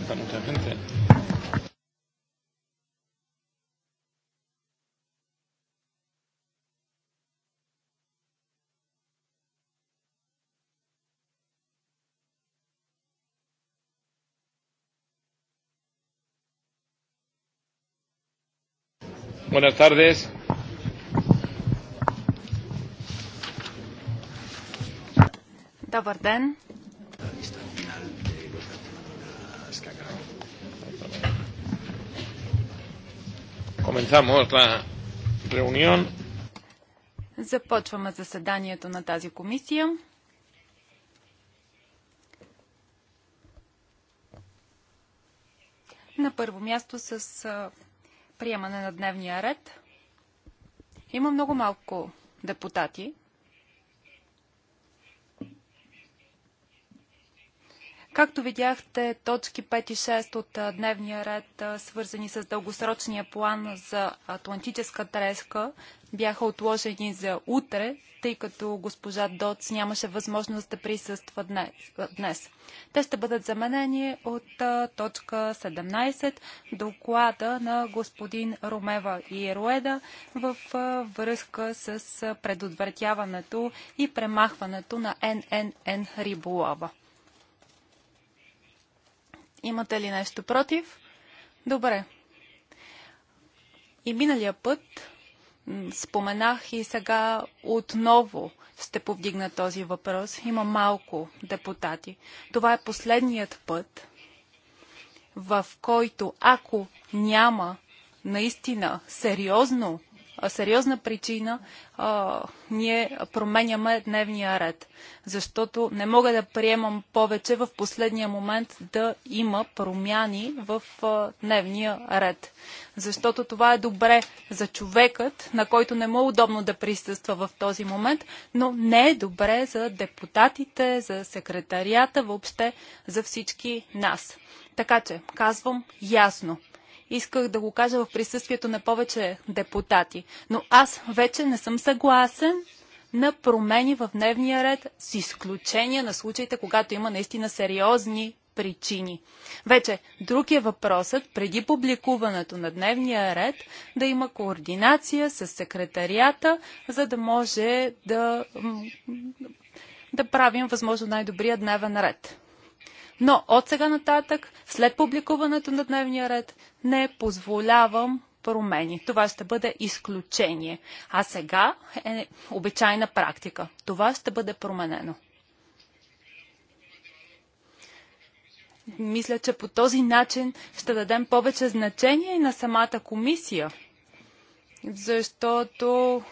falta mucha gente. Buenas tardes. Добър ден. Започваме заседанието на тази комисия. На първо място с приемане на дневния ред. Има много малко депутати, Както видяхте, точки 5 и 6 от дневния ред, свързани с дългосрочния план за Атлантическа треска, бяха отложени за утре, тъй като госпожа Доц нямаше възможност да присъства днес. Те ще бъдат заменени от точка 17, доклада на господин Ромева и Еруеда в връзка с предотвратяването и премахването на ННН риболова. Имате ли нещо против? Добре. И миналия път споменах и сега отново ще повдигна този въпрос. Има малко депутати. Това е последният път, в който ако няма наистина сериозно сериозна причина а, ние променяме дневния ред. Защото не мога да приемам повече в последния момент да има промяни в а, дневния ред. Защото това е добре за човекът, на който не му е удобно да присъства в този момент, но не е добре за депутатите, за секретарията, въобще за всички нас. Така че, казвам ясно, Исках да го кажа в присъствието на повече депутати. Но аз вече не съм съгласен на промени в дневния ред, с изключение на случаите, когато има наистина сериозни причини. Вече друг е въпросът, преди публикуването на дневния ред, да има координация с секретарията, за да може да, да правим възможно най-добрия дневен ред. Но от сега нататък, след публикуването на дневния ред, не позволявам промени. Това ще бъде изключение. А сега е обичайна практика. Това ще бъде променено. Мисля, че по този начин ще дадем повече значение на самата комисия, защото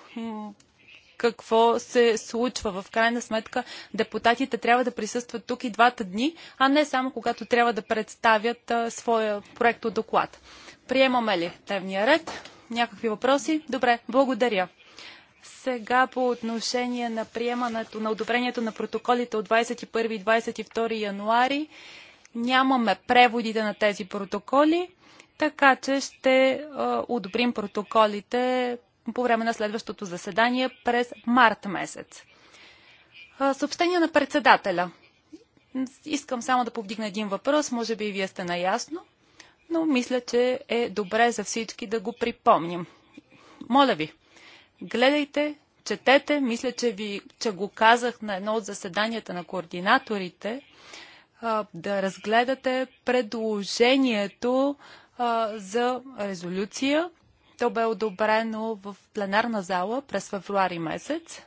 какво се случва. В крайна сметка депутатите трябва да присъстват тук и двата дни, а не само когато трябва да представят а, своя проект доклад. Приемаме ли дневния ред? Някакви въпроси? Добре, благодаря. Сега по отношение на приемането, на одобрението на протоколите от 21 и 22 януари, нямаме преводите на тези протоколи, така че ще одобрим протоколите по време на следващото заседание през март месец. Съобщение на председателя. Искам само да повдигна един въпрос, може би и вие сте наясно, но мисля, че е добре за всички да го припомним. Моля ви, гледайте, четете, мисля, че, ви, че го казах на едно от заседанията на координаторите, да разгледате предложението за резолюция то бе одобрено в пленарна зала през февруари месец.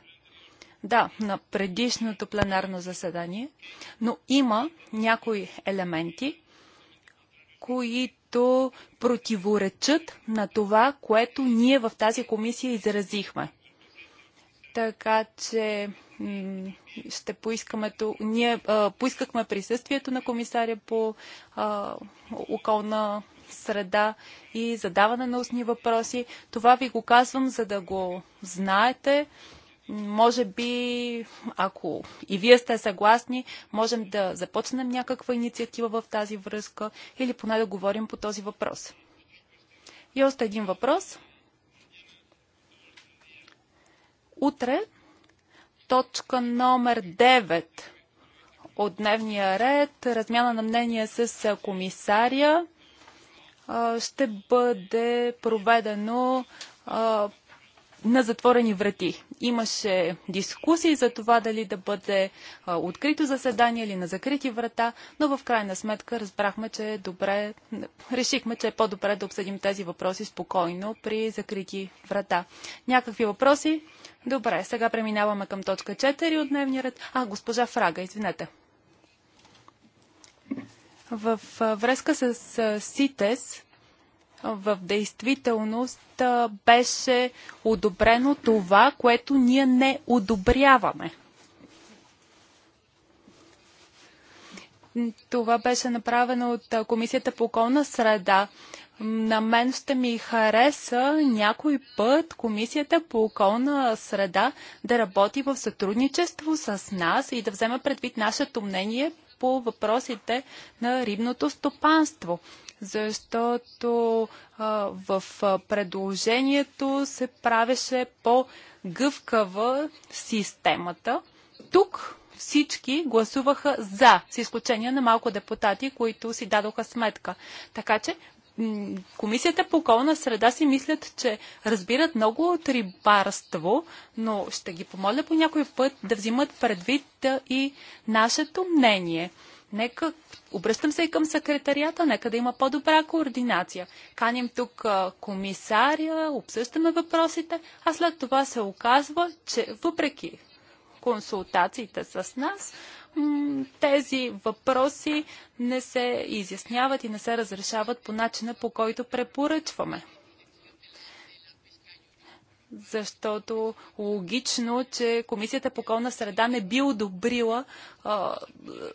Да, на предишното пленарно заседание, но има някои елементи, които противоречат на това, което ние в тази комисия изразихме. Така че ще поискаме, то, ние а, поискахме присъствието на комисаря по а, околна среда и задаване на устни въпроси. Това ви го казвам, за да го знаете. Може би, ако и вие сте съгласни, можем да започнем някаква инициатива в тази връзка или поне да говорим по този въпрос. И още един въпрос. Утре точка номер 9 от дневния ред, размяна на мнение с комисария ще бъде проведено на затворени врати. Имаше дискусии за това дали да бъде открито заседание или на закрити врата, но в крайна сметка разбрахме, че е добре, решихме, че е по-добре да обсъдим тези въпроси спокойно при закрити врата. Някакви въпроси? Добре, сега преминаваме към точка 4 от дневния ред. А, госпожа Фрага, извинете. В връзка с СИТЕС, в действителност беше одобрено това, което ние не одобряваме. Това беше направено от Комисията по околна среда. На мен ще ми хареса някой път Комисията по околна среда да работи в сътрудничество с нас и да вземе предвид нашето мнение по въпросите на рибното стопанство защото в предложението се правеше по-гъвкава системата. Тук всички гласуваха за, с изключение на малко депутати, които си дадоха сметка. Така че Комисията по околна среда си мислят, че разбират много от рибарство, но ще ги помоля по някой път да взимат предвид и нашето мнение. Нека, обръщам се и към секретарията, нека да има по-добра координация. Каним тук комисаря, обсъждаме въпросите, а след това се оказва, че въпреки консултациите с нас, тези въпроси не се изясняват и не се разрешават по начина по който препоръчваме защото логично, че Комисията по околна среда не би одобрила а,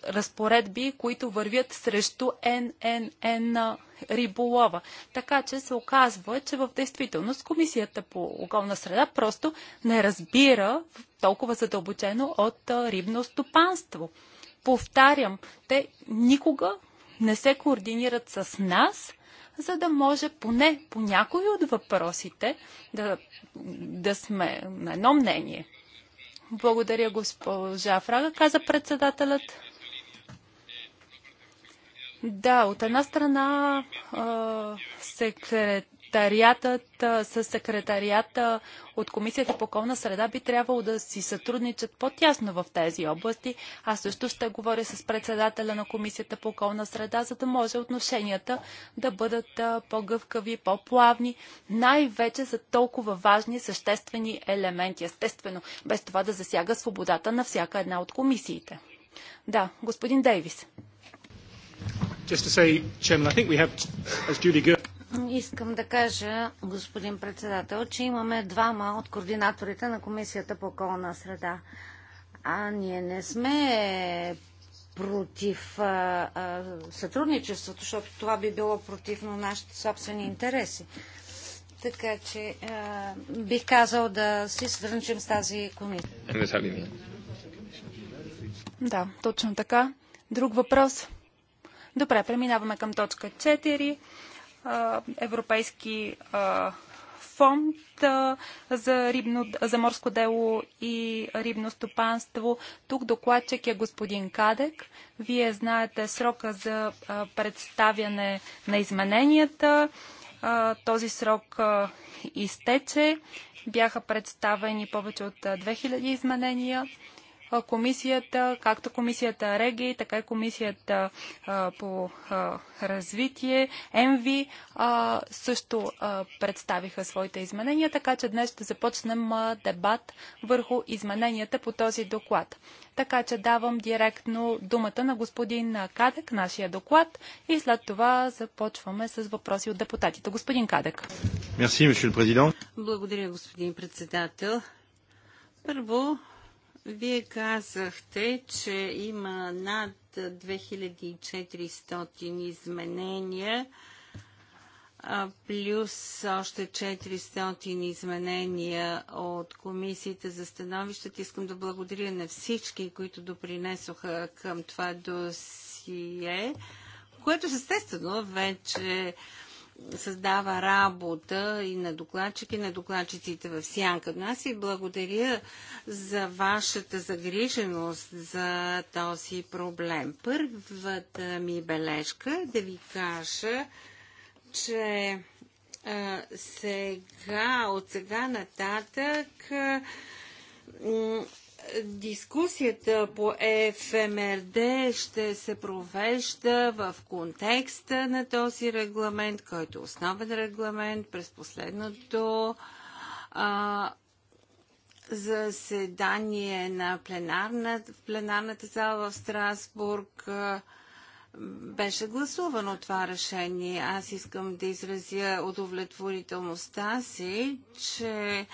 разпоредби, които вървят срещу ННН риболова. Така че се оказва, че в действителност Комисията по околна среда просто не разбира толкова задълбочено от рибно стопанство. Повтарям, те никога не се координират с нас за да може поне по някои от въпросите да, да сме на едно мнение. Благодаря, госпожа Фрага, каза председателят. Да, от една страна секрет, секретариатът, с секретариата от Комисията по околна среда би трябвало да си сътрудничат по-тясно в тези области. Аз също ще говоря с председателя на Комисията по околна среда, за да може отношенията да бъдат по-гъвкави, по-плавни, най-вече за толкова важни съществени елементи, естествено, без това да засяга свободата на всяка една от комисиите. Да, господин Дейвис. Just to say, Chairman, I think we have, as Julie Gerard Искам да кажа, господин председател, че имаме двама от координаторите на Комисията по околна среда. А ние не сме против а, а, сътрудничеството, защото това би било против на нашите собствени интереси. Така че а, бих казал да си сътрудничим с тази комисия. Да, точно така. Друг въпрос? Добре, преминаваме към точка 4 европейски фонд за, рибно, за морско дело и рибно стопанство. Тук докладчик е господин Кадек. Вие знаете срока за представяне на измененията. Този срок изтече. Бяха представени повече от 2000 изменения комисията, както комисията Реги, така и комисията по развитие, МВИ, също представиха своите изменения, така че днес ще започнем дебат върху измененията по този доклад. Така че давам директно думата на господин Кадек, нашия доклад, и след това започваме с въпроси от депутатите. Господин Кадек. Благодаря, господин председател. Първо, вие казахте, че има над 2400 изменения, плюс още 400 изменения от комисията за становищата. Искам да благодаря на всички, които допринесоха към това досие, което естествено вече създава работа и на докладчик и на докладчиците в сянка. Но аз ви благодаря за вашата загриженост за този проблем. Първата ми бележка е да ви кажа, че а, сега, от сега нататък а, дискусията по ЕФМРД ще се провежда в контекста на този регламент, който е основен регламент през последното а, заседание на пленарна, в пленарната зала в Страсбург а, беше гласувано това решение. Аз искам да изразя удовлетворителността си, че а,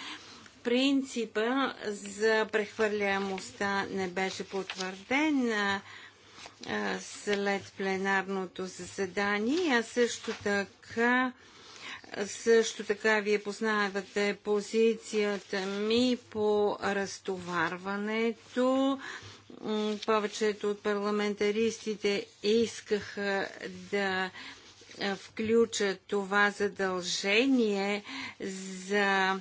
принципа за прехвърляемостта не беше потвърден след пленарното заседание, а също така също така вие познавате позицията ми по разтоварването. Повечето от парламентаристите искаха да включат това задължение за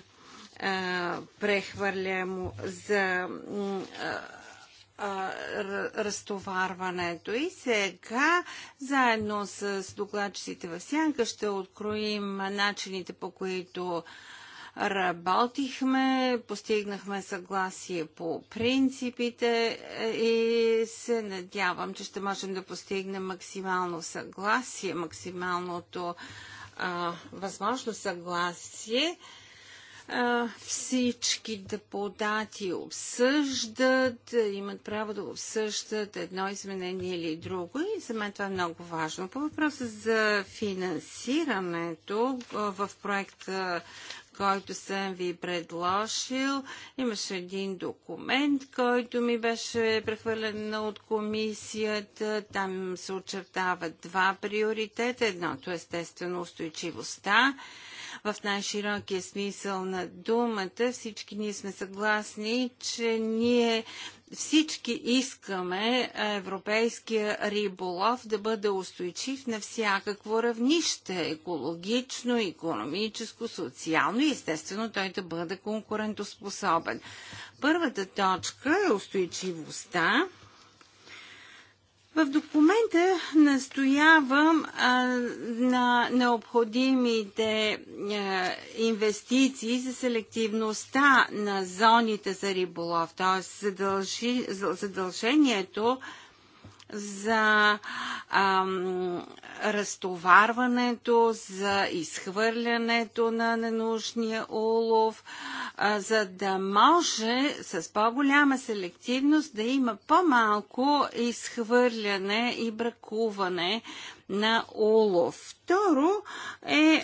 прехвърлямо за разтоварването. И сега, заедно с докладчиците в Сянка, ще откроим начините по които работихме, постигнахме съгласие по принципите е, и се надявам, че ще можем да постигнем максимално съгласие, максималното а, възможно съгласие всички депутати обсъждат, имат право да обсъждат едно изменение или друго и за мен това е много важно. По въпроса за финансирането в проекта който съм ви предложил. Имаше един документ, който ми беше прехвърлен от комисията. Там се очертават два приоритета. Едното е естествено устойчивостта в най-широкия смисъл на думата. Всички ние сме съгласни, че ние всички искаме европейския риболов да бъде устойчив на всякакво равнище екологично, економическо, социално и естествено той да бъде конкурентоспособен. Първата точка е устойчивостта в документа настоявам а, на необходимите а, инвестиции за селективността на зоните за риболов, т.е. задължението за ам, разтоварването, за изхвърлянето на ненужния улов, а, за да може с по-голяма селективност да има по-малко изхвърляне и бракуване на улов. Второ е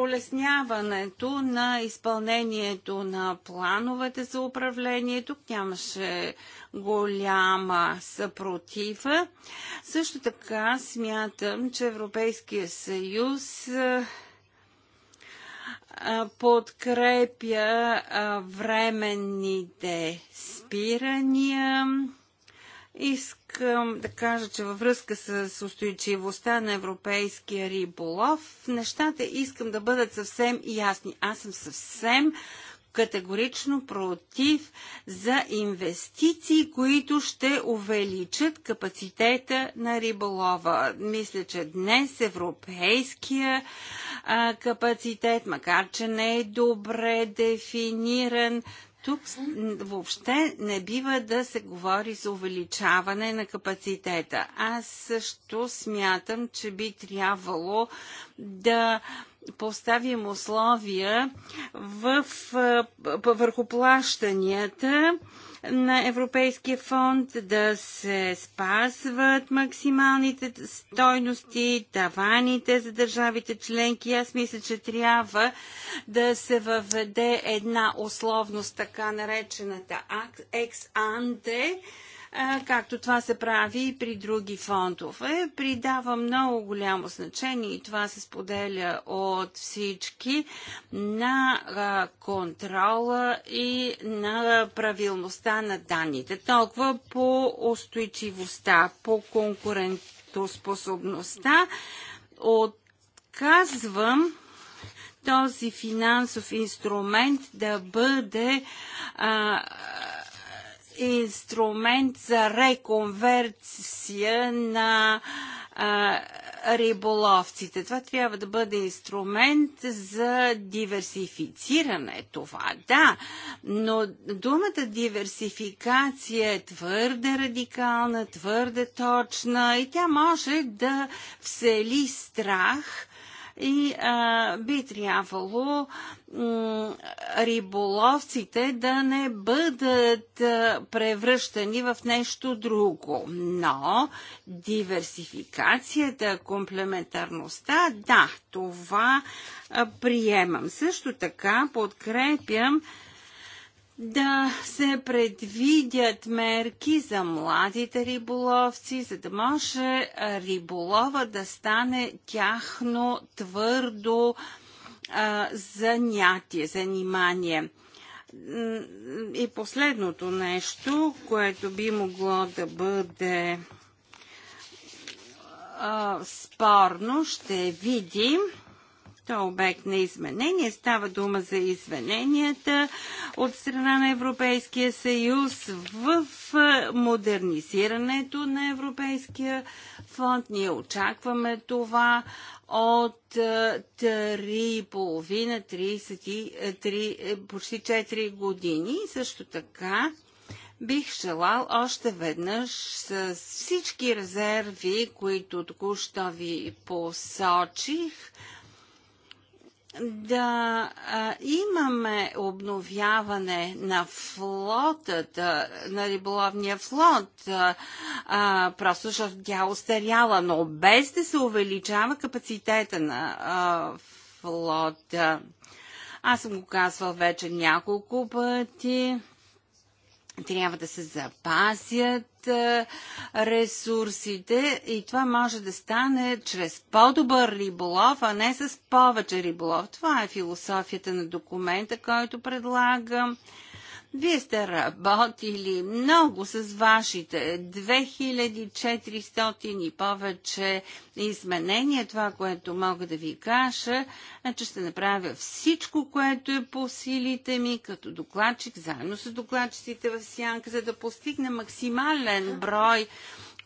улесняването на изпълнението на плановете за управление. Тук нямаше голяма съпротива. Също така смятам, че Европейския съюз подкрепя временните спирания. Искам искам да кажа, че във връзка с устойчивостта на европейския риболов, нещата искам да бъдат съвсем ясни. Аз съм съвсем категорично против за инвестиции, които ще увеличат капацитета на риболова. Мисля, че днес европейския а, капацитет, макар че не е добре дефиниран, тук въобще не бива да се говори за увеличаване на капацитета. Аз също смятам, че би трябвало да поставим условия в, върху плащанията на Европейския фонд, да се спазват максималните стойности, таваните за държавите членки. Аз мисля, че трябва да се въведе една условност, така наречената екс-анте както това се прави и при други фондове. Придава много голямо значение и това се споделя от всички на контрола и на правилността на данните. Толкова по устойчивостта, по конкурентоспособността. Отказвам този финансов инструмент да бъде а, инструмент за реконверсия на а, риболовците. Това трябва да бъде инструмент за диверсифициране. Това да, но думата диверсификация е твърде радикална, твърде точна и тя може да всели страх и а, би трябвало риболовците да не бъдат превръщани в нещо друго. Но диверсификацията, комплементарността, да, това приемам. Също така подкрепям да се предвидят мерки за младите риболовци, за да може риболова да стане тяхно твърдо а, занятие, занимание. И последното нещо, което би могло да бъде а, спорно, ще видим то е обект на изменение. Става дума за измененията от страна на Европейския съюз в модернизирането на Европейския фонд. Ние очакваме това от 3,5-33, е, е, е, почти 4 години. И също така бих желал още веднъж с всички резерви, които току-що ви посочих, да а, имаме обновяване на флотата, на риболовния флот, а, а, просто защото тя остаряла, но без да се увеличава капацитета на а, флота. Аз съм го казвал вече няколко пъти трябва да се запазят ресурсите и това може да стане чрез по-добър риболов, а не с повече риболов. Това е философията на документа, който предлагам. Вие сте работили много с вашите 2400 и повече изменения. Това, което мога да ви кажа, е, че ще направя всичко, което е по силите ми като докладчик, заедно с докладчиците в Сянка, за да постигна максимален брой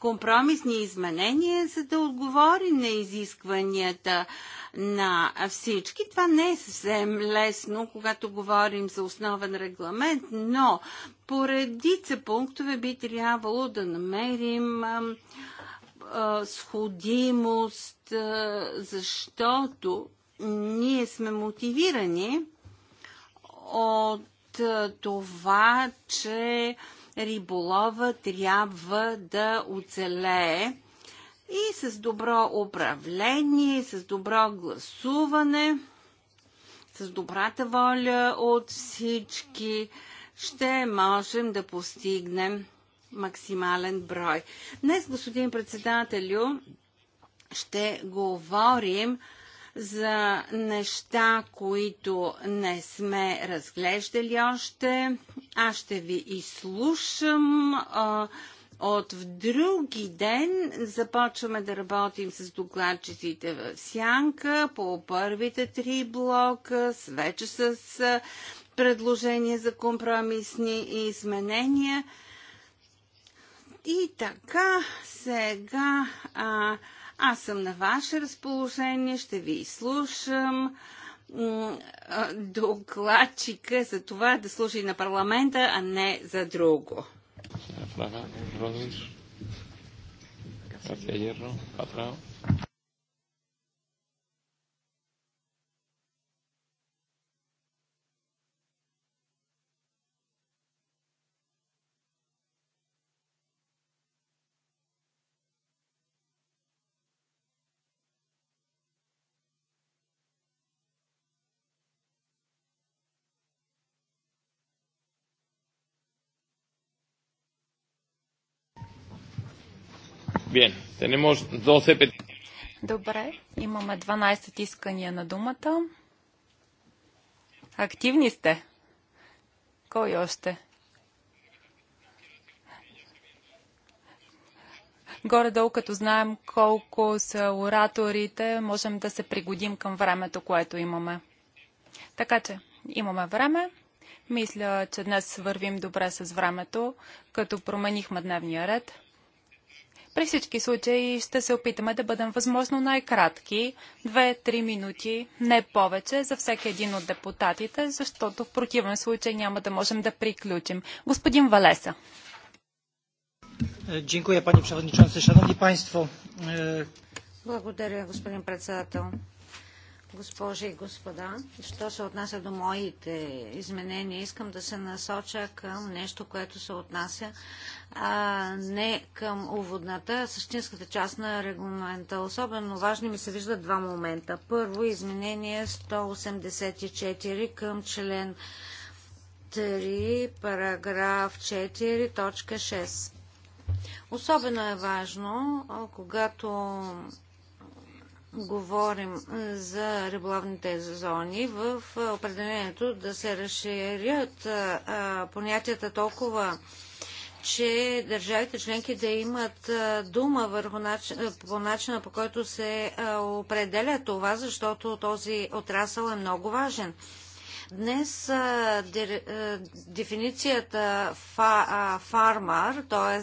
компромисни изменения, за да отговори на изискванията на всички. Това не е съвсем лесно, когато говорим за основен регламент, но по редица пунктове би трябвало да намерим сходимост, защото ние сме мотивирани от това, че а, риболова трябва да оцелее и с добро управление, с добро гласуване, с добрата воля от всички ще можем да постигнем максимален брой. Днес, господин председателю, ще говорим за неща, които не сме разглеждали още. Аз ще ви изслушам. от в други ден започваме да работим с докладчиците в Сянка по първите три блока, с вече с предложения за компромисни изменения. И така, сега а, аз съм на ваше разположение, ще ви изслушам докладчика за това да служи на парламента, а не за друго. Hacia hierro, para Bien, tenemos 12 peticiones. Добре, имаме 12 искания на думата. Активни сте. Кой още? Горе-долу, като знаем колко са ораторите, можем да се пригодим към времето, което имаме. Така че, имаме време. Мисля, че днес вървим добре с времето, като променихме дневния ред. При всички случаи ще се опитаме да бъдем възможно най-кратки, 2-3 минути, не повече, за всеки един от депутатите, защото в противен случай няма да можем да приключим. Господин Валеса. Е, е, Благодаря, господин председател госпожи и господа. Що се отнася до моите изменения, искам да се насоча към нещо, което се отнася а не към уводната, а същинската част на регламента. Особено важни ми се виждат два момента. Първо, изменение 184 към член 3, параграф 4, точка 6. Особено е важно, когато говорим за риболовните зони, в определението да се разширят понятията толкова, че държавите членки да имат дума върху начин, по начина по който се определя това, защото този отрасъл е много важен. Днес дефиницията фа, фармар, т.е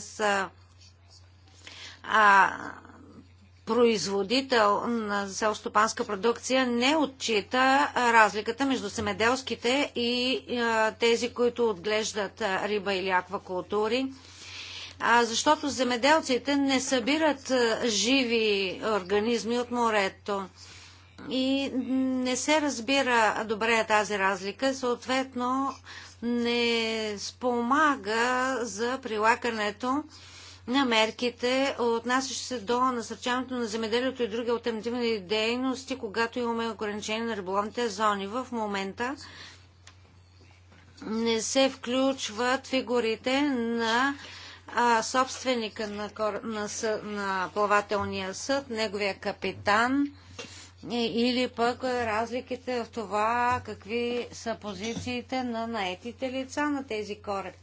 производител на селстопанска продукция не отчита разликата между семеделските и тези, които отглеждат риба или аквакултури защото земеделците не събират живи организми от морето. И не се разбира добре тази разлика, съответно не спомага за прилагането на мерките, отнасящи се до насърчаването на земеделието и други альтернативни дейности, когато имаме ограничение на риболовните зони. В момента не се включват фигурите на а, собственика на, на, на плавателния съд, неговия капитан или пък разликите в това какви са позициите на наетите лица на тези кораби.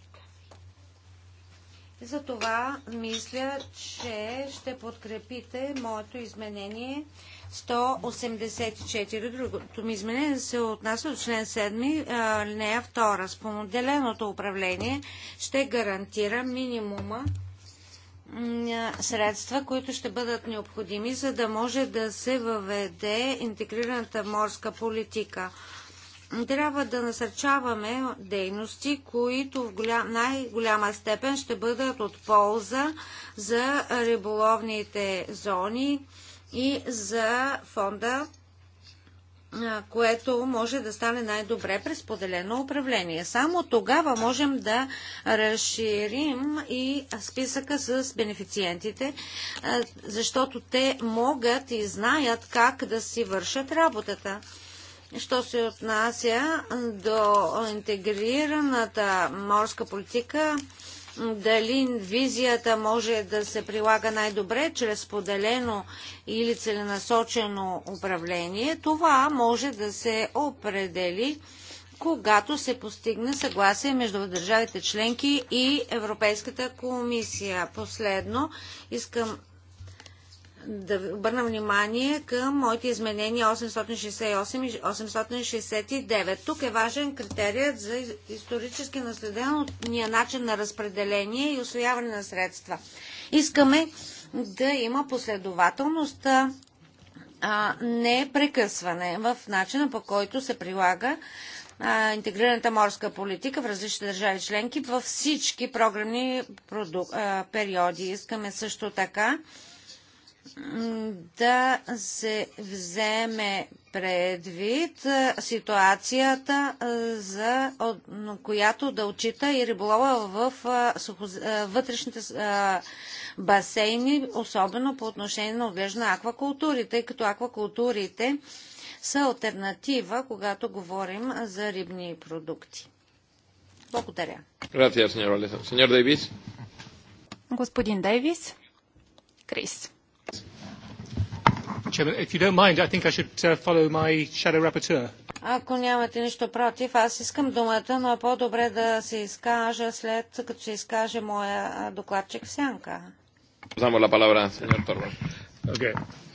Затова мисля, че ще подкрепите моето изменение 184. Другото ми изменение се отнася от член 7, алинея 2. Споделеното управление ще гарантира минимума средства, които ще бъдат необходими, за да може да се въведе интегрираната морска политика трябва да насърчаваме дейности, които в голям, най-голяма степен ще бъдат от полза за риболовните зони и за фонда, което може да стане най-добре през поделено управление. Само тогава можем да разширим и списъка с бенефициентите, защото те могат и знаят как да си вършат работата. Що се отнася до интегрираната морска политика, дали визията може да се прилага най-добре чрез поделено или целенасочено управление, това може да се определи когато се постигне съгласие между държавите членки и Европейската комисия. Последно искам да обърна внимание към моите изменения 868 и 869. Тук е важен критерият за исторически наследения начин на разпределение и освояване на средства. Искаме да има последователност, а не прекъсване в начина по който се прилага интегрираната морска политика в различни държави членки във всички програмни периоди. Искаме също така да се вземе предвид ситуацията, за която да отчита и риболова в вътрешните басейни, особено по отношение на отглежда на аквакултури, тъй като аквакултурите са альтернатива, когато говорим за рибни продукти. Благодаря. Господин Дейвис. Крис. Ако нямате нищо против, аз искам думата, но е по-добре да се изкажа след като се изкаже моя докладчик Сянка.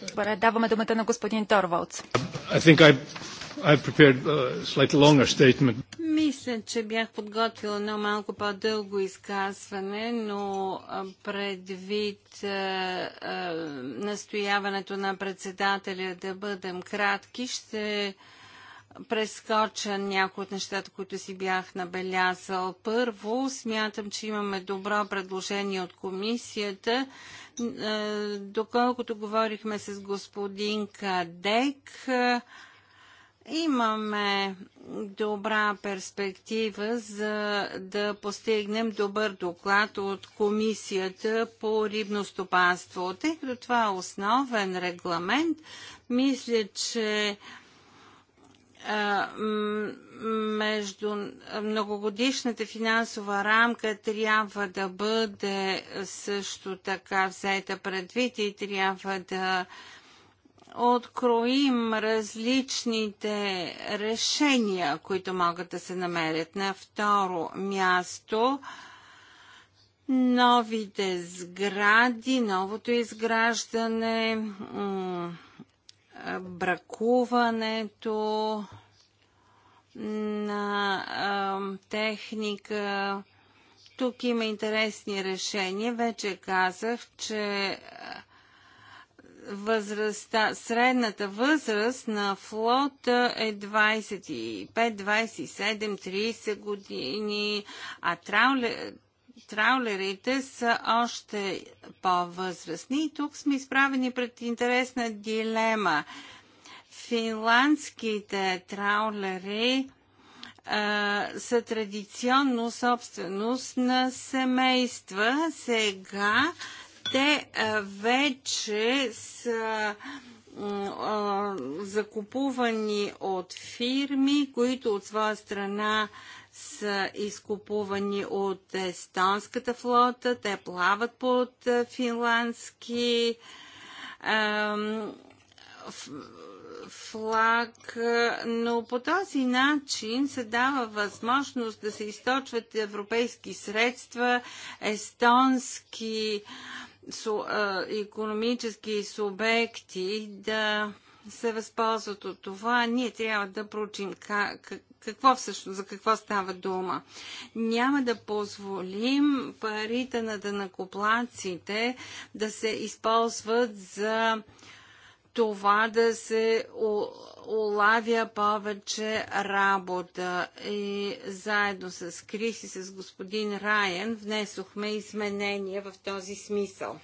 Добре, даваме думата на господин Торвалдс. I мисля, че бях подготвила едно малко по-дълго изказване, но предвид настояването на председателя да бъдем кратки, ще прескоча някои от нещата, които си бях набелязал. Първо, смятам, че имаме добро предложение от комисията. Доколкото говорихме с господин Кадек, имаме добра перспектива за да постигнем добър доклад от Комисията по рибно стопанство. Тъй като това е основен регламент, мисля, че между многогодишната финансова рамка трябва да бъде също така взета предвид и трябва да откроим различните решения, които могат да се намерят. На второ място новите сгради, новото изграждане, бракуването на техника. Тук има интересни решения. Вече казах, че възрастта, средната възраст на флота е 25, 27, 30 години, а траулер, траулерите са още по-възрастни. И тук сме изправени пред интересна дилема. Финландските траулери са традиционно собственост на семейства. Сега а, те е, вече са закупувани от фирми, които от своя страна са изкупувани от естонската флота. Те плават под е, финландски флаг, е, но по този начин се дава възможност да се източват европейски средства, естонски економически субекти да се възползват от това, ние трябва да проучим какво всъщност, за какво става дума. Няма да позволим парите на данакоплаците да се използват за това да се улавя повече работа. И заедно с Крис и с господин Райен внесохме изменения в този смисъл.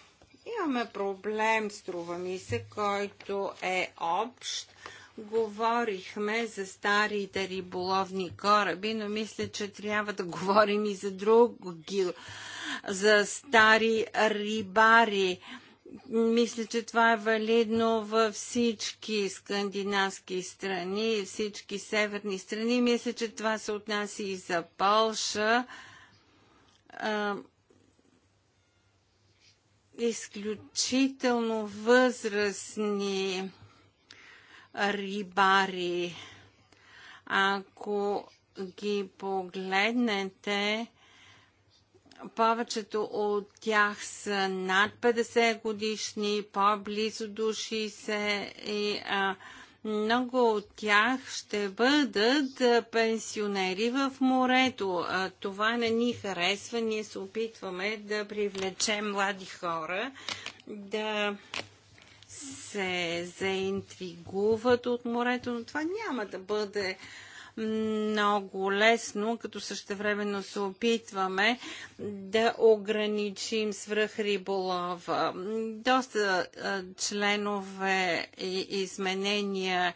Имаме проблем, струва ми се, който е общ. Говорихме за старите риболовни кораби, но мисля, че трябва да говорим и за друго, за стари рибари мисля, че това е валидно във всички скандинавски страни, всички северни страни. Мисля, че това се отнася и за Полша. Изключително възрастни рибари. Ако ги погледнете, повечето от тях са над 50 годишни, по-близо до 60 и а, много от тях ще бъдат пенсионери в морето. Това не ни харесва. Ние се опитваме да привлечем млади хора, да се заинтригуват от морето, но това няма да бъде много лесно, като същевременно се опитваме да ограничим свръхриболова. Доста членове и изменения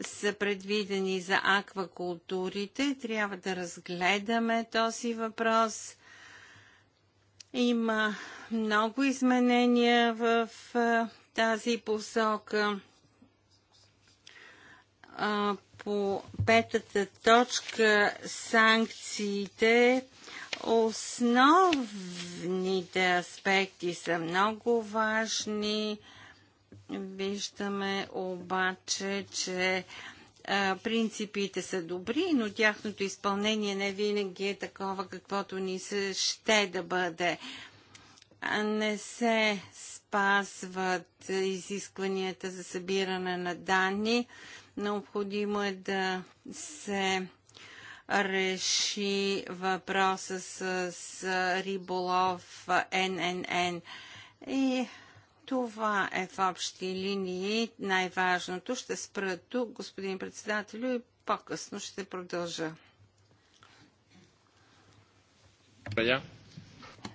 са предвидени за аквакултурите. Трябва да разгледаме този въпрос. Има много изменения в тази посока по петата точка санкциите основните аспекти са много важни. Виждаме обаче, че а, принципите са добри, но тяхното изпълнение не винаги е такова, каквото ни се ще да бъде. не се спазват изискванията за събиране на данни. Необходимо е да се реши въпроса с, с риболов ННН. И това е в общи линии най-важното. Ще спра тук, господин председател, и по-късно ще продължа.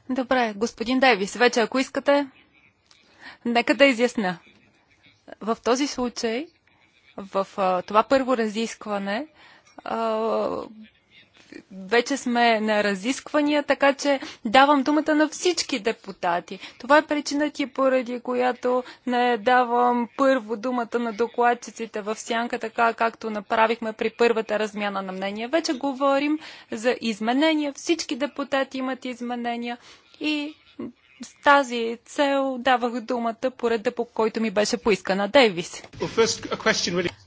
Добре, господин Дейвис, вече ако искате, нека да изясня. В този случай в а, това първо разискване а, вече сме на разисквания, така че давам думата на всички депутати. Това е причината поради която не давам първо думата на докладчиците в сянка, така както направихме при първата размяна на мнения. Вече говорим за изменения. Всички депутати имат изменения и с тази цел давах думата по реда, по който ми беше поискана. Дейвис.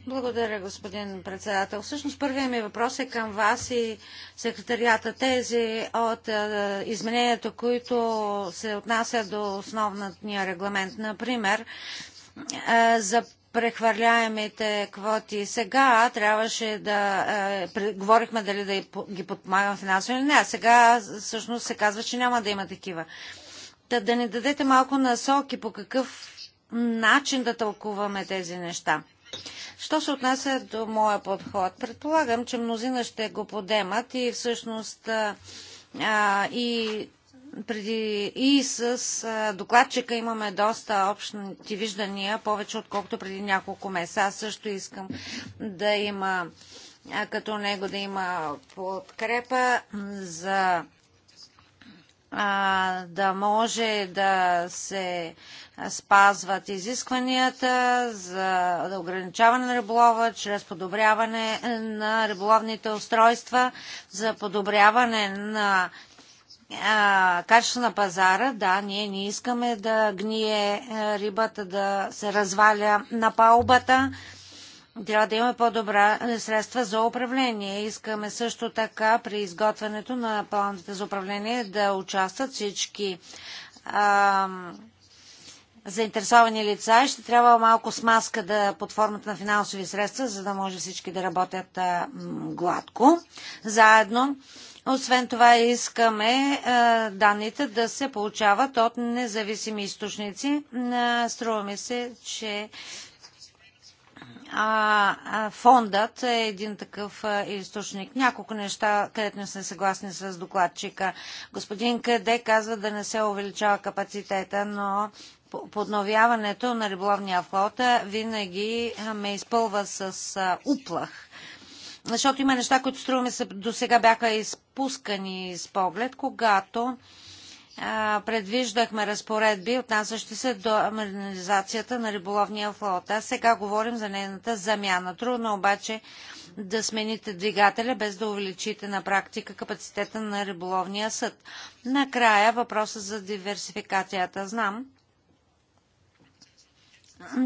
Благодаря, господин председател. Всъщност първият ми въпрос е към вас и секретарията. Тези от е, изменението, които се отнасят до основния регламент, например, е, за прехвърляемите квоти. Сега трябваше да... Е, говорихме дали да ги подпомагам финансово или не, а сега всъщност се казва, че няма да има такива. Та да ни дадете малко насоки по какъв начин да тълкуваме тези неща. Що се отнася до моя подход? Предполагам, че мнозина ще го подемат и всъщност а, и преди и с а, докладчика имаме доста общи виждания, повече отколкото преди няколко месеца. Аз също искам да има а, като него да има подкрепа за а, да може да се спазват изискванията за ограничаване на риболова чрез подобряване на риболовните устройства, за подобряване на качество на пазара. Да, ние не искаме да гние рибата, да се разваля на палбата трябва да имаме по-добра е, средства за управление. Искаме също така при изготвянето на планите за управление да участват всички а, заинтересовани лица и ще трябва малко смазка да, под формата на финансови средства, за да може всички да работят а, гладко заедно. Освен това искаме а, данните да се получават от независими източници. А, струва ми се, че а, а, фондът е един такъв а, източник. Няколко неща, където не сме съгласни с докладчика. Господин Къде казва да не се увеличава капацитета, но подновяването на риболовния флот винаги ме изпълва с а, уплах. Защото има неща, които струваме се до сега бяха изпускани с поглед, когато предвиждахме разпоредби, отнасящи се до модернизацията на риболовния флот. А сега говорим за нейната замяна. Трудно обаче да смените двигателя, без да увеличите на практика капацитета на риболовния съд. Накрая въпроса за диверсификацията. Знам,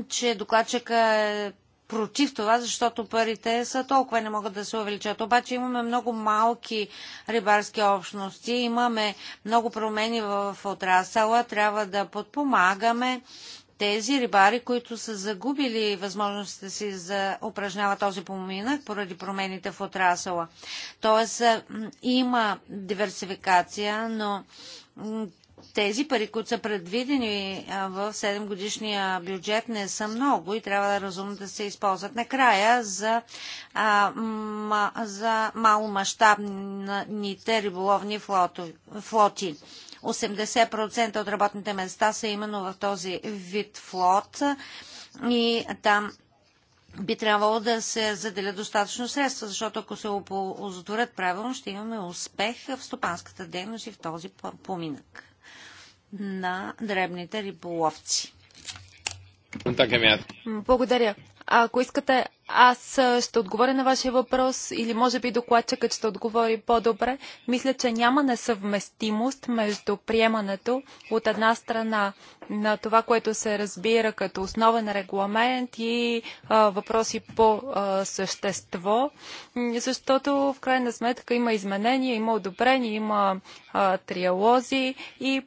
че докладчика е против това, защото парите са толкова и не могат да се увеличат. Обаче имаме много малки рибарски общности, имаме много промени в отрасъла, трябва да подпомагаме тези рибари, които са загубили възможността си за упражнява този поминък поради промените в отрасъла. Тоест има диверсификация, но тези пари, които са предвидени в 7 годишния бюджет не са много и трябва да е разумно да се използват накрая за, а, ма, за маломащабните риболовни флоти. 80% от работните места са именно в този вид флот и там би трябвало да се заделя достатъчно средства, защото ако се оползотворят правилно, ще имаме успех в стопанската дейност и в този поминък на дребните риболовци. Е, благодаря. А ако искате, аз ще отговоря на вашия въпрос или може би докладчикът ще отговори по-добре. Мисля, че няма несъвместимост между приемането от една страна на това, което се разбира като основен регламент и а, въпроси по а, същество, защото в крайна сметка има изменения, има одобрения, има а, триалози и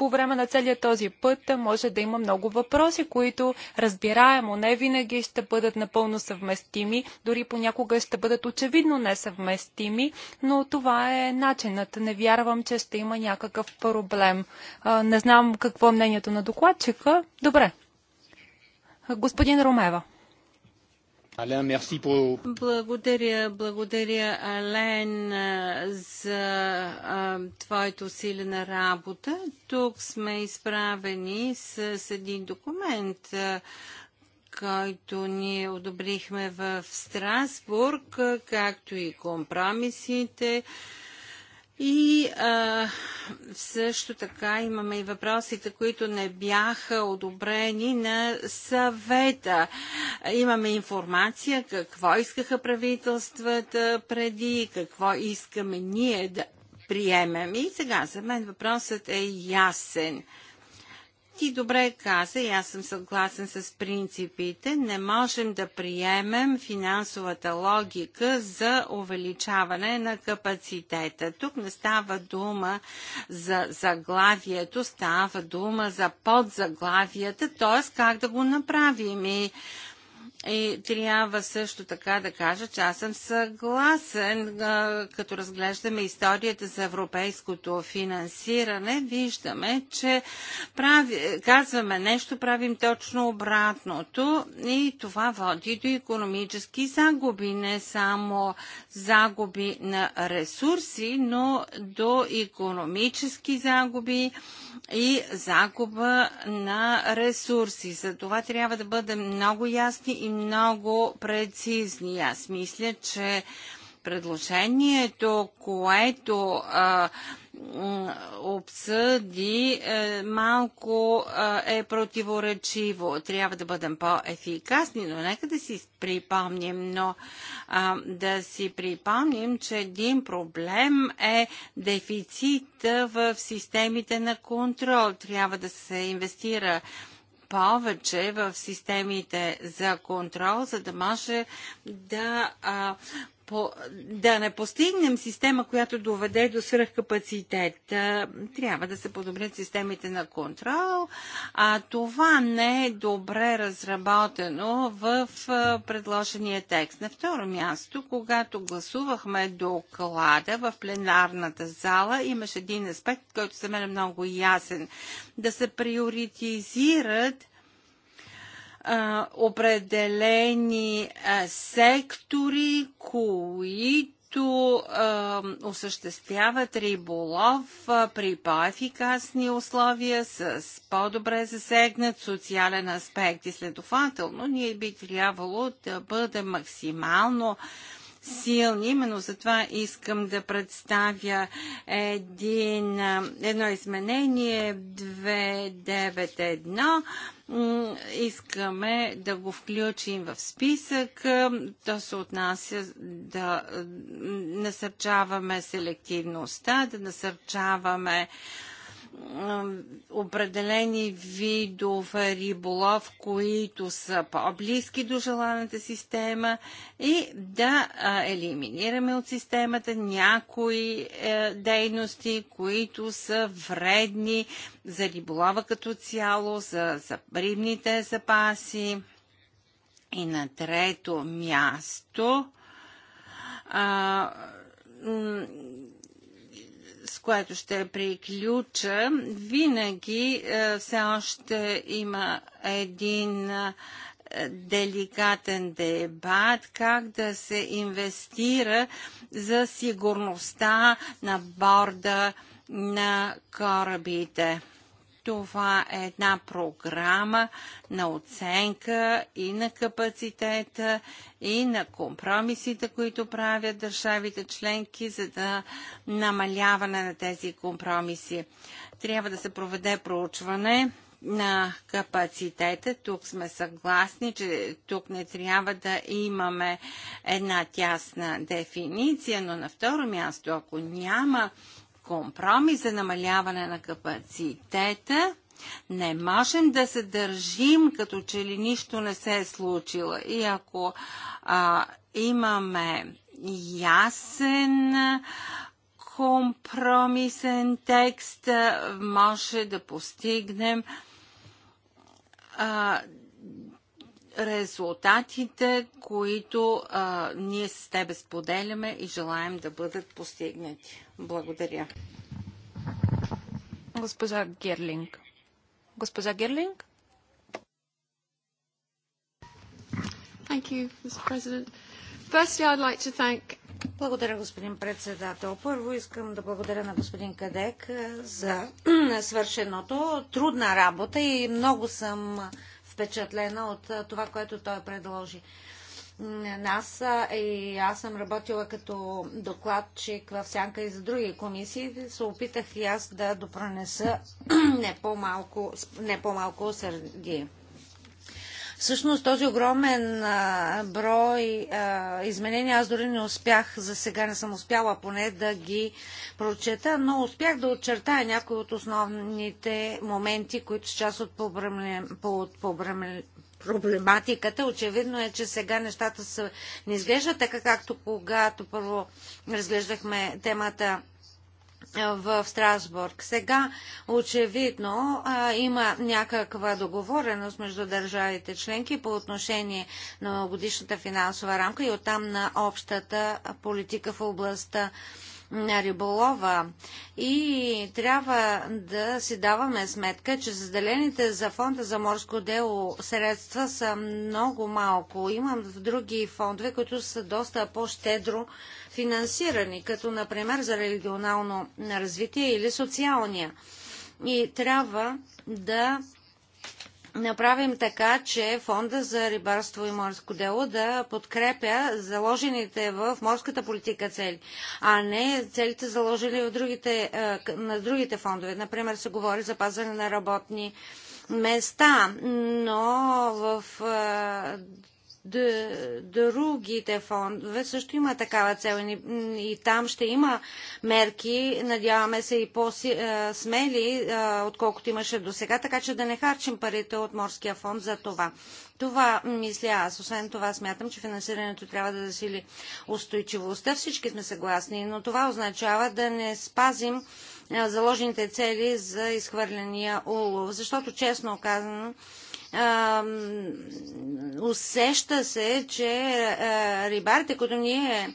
по време на целия този път може да има много въпроси, които разбираемо не винаги ще бъдат напълно съвместими, дори понякога ще бъдат очевидно несъвместими, но това е начинът. Не вярвам, че ще има някакъв проблем. Не знам какво е мнението на докладчика. Добре. Господин Ромева. Благодаря, благодаря, Ален, за а, твоята усилена работа. Тук сме изправени с, с един документ, а, който ние одобрихме в Страсбург, както и компромисите. А, и а, също така имаме и въпросите, които не бяха одобрени на съвета. Имаме информация какво искаха правителствата преди, какво искаме ние да приемем. И сега за мен въпросът е ясен ти добре каза, и аз съм съгласен с принципите, не можем да приемем финансовата логика за увеличаване на капацитета. Тук не става дума за заглавието, става дума за подзаглавията, т.е. как да го направим. И и трябва също така да кажа, че аз съм съгласен, като разглеждаме историята за европейското финансиране, виждаме, че прави, казваме нещо, правим точно обратното и това води до економически загуби, не само загуби на ресурси, но до економически загуби и загуба на ресурси. За това трябва да бъдем много ясни и много прецизни. Аз мисля, че предложението, което а, обсъди, е, а, малко е противоречиво. Трябва да бъдем по-ефикасни, но нека да си припомним, но а, да си припомним, че един проблем е дефицит в системите на контрол. Трябва да се инвестира повече в системите за контрол, за да може да а, по, да не постигнем система, която доведе до свръхкапацитет. Трябва да се подобрят системите на контрол, а това не е добре разработено в предложения текст. На второ място, когато гласувахме доклада в пленарната зала, имаше един аспект, който за мен е много ясен. Да се приоритизират определени сектори, които осъществяват риболов при по-ефикасни условия, с по-добре засегнат социален аспект. И следователно, ние би трябвало да бъдем максимално силни. Именно за това искам да представя един, едно изменение 291 искаме да го включим в списък. То се отнася да насърчаваме селективността, да насърчаваме определени видове риболов, които са по-близки до желаната система и да елиминираме от системата някои е, дейности, които са вредни за риболова като цяло, за, за рибните запаси. И на трето място а, с което ще приключа, винаги е, все още има един е, деликатен дебат, как да се инвестира за сигурността на борда на корабите. Това е една програма на оценка и на капацитета и на компромисите, които правят държавите членки, за да намаляване на тези компромиси. Трябва да се проведе проучване на капацитета. Тук сме съгласни, че тук не трябва да имаме една тясна дефиниция, но на второ място, ако няма компромис за намаляване на капацитета, не можем да се държим като че ли нищо не се е случило. И ако а, имаме ясен компромисен текст, може да постигнем а, резултатите, които а, ние с тебе споделяме и желаем да бъдат постигнати. Благодаря. Госпожа Герлинг. Госпожа Герлинг? Thank you, Mr. President. Firstly, I'd like to thank благодаря, господин председател. Първо искам да благодаря на господин Кадек е, за свършеното. Трудна работа и много съм впечатлена от е, това, което той предложи нас и аз съм работила като докладчик в сянка и за други комисии, се опитах и аз да допронеса не по-малко, не по-малко сърди. Всъщност този огромен а, брой а, изменения, аз дори не успях, за сега не съм успяла поне да ги прочета, но успях да очертая някои от основните моменти, които с част от, побремен, от проблематиката. Очевидно е, че сега нещата са, не изглеждат така, както когато първо разглеждахме темата в Страсбург. Сега очевидно а, има някаква договореност между държавите членки по отношение на годишната финансова рамка и оттам на общата политика в областта на риболова. И трябва да си даваме сметка, че заделените за фонда за морско дело средства са много малко. Имам други фондове, които са доста по-щедро финансирани, като например за регионално развитие или социалния. И трябва да направим така, че Фонда за рибарство и морско дело да подкрепя заложените в морската политика цели, а не целите заложили в другите, е, на другите фондове. Например, се говори за пазване на работни места, но в е, другите фондове също има такава цел и, и там ще има мерки, надяваме се и по-смели, отколкото имаше до сега, така че да не харчим парите от Морския фонд за това. Това мисля аз. Освен това смятам, че финансирането трябва да засили устойчивостта. Всички сме съгласни, но това означава да не спазим заложените цели за изхвърления улов. Защото, честно казано, усеща се, че е, рибарите, които ние е,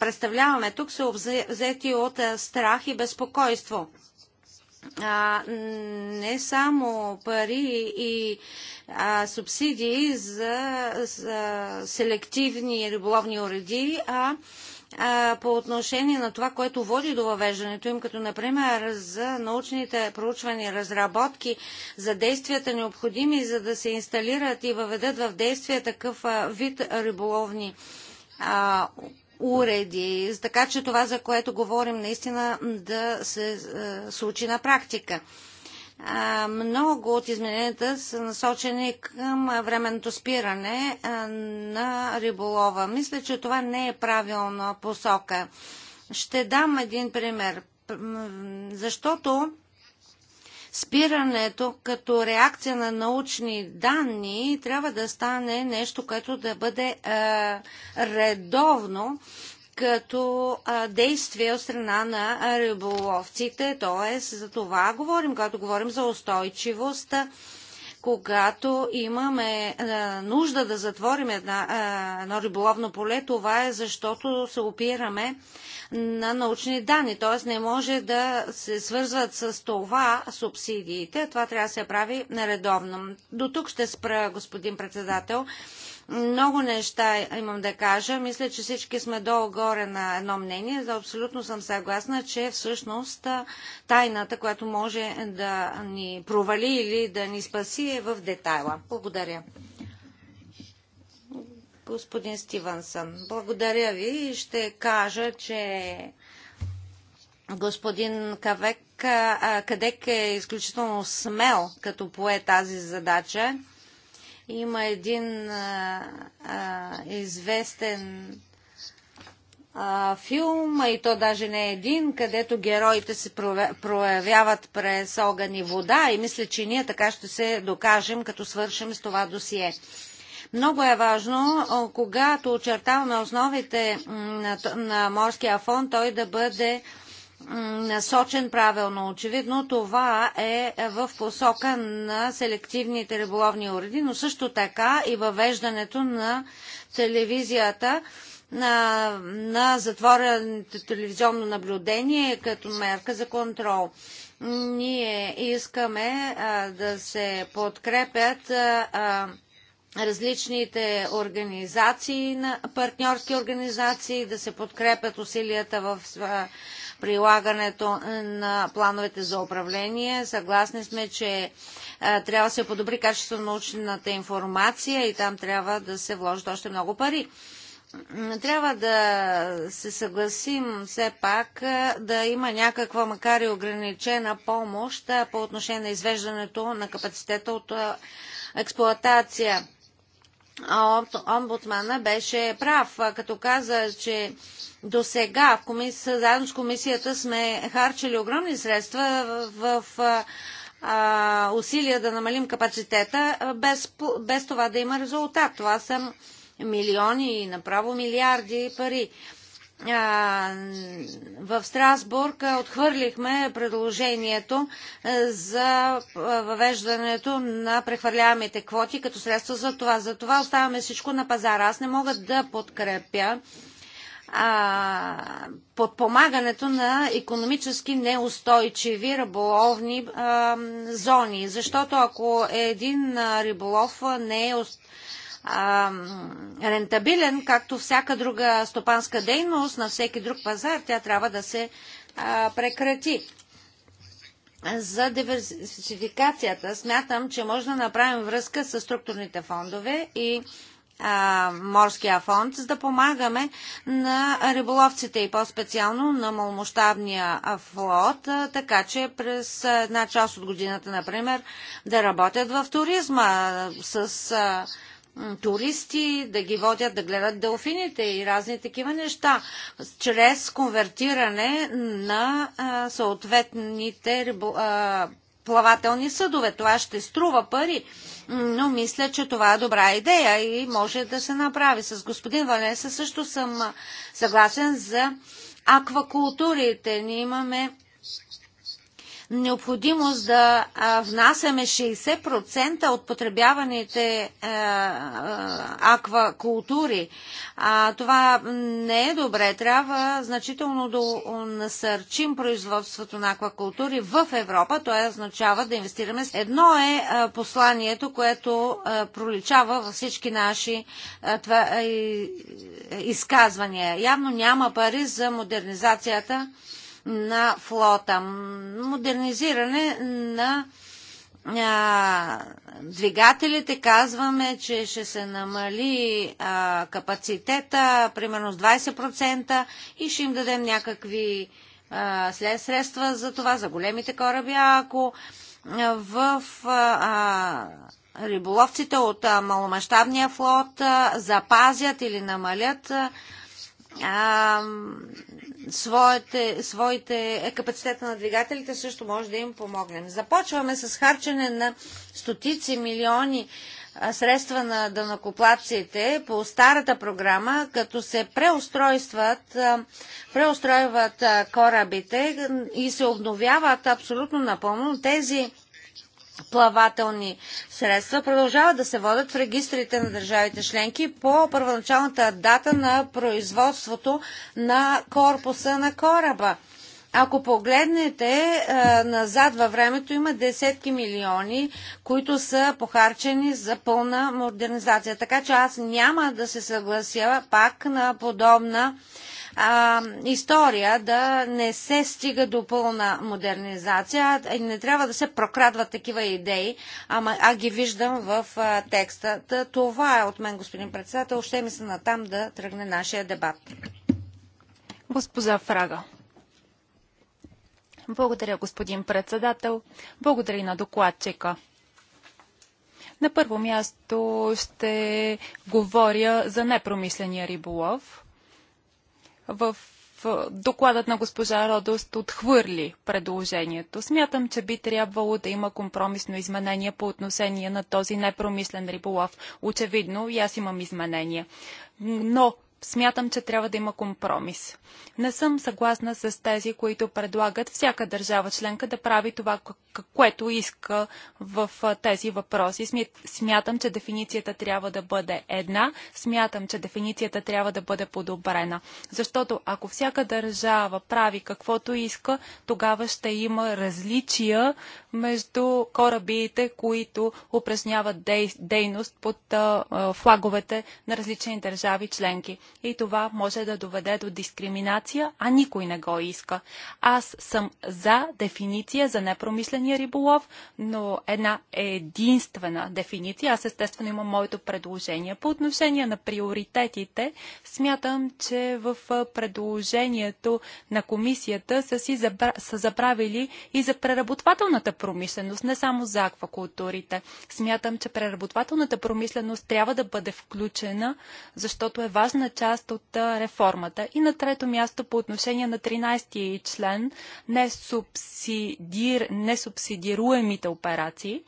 представляваме тук, са взети от е, страх и безпокойство. не само пари и субсидии за селективни риболовни уреди, а а, по отношение на това, което води до въвеждането им, като например за научните проучвания, разработки, за действията необходими, за да се инсталират и въведат в действие такъв а, вид риболовни а, уреди, така че това, за което говорим, наистина да се случи на практика. Много от измененията са насочени към временното спиране на риболова. Мисля, че това не е правилна посока. Ще дам един пример. Защото спирането като реакция на научни данни трябва да стане нещо, което да бъде редовно като а, действие от страна на риболовците. Т.е. за това говорим, когато говорим за устойчивост, когато имаме а, нужда да затворим една, а, едно риболовно поле, това е защото се опираме на научни данни. Т.е. не може да се свързват с това субсидиите. Това трябва да се прави наредовно. До тук ще спра, господин председател. Много неща имам да кажа. Мисля, че всички сме долу-горе на едно мнение. За абсолютно съм съгласна, че всъщност тайната, която може да ни провали или да ни спаси е в детайла. Благодаря. Господин Стивенсън, благодаря ви и ще кажа, че господин Кавек, Кадек е изключително смел, като пое тази задача има един а, а, известен а, филм, а и то даже не е един, където героите се проявяват през огън и вода и мисля, че ние така ще се докажем, като свършим с това досие. Много е важно, когато очертаваме основите на, на морския фонд, той да бъде насочен правилно. Очевидно това е в посока на селективните риболовни уреди, но също така и въвеждането на телевизията на, на затвореното телевизионно наблюдение като мерка за контрол. Ние искаме а, да се подкрепят а, различните организации, партньорски организации, да се подкрепят усилията в прилагането е, на плановете за управление. Съгласни сме, че е, трябва да се подобри качество на научната информация и там трябва да се вложат още много пари. Трябва да се съгласим все пак е, да има някаква, макар и ограничена помощ по отношение на извеждането на капацитета от експлоатация омбудсмана беше прав, като каза, че до сега заедно с комисията сме харчили огромни средства в, а, усилия да намалим капацитета, без, без това да има резултат. Това са милиони и направо милиарди пари в Страсбург отхвърлихме предложението за въвеждането на прехвърляемите квоти като средство за това. За това оставяме всичко на пазара. Аз не мога да подкрепя подпомагането на економически неустойчиви риболовни зони. Защото ако един риболов не е рентабилен, както всяка друга стопанска дейност на всеки друг пазар, тя трябва да се прекрати. За диверсификацията смятам, че може да направим връзка с структурните фондове и морския фонд, за да помагаме на риболовците и по-специално на малмощабния флот, така че през една част от годината, например, да работят в туризма с. А, туристи, да ги водят да гледат делфините и разни такива неща, чрез конвертиране на а, съответните рибо, а, плавателни съдове. Това ще струва пари, но мисля, че това е добра идея и може да се направи. С господин Валенса също съм съгласен за аквакултурите. Ние имаме необходимост да внасяме 60% от потребяваните е, е, аквакултури. Това не е добре. Трябва значително да насърчим производството на аквакултури в Европа. Това означава да инвестираме. Едно е, е посланието, което проличава във всички наши изказвания. Явно няма пари за модернизацията на флота, модернизиране на а, двигателите, казваме, че ще се намали а, капацитета примерно с 20% и ще им дадем някакви а, средства за това, за големите кораби, ако в а, риболовците от а, маломащабния флот а, запазят или намалят а, своите, своите е, капацитета на двигателите, също може да им помогнем. Започваме с харчене на стотици милиони средства на дънакоплаците по старата програма, като се преустройстват, преустройват корабите и се обновяват абсолютно напълно тези плавателни средства продължават да се водят в регистрите на държавите членки по първоначалната дата на производството на корпуса на кораба. Ако погледнете е, назад във времето, има десетки милиони, които са похарчени за пълна модернизация. Така че аз няма да се съглася пак на подобна а, история да не се стига до пълна модернизация. Не трябва да се прокрадват такива идеи, ама, а ги виждам в а, текста. Та, това е от мен, господин председател. Ще ми се натам да тръгне нашия дебат. Госпожа Фрага. Благодаря, господин председател. Благодаря и на докладчика. На първо място ще говоря за непромисления риболов в докладът на госпожа Родост отхвърли предложението. Смятам, че би трябвало да има компромисно изменение по отношение на този непромислен риболов. Очевидно, и аз имам изменения. Но смятам, че трябва да има компромис. Не съм съгласна с тези, които предлагат всяка държава членка да прави това, което иска в тези въпроси. Смятам, че дефиницията трябва да бъде една, смятам, че дефиницията трябва да бъде подобрена. Защото ако всяка държава прави каквото иска, тогава ще има различия между корабите, които упражняват дейност под флаговете на различни държави членки и това може да доведе до дискриминация, а никой не го иска. Аз съм за дефиниция за непромисления риболов, но една единствена дефиниция. Аз естествено имам моето предложение. По отношение на приоритетите, смятам, че в предложението на комисията са, си забра... са забравили и за преработвателната промишленост, не само за аквакултурите. Смятам, че преработвателната промишленост трябва да бъде включена, защото е важна част от реформата. И на трето място по отношение на 13-ти член несубсидир... несубсидируемите операции.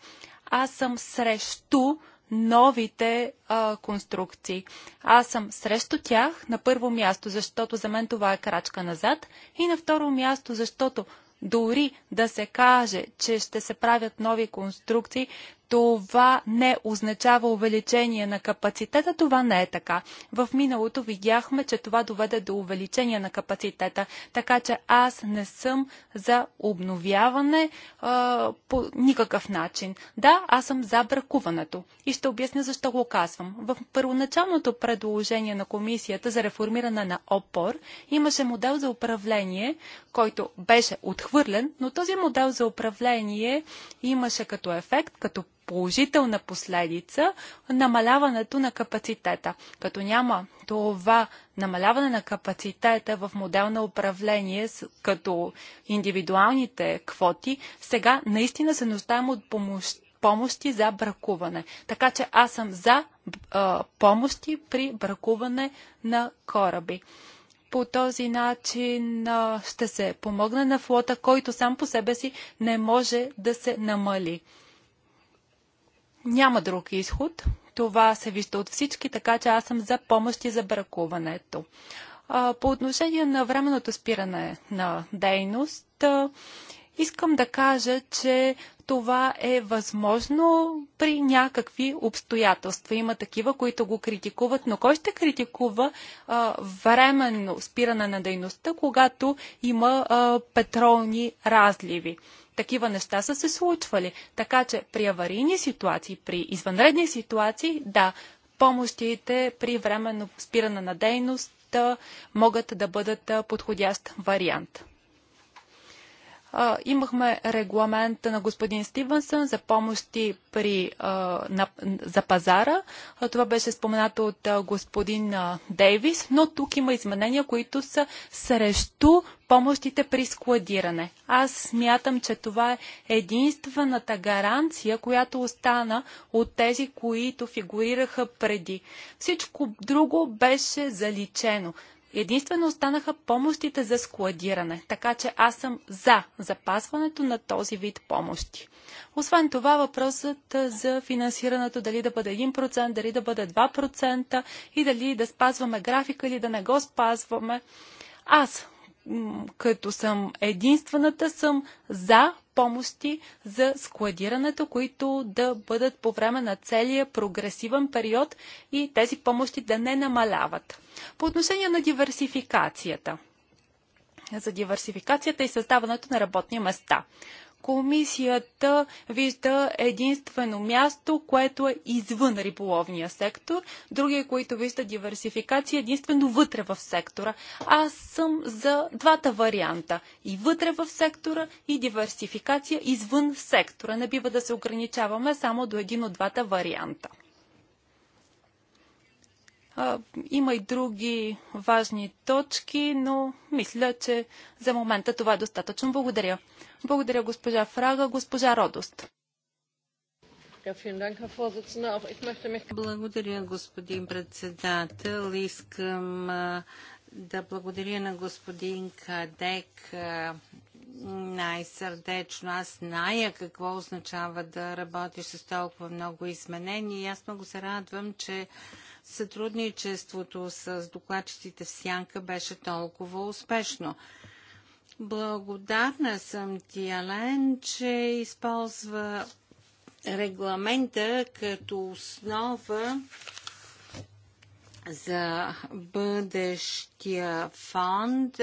Аз съм срещу новите а, конструкции. Аз съм срещу тях на първо място, защото за мен това е крачка назад и на второ място, защото дори да се каже, че ще се правят нови конструкции, това не означава увеличение на капацитета. Това не е така. В миналото видяхме, че това доведе до увеличение на капацитета. Така че аз не съм за обновяване а, по никакъв начин. Да, аз съм за бракуването. И ще обясня защо го казвам. В първоначалното предложение на комисията за реформиране на ОПОР имаше модел за управление, който беше отхвърлен, но този модел за управление имаше като ефект, като положителна последица намаляването на капацитета. Като няма това намаляване на капацитета в модел на управление като индивидуалните квоти, сега наистина се нуждаем от помощ помощи за бракуване. Така че аз съм за а, помощи при бракуване на кораби. По този начин а, ще се помогне на флота, който сам по себе си не може да се намали. Няма друг изход. Това се вижда от всички, така че аз съм за помощи за бракуването. По отношение на временното спиране на дейност, искам да кажа, че това е възможно при някакви обстоятелства. Има такива, които го критикуват, но кой ще критикува а, временно спиране на дейността, когато има а, петролни разливи? такива неща са се случвали. Така че при аварийни ситуации, при извънредни ситуации, да, помощите при временно спиране на дейност могат да бъдат подходящ вариант имахме регламента на господин Стивенсън за помощи при, на, за пазара. това беше споменато от господин Дейвис, но тук има изменения, които са срещу помощите при складиране. Аз смятам, че това е единствената гаранция, която остана от тези, които фигурираха преди. Всичко друго беше заличено. Единствено останаха помощите за складиране, така че аз съм за запазването на този вид помощи. Освен това, въпросът за финансирането, дали да бъде 1%, дали да бъде 2% и дали да спазваме графика или да не го спазваме. Аз като съм единствената, съм за помощи за складирането, които да бъдат по време на целия прогресивен период и тези помощи да не намаляват. По отношение на диверсификацията. За диверсификацията и създаването на работни места комисията вижда единствено място, което е извън риболовния сектор, други, които вижда диверсификация единствено вътре в сектора. Аз съм за двата варианта. И вътре в сектора, и диверсификация извън сектора. Не бива да се ограничаваме само до един от двата варианта. А, има и други важни точки, но мисля, че за момента това е достатъчно. Благодаря. Благодаря госпожа Фрага, госпожа Родост. Благодаря, господин председател. Искам да благодаря на господин Кадек най-сърдечно. Аз зная какво означава да работиш с толкова много изменения и аз много се радвам, че сътрудничеството с докладчиците в Сянка беше толкова успешно. Благодарна съм ти, Ален, че използва регламента като основа за бъдещия фонд.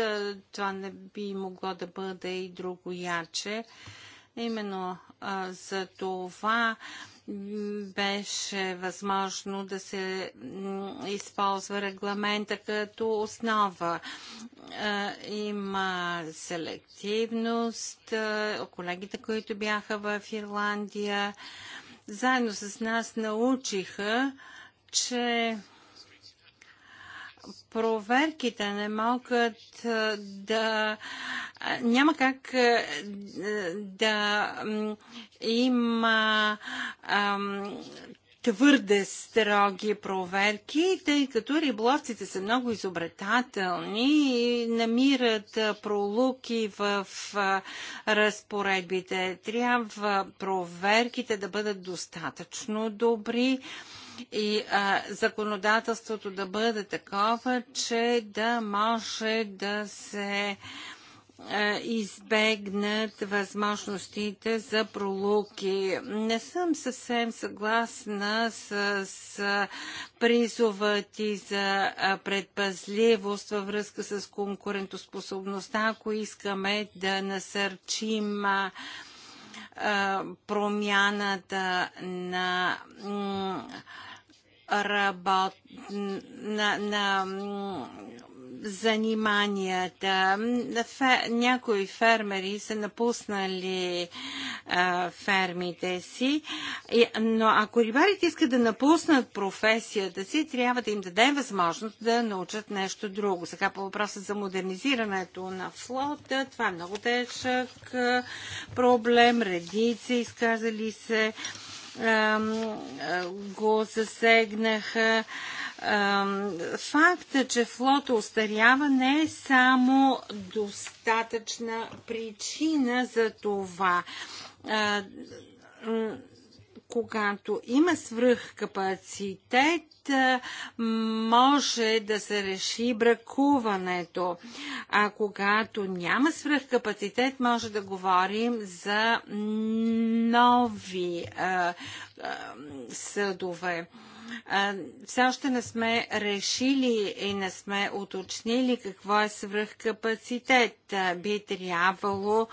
Това не би могло да бъде и друго яче. Именно а, за това беше възможно да се използва регламента като основа. Има селективност. Колегите, които бяха в Ирландия, заедно с нас научиха, че проверките не могат да. Няма как да има твърде строги проверки, тъй като риболовците са много изобретателни и намират пролуки в разпоредбите. Трябва проверките да бъдат достатъчно добри и а, законодателството да бъде такова, че да може да се а, избегнат възможностите за пролуки. Не съм съвсем съгласна с, с призова ти за предпазливост във връзка с конкурентоспособността, ако искаме да насърчим промяната на работ... на, на заниманията. Фе, някои фермери са напуснали а, фермите си, и, но ако рибарите искат да напуснат професията си, трябва да им дадем възможност да научат нещо друго. Сега по въпроса за модернизирането на флота, това е много тежък проблем. Редици изказали се го засегнаха. Факта, че флота остарява, не е само достатъчна причина за това когато има свръхкапацитет, може да се реши бракуването. А когато няма свръхкапацитет, може да говорим за нови а, а, съдове все още не сме решили и не сме уточнили какво е свръхкапацитет. Би трябвало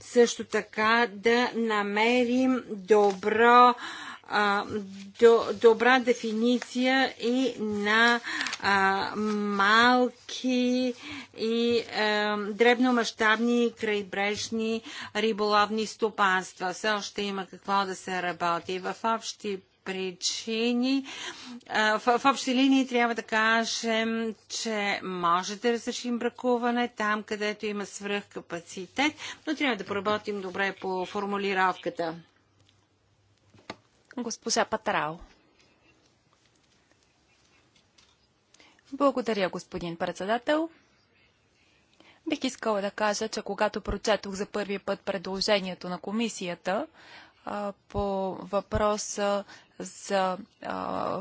също така да намерим добро добра дефиниция и на малки и дребномащабни крайбрежни риболовни стопанства. Все още има какво да се работи. В общи причини. В, в общи линии трябва да кажем, че може да разрешим бракуване там, където има свръхкапацитет, но трябва да поработим добре по формулировката. Госпожа Патрао. Благодаря, господин председател. Бих искала да кажа, че когато прочетох за първи път предложението на комисията, по въпроса за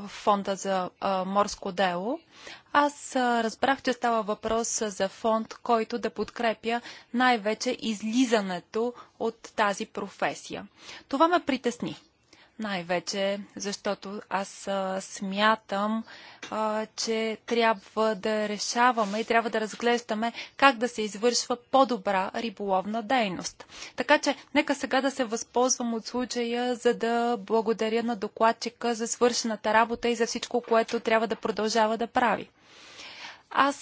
фонда за морско дело. Аз разбрах, че става въпрос за фонд, който да подкрепя най-вече излизането от тази професия. Това ме притесни. Най-вече, защото аз смятам, че трябва да решаваме и трябва да разглеждаме как да се извършва по-добра риболовна дейност. Така че, нека сега да се възползвам от случая, за да благодаря на докладчика за свършената работа и за всичко, което трябва да продължава да прави. Аз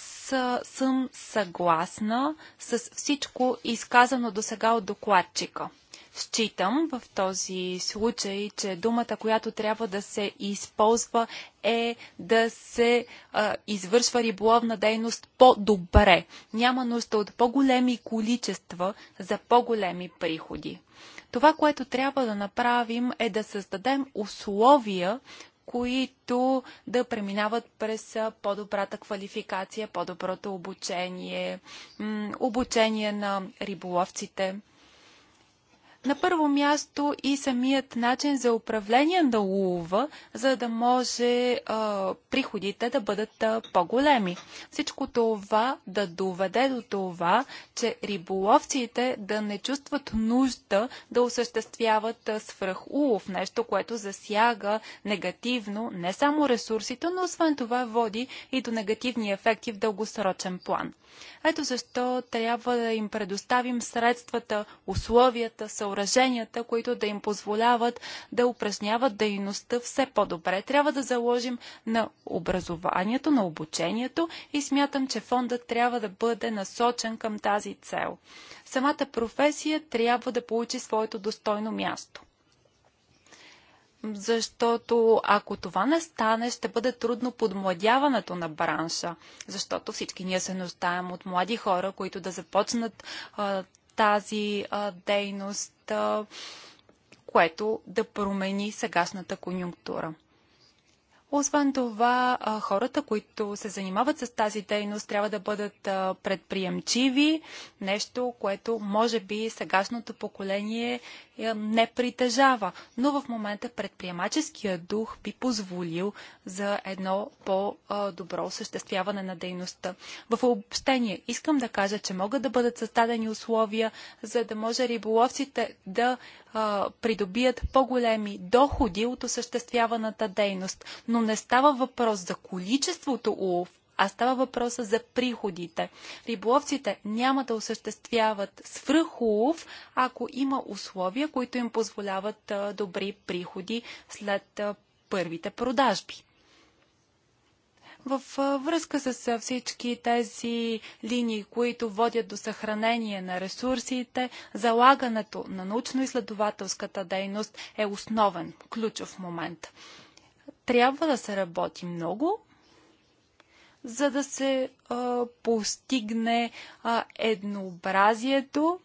съм съгласна с всичко изказано до сега от докладчика. Считам в този случай, че думата, която трябва да се използва е да се а, извършва риболовна дейност по-добре. Няма нужда от по-големи количества за по-големи приходи. Това, което трябва да направим е да създадем условия, които да преминават през по-добрата квалификация, по-доброто обучение, обучение на риболовците. На първо място и самият начин за управление на улова, за да може а, приходите да бъдат по-големи. Всичко това да доведе до това, че риболовците да не чувстват нужда да осъществяват свръхулов, нещо, което засяга негативно не само ресурсите, но освен това води и до негативни ефекти в дългосрочен план. Ето защо трябва да им предоставим средствата, условията, съоръженията, съоръженията, които да им позволяват да упражняват дейността все по-добре. Трябва да заложим на образованието, на обучението и смятам, че фондът трябва да бъде насочен към тази цел. Самата професия трябва да получи своето достойно място защото ако това не стане, ще бъде трудно подмладяването на бранша, защото всички ние се нуждаем от млади хора, които да започнат а, тази а, дейност, а, което да промени сегашната конюнктура. Освен това, а, хората, които се занимават с тази дейност, трябва да бъдат а, предприемчиви, нещо, което може би сегашното поколение е, не притежава. Но в момента предприемаческия дух би позволил за едно по-добро осъществяване на дейността. В обобщение искам да кажа, че могат да бъдат създадени условия, за да може риболовците да придобият по-големи доходи от осъществяваната дейност. Но не става въпрос за количеството улов, а става въпроса за приходите. Риболовците няма да осъществяват свръхулов, ако има условия, които им позволяват добри приходи след първите продажби. В връзка с всички тези линии, които водят до съхранение на ресурсите, залагането на научно-изследователската дейност е основен, ключов момент. Трябва да се работи много, за да се а, постигне а, еднообразието,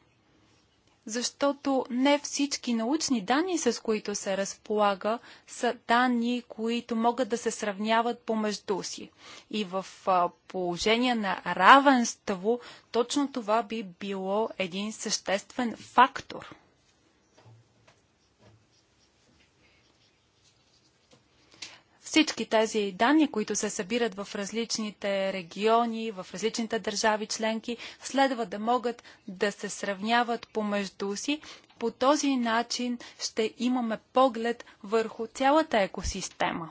защото не всички научни данни, с които се разполага, са данни, които могат да се сравняват помежду си. И в а, положение на равенство, точно това би било един съществен фактор – Всички тези данни, които се събират в различните региони, в различните държави членки, следва да могат да се сравняват помежду си. По този начин ще имаме поглед върху цялата екосистема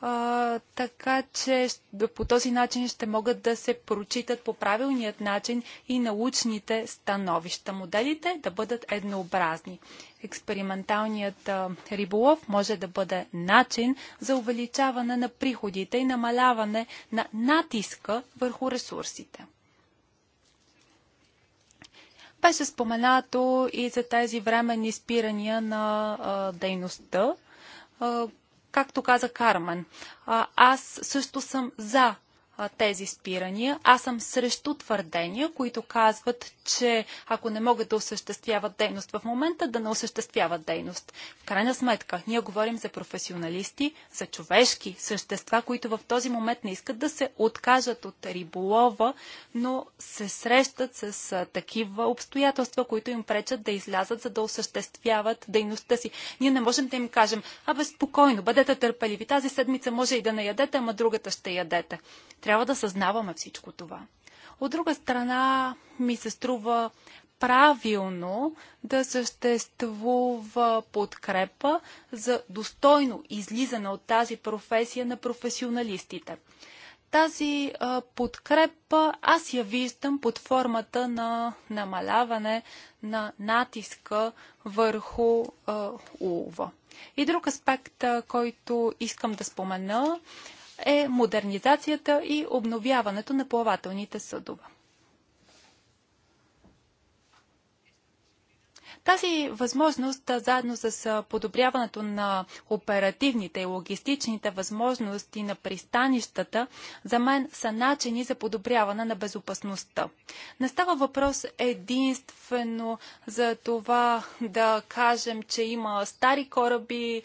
а, така че по този начин ще могат да се прочитат по правилният начин и научните становища. Моделите да бъдат еднообразни. Експерименталният риболов може да бъде начин за увеличаване на приходите и намаляване на натиска върху ресурсите. Беше споменато и за тези временни спирания на а, дейността, както каза Карман, аз също съм за тези спирания. Аз съм срещу твърдения, които казват, че ако не могат да осъществяват дейност в момента, да не осъществяват дейност. В крайна сметка, ние говорим за професионалисти, за човешки същества, които в този момент не искат да се откажат от риболова, но се срещат с такива обстоятелства, които им пречат да излязат, за да осъществяват дейността си. Ние не можем да им кажем, а безпокойно, бъдете търпеливи, тази седмица може и да не ядете, ама другата ще ядете трябва да съзнаваме всичко това. От друга страна, ми се струва правилно да съществува подкрепа за достойно излизане от тази професия на професионалистите. Тази а, подкрепа аз я виждам под формата на намаляване на натиска върху а, улова. И друг аспект, който искам да спомена, е модернизацията и обновяването на плавателните съдове. Тази възможност, заедно с подобряването на оперативните и логистичните възможности на пристанищата, за мен са начини за подобряване на безопасността. Не става въпрос единствено за това да кажем, че има стари кораби,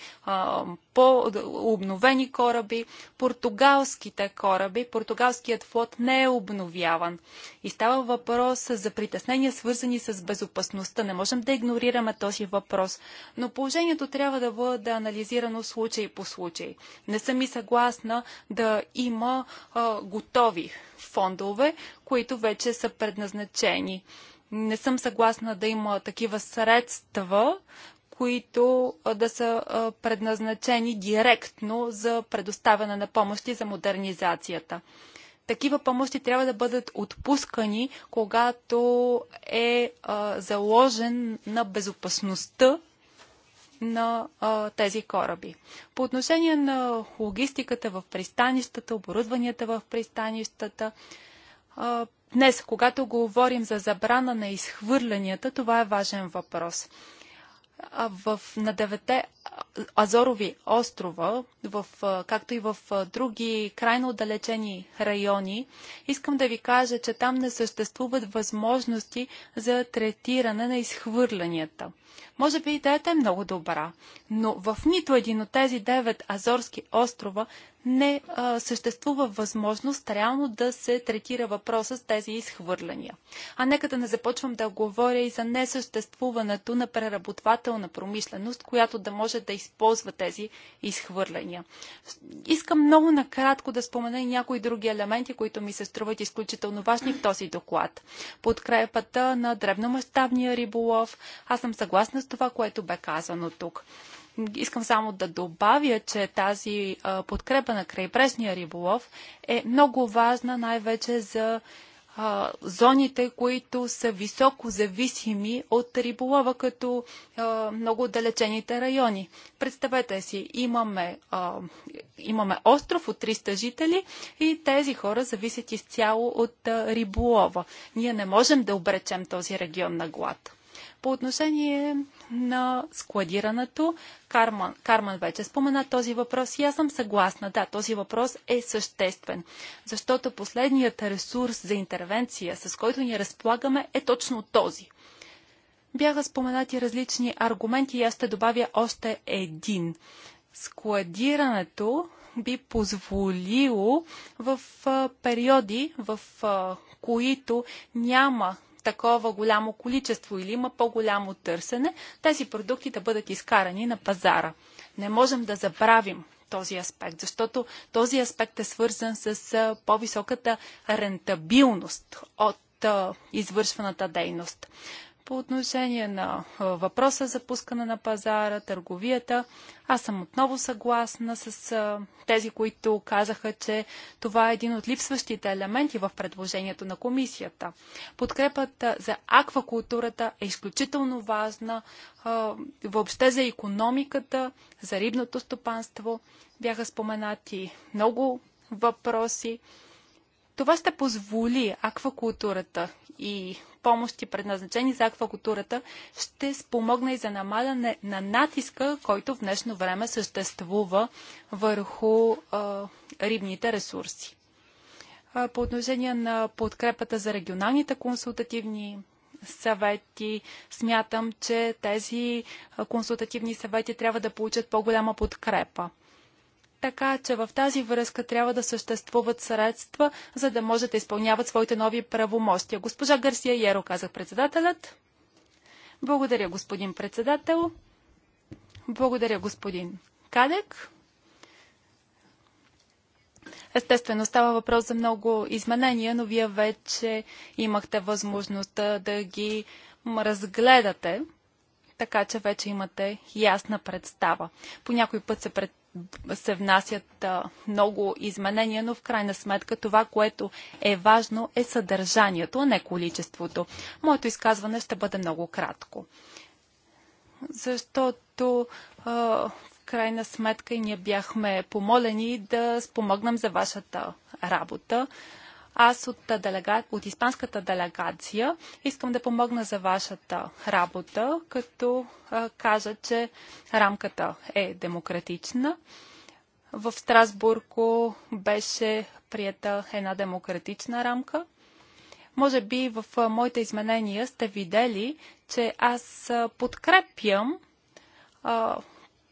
по-обновени кораби, португалските кораби, португалският флот не е обновяван. И става въпрос за притеснения, свързани с безопасността. Не можем да игнорираме игнорираме този въпрос. Но положението трябва да бъде анализирано случай по случай. Не съм и съгласна да има а, готови фондове, които вече са предназначени. Не съм съгласна да има такива средства, които да са предназначени директно за предоставяне на помощи за модернизацията такива помощи трябва да бъдат отпускани, когато е а, заложен на безопасността на а, тези кораби. По отношение на логистиката в пристанищата, оборудванията в пристанищата, а, днес, когато говорим за забрана на изхвърлянията, това е важен въпрос. А в, на девете Азорови острова, в, както и в други крайно отдалечени райони, искам да ви кажа, че там не съществуват възможности за третиране на изхвърлянията. Може би идеята е много добра, но в нито един от тези девет Азорски острова не а, съществува възможност реално да се третира въпроса с тези изхвърляния. А нека да не започвам да говоря и за несъществуването на преработвателна промишленост, която да може може да използва тези изхвърляния. Искам много накратко да спомена и някои други елементи, които ми се струват изключително важни в този доклад. Подкрепата на древномасштабния риболов. Аз съм съгласна с това, което бе казано тук. Искам само да добавя, че тази подкрепа на крайбрежния риболов е много важна най-вече за а, зоните, които са високо зависими от риболова, като а, много отдалечените райони. Представете си, имаме, а, имаме остров от 300 жители и тези хора зависят изцяло от а, риболова. Ние не можем да обречем този регион на глад. По отношение на складирането, Карман, Карман вече спомена този въпрос и аз съм съгласна. Да, този въпрос е съществен, защото последният ресурс за интервенция, с който ни разполагаме, е точно този. Бяха споменати различни аргументи и аз ще добавя още един. Складирането би позволило в периоди, в които няма такова голямо количество или има по-голямо търсене, тези продукти да бъдат изкарани на пазара. Не можем да забравим този аспект, защото този аспект е свързан с по-високата рентабилност от извършваната дейност. По отношение на въпроса за пускане на пазара, търговията, аз съм отново съгласна с тези, които казаха, че това е един от липсващите елементи в предложението на комисията. Подкрепата за аквакултурата е изключително важна въобще за економиката, за рибното стопанство. Бяха споменати много въпроси. Това ще позволи аквакултурата и помощи, предназначени за аквакултурата, ще спомогне и за намаляне на натиска, който в днешно време съществува върху а, рибните ресурси. А, по отношение на подкрепата за регионалните консултативни съвети. Смятам, че тези консултативни съвети трябва да получат по-голяма подкрепа. Така че в тази връзка трябва да съществуват средства, за да може да изпълняват своите нови правомощия. Госпожа Гарсия Еро, казах председателят. Благодаря, господин председател. Благодаря, господин Кадек. Естествено, става въпрос за много изменения, но вие вече имахте възможността да ги разгледате, така че вече имате ясна представа. По някой път се пред се внасят много изменения, но в крайна сметка това, което е важно е съдържанието, а не количеството. Моето изказване ще бъде много кратко. Защото в крайна сметка и ние бяхме помолени да спомогнем за вашата работа. Аз от, делега... от испанската делегация искам да помогна за вашата работа, като а, кажа, че рамката е демократична. В Страсбурго беше прията една демократична рамка. Може би в моите изменения сте видели, че аз подкрепям а,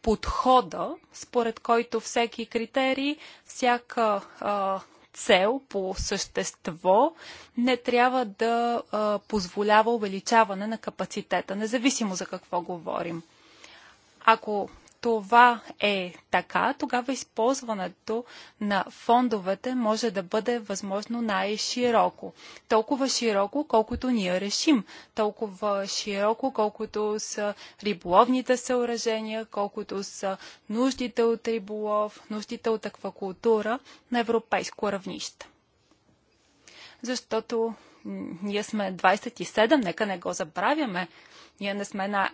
подхода, според който всеки критерий, всяка а, цел по същество не трябва да а, позволява увеличаване на капацитета, независимо за какво говорим. Ако това е така, тогава използването на фондовете може да бъде възможно най-широко. Толкова широко, колкото ние решим. Толкова широко, колкото са риболовните съоръжения, колкото са нуждите от риболов, нуждите от аквакултура на европейско равнище. Защото ние сме 27, нека не го забравяме. Ние не сме една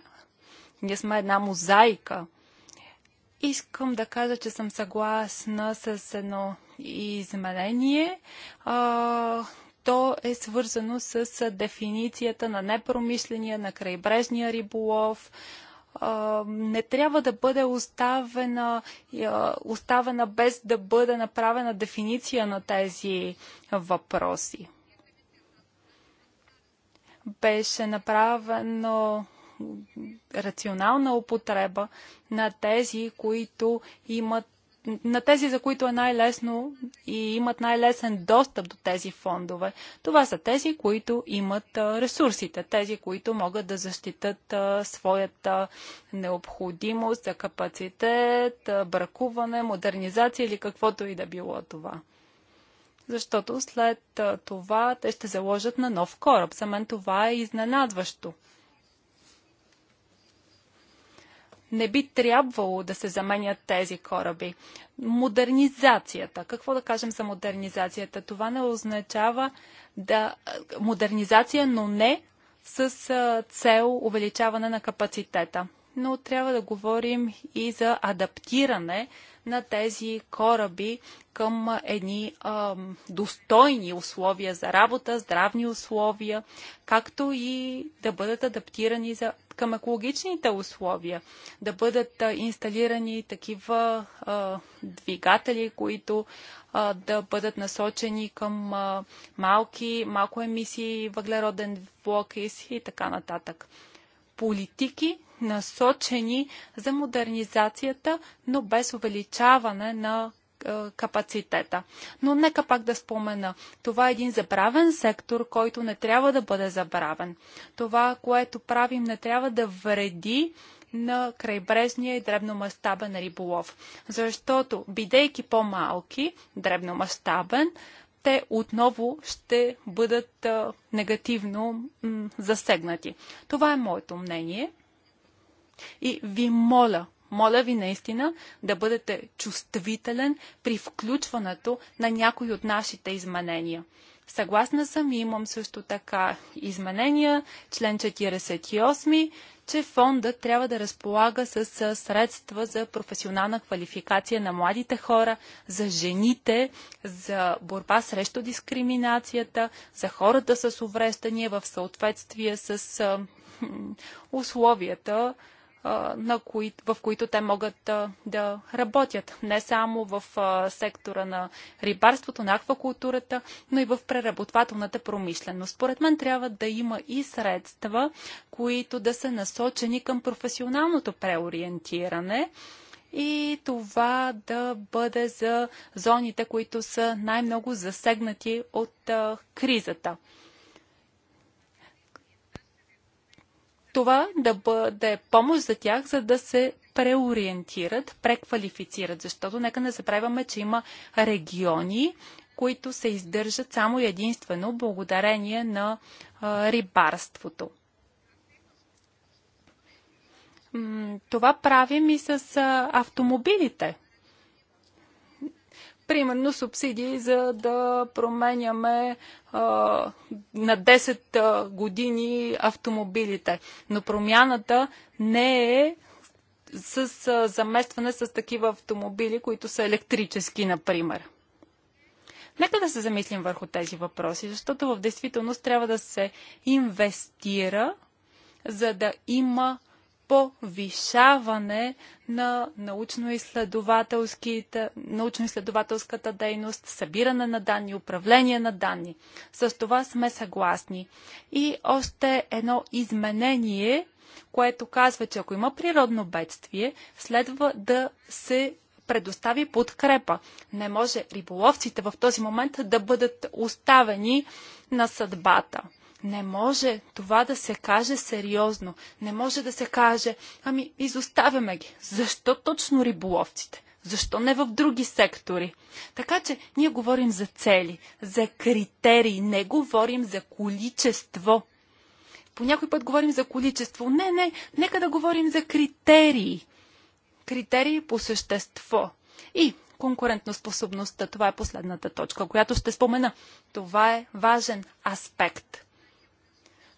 ние сме една мозайка. Искам да кажа, че съм съгласна с едно изменение. А, то е свързано с дефиницията на непромишления на крайбрежния риболов. А, не трябва да бъде оставена, оставена без да бъде направена дефиниция на тези въпроси. Беше направено рационална употреба на тези, които имат на тези, за които е най-лесно и имат най-лесен достъп до тези фондове. Това са тези, които имат ресурсите, тези, които могат да защитат своята необходимост за капацитет, бракуване, модернизация или каквото и да било това. Защото след това те ще заложат на нов кораб. За мен това е изненадващо. не би трябвало да се заменят тези кораби. Модернизацията. Какво да кажем за модернизацията? Това не означава да модернизация, но не с цел увеличаване на капацитета но трябва да говорим и за адаптиране на тези кораби към едни а, достойни условия за работа, здравни условия, както и да бъдат адаптирани за, към екологичните условия, да бъдат а, инсталирани такива а, двигатели, които а, да бъдат насочени към а, малки, малко емисии, въглероден блок и така нататък. Политики, насочени за модернизацията, но без увеличаване на е, капацитета. Но нека пак да спомена, това е един забравен сектор, който не трябва да бъде забравен. Това, което правим, не трябва да вреди на крайбрежния и дребномащабен риболов. Защото, бидейки по-малки, дребномащабен, те отново ще бъдат а, е, негативно м, засегнати. Това е моето мнение. И ви моля, моля ви наистина да бъдете чувствителен при включването на някои от нашите изменения. Съгласна съм и имам също така изменения, член 48, че фонда трябва да разполага с средства за професионална квалификация на младите хора, за жените, за борба срещу дискриминацията, за хората с увреждания в съответствие с условията, на кои, в които те могат а, да работят. Не само в а, сектора на рибарството, на аквакултурата, но и в преработвателната промишленост. Според мен трябва да има и средства, които да са насочени към професионалното преориентиране и това да бъде за зоните, които са най-много засегнати от а, кризата. това да бъде помощ за тях, за да се преориентират, преквалифицират, защото нека не забравяме, че има региони, които се издържат само и единствено благодарение на а, рибарството. това правим и с а, автомобилите. Примерно субсидии за да променяме а, на 10 години автомобилите. Но промяната не е с а, заместване с такива автомобили, които са електрически, например. Нека да се замислим върху тези въпроси, защото в действителност трябва да се инвестира, за да има повишаване на научно-изследователската научно дейност, събиране на данни, управление на данни. С това сме съгласни. И още едно изменение, което казва, че ако има природно бедствие, следва да се предостави подкрепа. Не може риболовците в този момент да бъдат оставени на съдбата. Не може това да се каже сериозно. Не може да се каже, ами изоставяме ги. Защо точно риболовците? Защо не в други сектори? Така че ние говорим за цели, за критерии, не говорим за количество. По някой път говорим за количество. Не, не, нека да говорим за критерии. Критерии по същество. И конкурентноспособността, това е последната точка, която ще спомена. Това е важен аспект.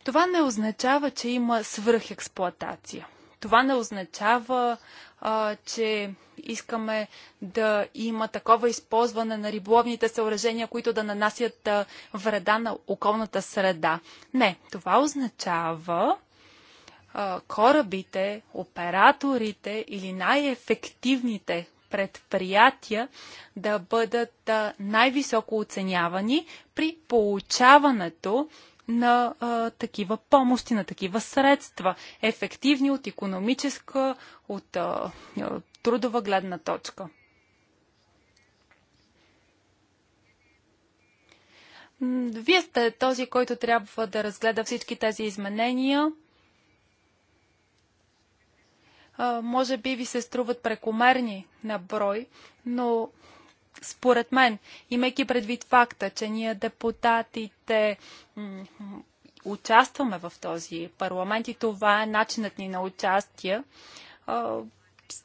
Това не означава, че има свръхексплоатация. Това не означава, а, че искаме да има такова използване на риболовните съоръжения, които да нанасят а, вреда на околната среда. Не, това означава а, корабите, операторите или най-ефективните предприятия да бъдат най-високо оценявани при получаването на а, такива помощи, на такива средства, ефективни от економическа, от а, трудова гледна точка. Вие сте този, който трябва да разгледа всички тези изменения. А, може би ви се струват прекомерни на брой, но според мен, имайки предвид факта, че ние депутатите участваме в този парламент и това е начинът ни на участие,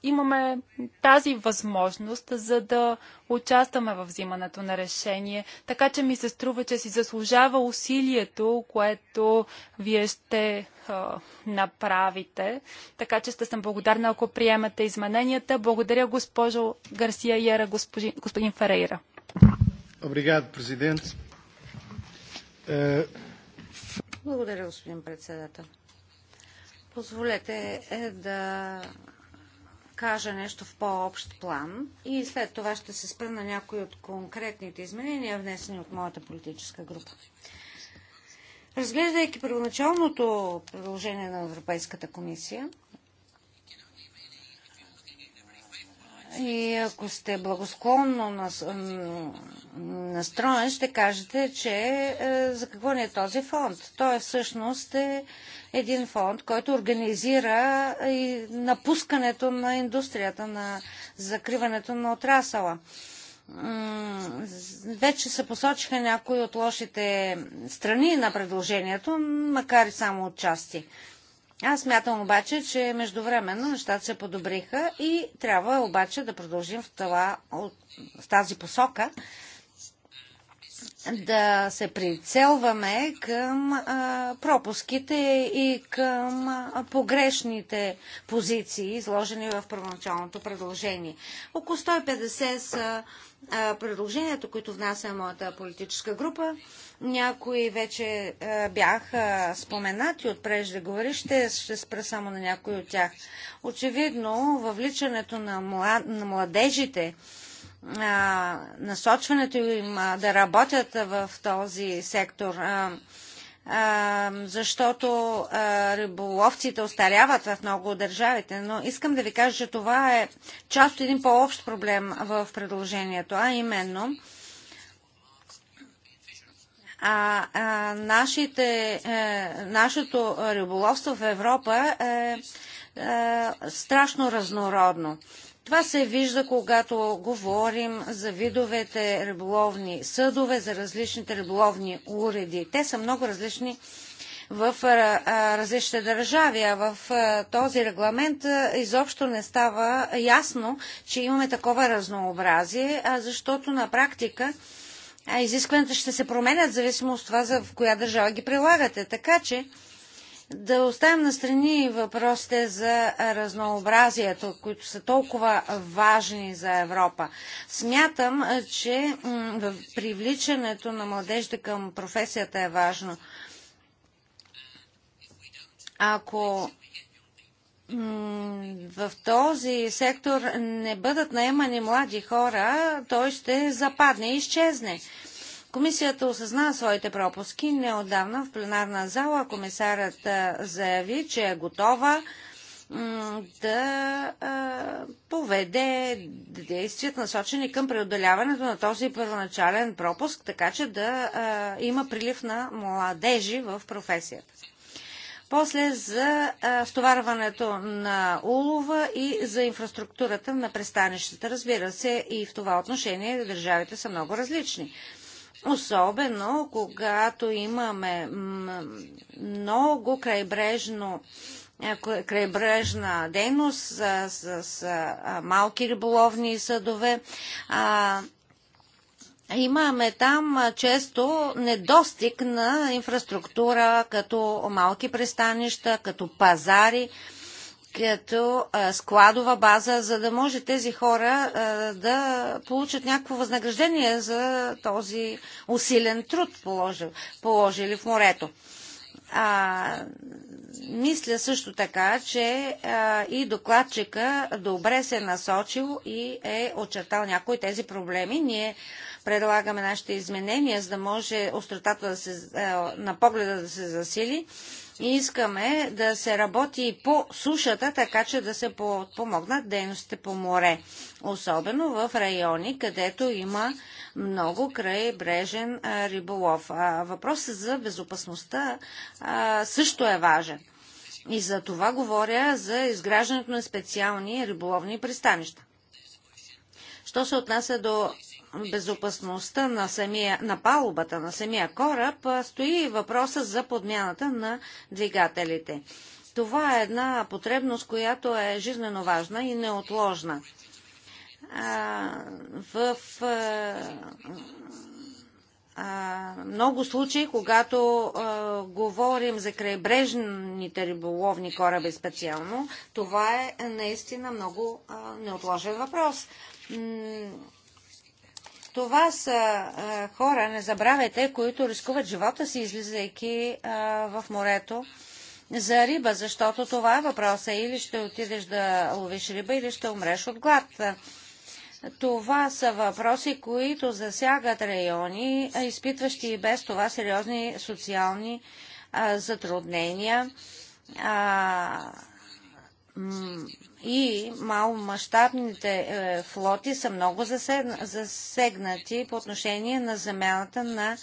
имаме тази възможност, за да участваме в взимането на решение. Така че ми се струва, че си заслужава усилието, което вие ще а, направите. Така че ще съм благодарна, ако приемате измененията. Благодаря, госпожо Гарсия Яра, госпожи, господин Ферейра. Обригад, президент. Е, Благодаря, господин председател. Позволете е да кажа нещо в по-общ план и след това ще се спра на някои от конкретните изменения, внесени от моята политическа група. Разглеждайки първоначалното предложение на Европейската комисия, И ако сте благосклонно настроен, ще кажете, че е, за какво не е този фонд? Той всъщност е един фонд, който организира и напускането на индустрията, на закриването на отрасала. Вече се посочиха някои от лошите страни на предложението, макар и само от части. Аз мятам обаче, че междувременно нещата се подобриха и трябва обаче да продължим в, това, в тази посока, да се прицелваме към а, пропуските и към а, погрешните позиции, изложени в първоначалното предложение. Около 150 са а, предложенията, които внася моята политическа група. Някои вече бяха споменати от преждеговорище, ще спра само на някои от тях. Очевидно, въвличането на, млад... на младежите а, насочването им а, да работят в този сектор. А, защото риболовците остаряват в много държавите. Но искам да ви кажа, че това е част от един по-общ проблем в предложението, а именно а, а, нашите, а, е, нашето риболовство в Европа е, а, е, страшно разнородно. А, това се вижда, когато говорим за видовете риболовни съдове, за различните риболовни уреди. Те са много различни в различните държави, а в този регламент изобщо не става ясно, че имаме такова разнообразие, защото на практика изискванията ще се променят в зависимост от това, за в коя държава ги прилагате. Така че да оставим на страни въпросите за разнообразието, които са толкова важни за Европа. Смятам, че привличането на младежите към професията е важно. Ако в този сектор не бъдат наемани млади хора, той ще западне и изчезне. Комисията осъзна своите пропуски. Неодавна в пленарна зала комисарът заяви, че е готова да поведе действията насочени към преодоляването на този първоначален пропуск, така че да има прилив на младежи в професията. После за втоварването на улова и за инфраструктурата на пристанищата. Разбира се, и в това отношение държавите са много различни. Особено когато имаме много крайбрежно е, крайбрежна дейност с, с, с малки риболовни съдове. А, имаме там често недостиг на инфраструктура, като малки пристанища, като пазари. А, като складова база, за да може тези хора да получат някакво възнаграждение за този усилен труд, положили в морето. А, мисля също така, че а, и докладчика добре се е насочил и е очертал някои тези проблеми. Ние предлагаме нашите изменения, за да може остротата да се, а, на погледа да се засили. А, Искаме да се работи и по сушата, така че да се помогнат дейностите по море. Особено в райони, където има много крайбрежен риболов. Въпросът за безопасността също е важен. И за това говоря за изграждането на специални риболовни пристанища. Що се отнася до безопасността на, самия, на палубата на самия кораб стои въпроса за подмяната на двигателите. Това е една потребност, която е жизненно важна и неотложна. в много случаи, когато говорим за крайбрежните риболовни кораби специално, това е наистина много неотложен въпрос това са а, хора, не забравяйте, които рискуват живота си, излизайки а, в морето за риба, защото това е въпроса. Или ще отидеш да ловиш риба, или ще умреш от глад. Това са въпроси, които засягат райони, изпитващи и без това сериозни социални а, затруднения. А, и маломащабните е, флоти са много засегнати по отношение на замяната на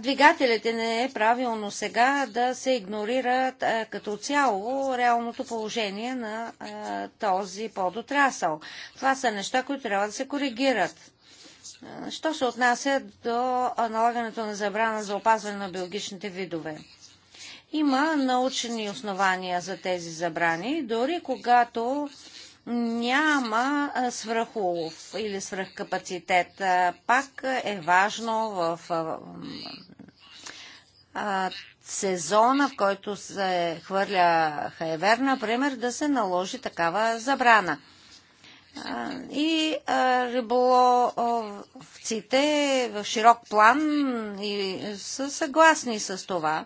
двигателите. Не е правилно сега да се игнорира е, като цяло реалното положение на е, този подотрасъл. Това са неща, които трябва да се коригират. Що се отнася до налагането на забрана за опазване на биологичните видове? Има научени основания за тези забрани, дори когато няма свръхулов или свръхкапацитет. Пак е важно в сезона, в който се хвърля хайвер, например, да се наложи такава забрана. И риболовците в широк план са съгласни с това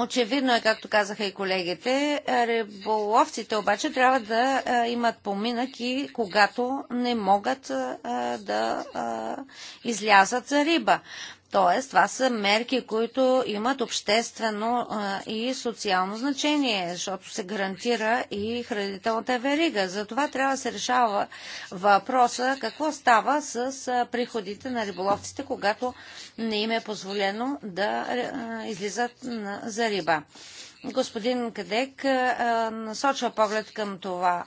Очевидно е, както казаха и колегите, е, риболовците обаче трябва да е, имат поминък и когато не могат е, да излязат за риба. Тоест, това са мерки, които имат обществено а, и социално значение, защото се гарантира и хранителната верига. Затова трябва да се решава въпроса какво става с а, приходите на риболовците, когато не им е позволено да а, излизат за риба. Господин Кадек насочва поглед към това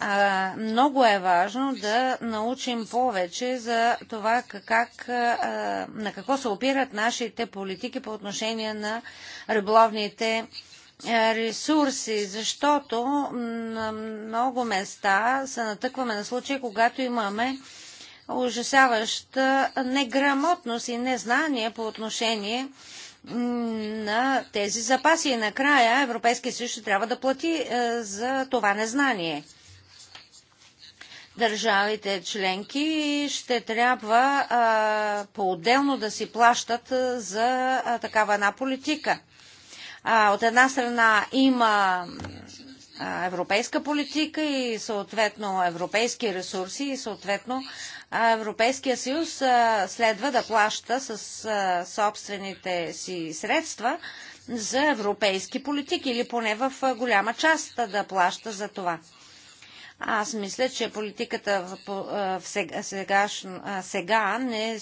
а, много е важно да научим повече за това как, а, на какво се опират нашите политики по отношение на риболовните ресурси, защото на много места се натъкваме на случаи, когато имаме ужасяваща неграмотност и незнание по отношение на тези запаси. И накрая Европейския съюз ще трябва да плати за това незнание държавите членки ще трябва по-отделно да си плащат за такава една политика. от една страна има европейска политика и съответно европейски ресурси и съответно Европейския съюз следва да плаща с собствените си средства за европейски политики или поне в голяма част да плаща за това. Аз мисля, че политиката сега, сега не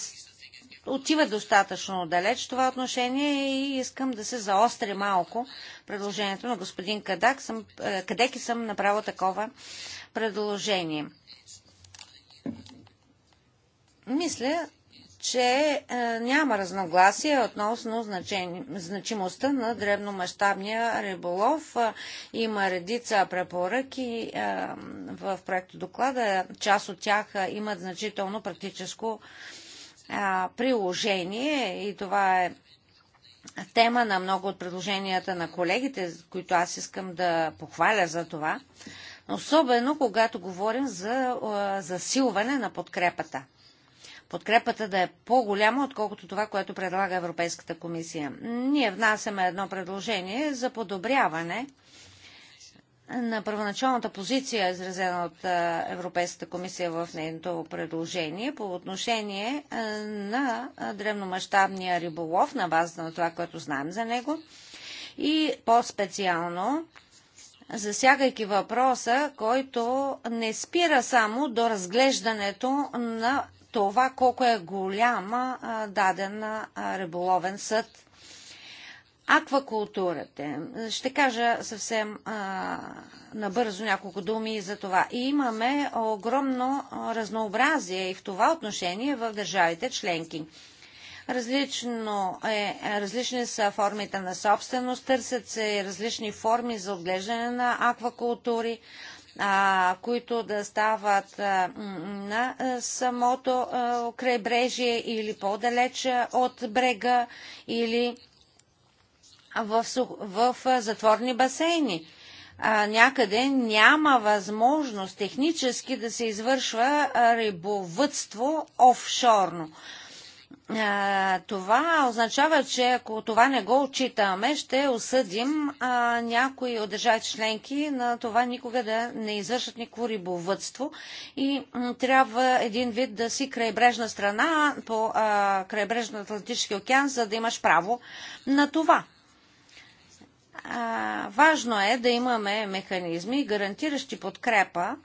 отива достатъчно далеч в това отношение и искам да се заостря малко предложението на господин Кадак. Съм, къдеки съм направил такова предложение. Мисля, че е, няма разногласие относно значени, значимостта на древномащабния риболов. Е, има редица препоръки е, в проекта доклада. Част от тях имат значително практическо приложение и това е тема на много от предложенията на колегите, които аз искам да похваля за това, особено когато говорим за засилване на подкрепата подкрепата да е по-голяма, отколкото това, което предлага Европейската комисия. Ние внасяме едно предложение за подобряване на първоначалната позиция, изразена от Европейската комисия в нейното предложение по отношение на древномащабния риболов на базата на това, което знаем за него и по-специално засягайки въпроса, който не спира само до разглеждането на това колко е голяма дадена риболовен съд. Аквакултурата. Ще кажа съвсем а, набързо няколко думи за това. И имаме огромно разнообразие и в това отношение в държавите членки. Различно е, различни са формите на собственост, търсят се различни форми за отглеждане на аквакултури. А, които да стават на самото крайбрежие или по-далеч от брега или в, затворни басейни. някъде няма възможност технически да се извършва рибовътство офшорно това означава, че ако това не го отчитаме, ще осъдим а, някои от държавите членки на това никога да не извършат никакво рибовътство и м, трябва един вид да си крайбрежна страна по а, крайбрежна Атлантически океан, за да имаш право на това. А, важно е да имаме механизми, гарантиращи подкрепа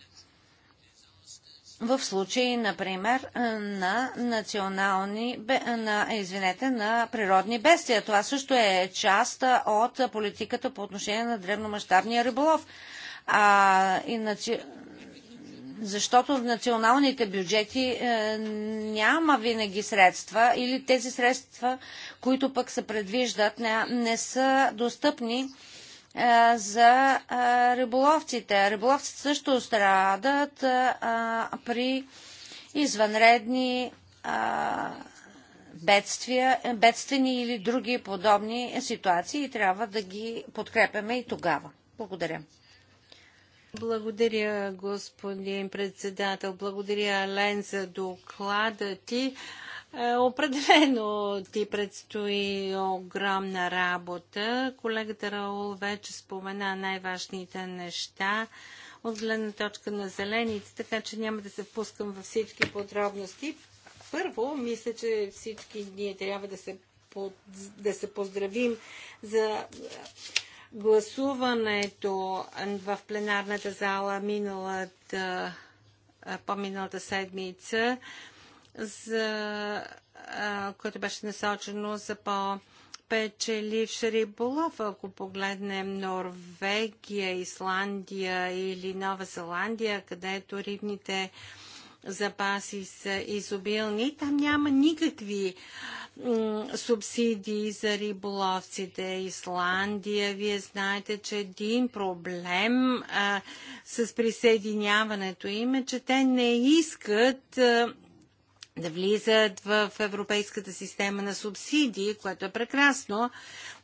в случаи, например, е, на национални, е, на, извинете, на природни бестия. Това също е част е, от политиката по отношение на древномащабния риболов. А, и наци... Защото в националните бюджети е, няма винаги средства или тези средства, които пък се предвиждат, не, не са достъпни за риболовците. Риболовците също страдат при извънредни бедствия, бедствени или други подобни ситуации и трябва да ги подкрепяме и тогава. Благодаря. Благодаря, господин председател. Благодаря, Лен, за доклада ти. Е, определено ти предстои огромна работа. Колегата Раул вече спомена най-важните неща от гледна точка на зелените, така че няма да се впускам във всички подробности. Първо, мисля, че всички ние трябва да се, да се поздравим за гласуването в пленарната зала миналата, по-миналата седмица за, а, което беше насочено за по- печеливш риболов, ако погледнем Норвегия, Исландия или Нова Зеландия, където рибните запаси са изобилни, там няма никакви субсидии за риболовците. Исландия, вие знаете, че е един проблем а, с присъединяването им е, че те не искат а, да влизат в европейската система на субсидии, което е прекрасно,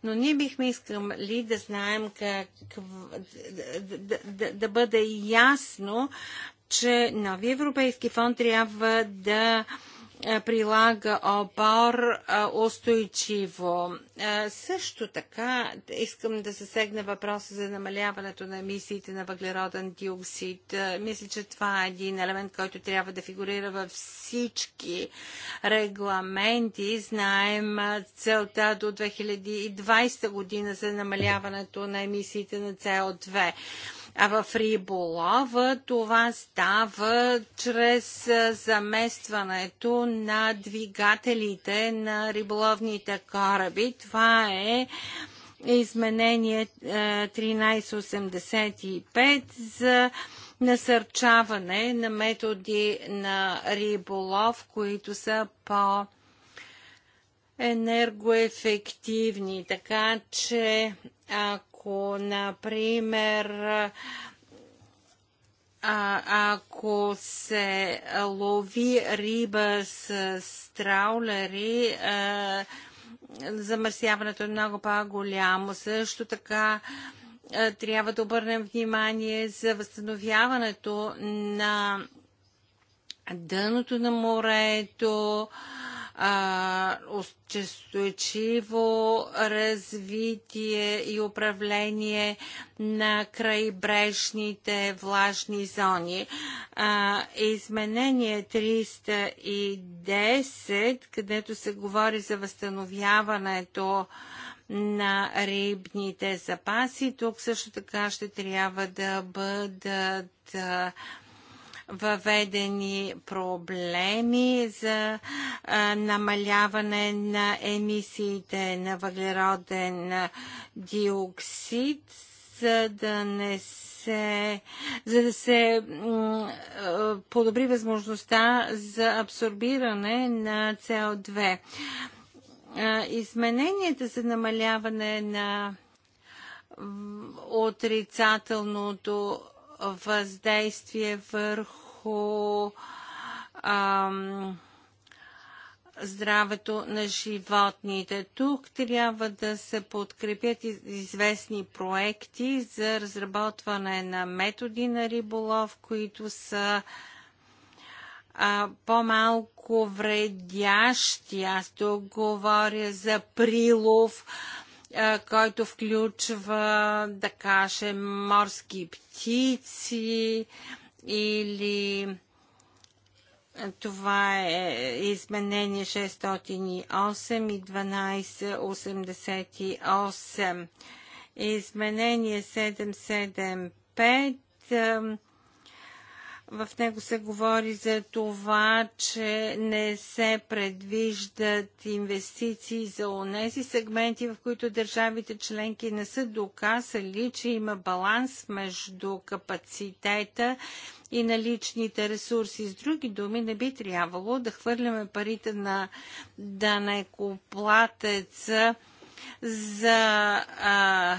но ние бихме искали да знаем как да, да, да, да бъде ясно, че нови европейски фонд трябва да а, е, прилага обор е, устойчиво. Е, също така искам да засегна въпроса за намаляването на емисиите на въглероден диоксид. Мисля, че това е един елемент, който трябва да фигурира във всички регламенти. Знаем целта до 2020 година за намаляването на емисиите на СО2. А в риболова това става чрез заместването на двигателите на риболовните кораби. Това е изменение 1385 е, за насърчаване на методи на риболов, които са по енергоефективни. Така че ако ако, например, а, ако се лови риба с, траулери, а, замърсяването е много по-голямо. Също така а, трябва да обърнем внимание за възстановяването на дъното на морето. А, устойчиво развитие и управление на крайбрежните влажни зони. А, изменение 310, където се говори за възстановяването на рибните запаси. Тук също така ще трябва да бъдат въведени проблеми за намаляване на емисиите на въглероден диоксид, за да не се, за да се подобри възможността за абсорбиране на CO2. Измененията за намаляване на отрицателното въздействие върху върху ам, здравето на животните. Тук трябва да се подкрепят известни проекти за разработване на методи на риболов, които са по-малко вредящи. Аз тук говоря за прилов, а, който включва, да кажем, морски птици, а, или е, това е изменение 608 и 1288. Изменение 775 в него се говори за това, че не се предвиждат инвестиции за онези сегменти, в които държавите членки не са доказали, че има баланс между капацитета и наличните ресурси. С други думи, не би трябвало да хвърляме парите на данекоплатеца за а,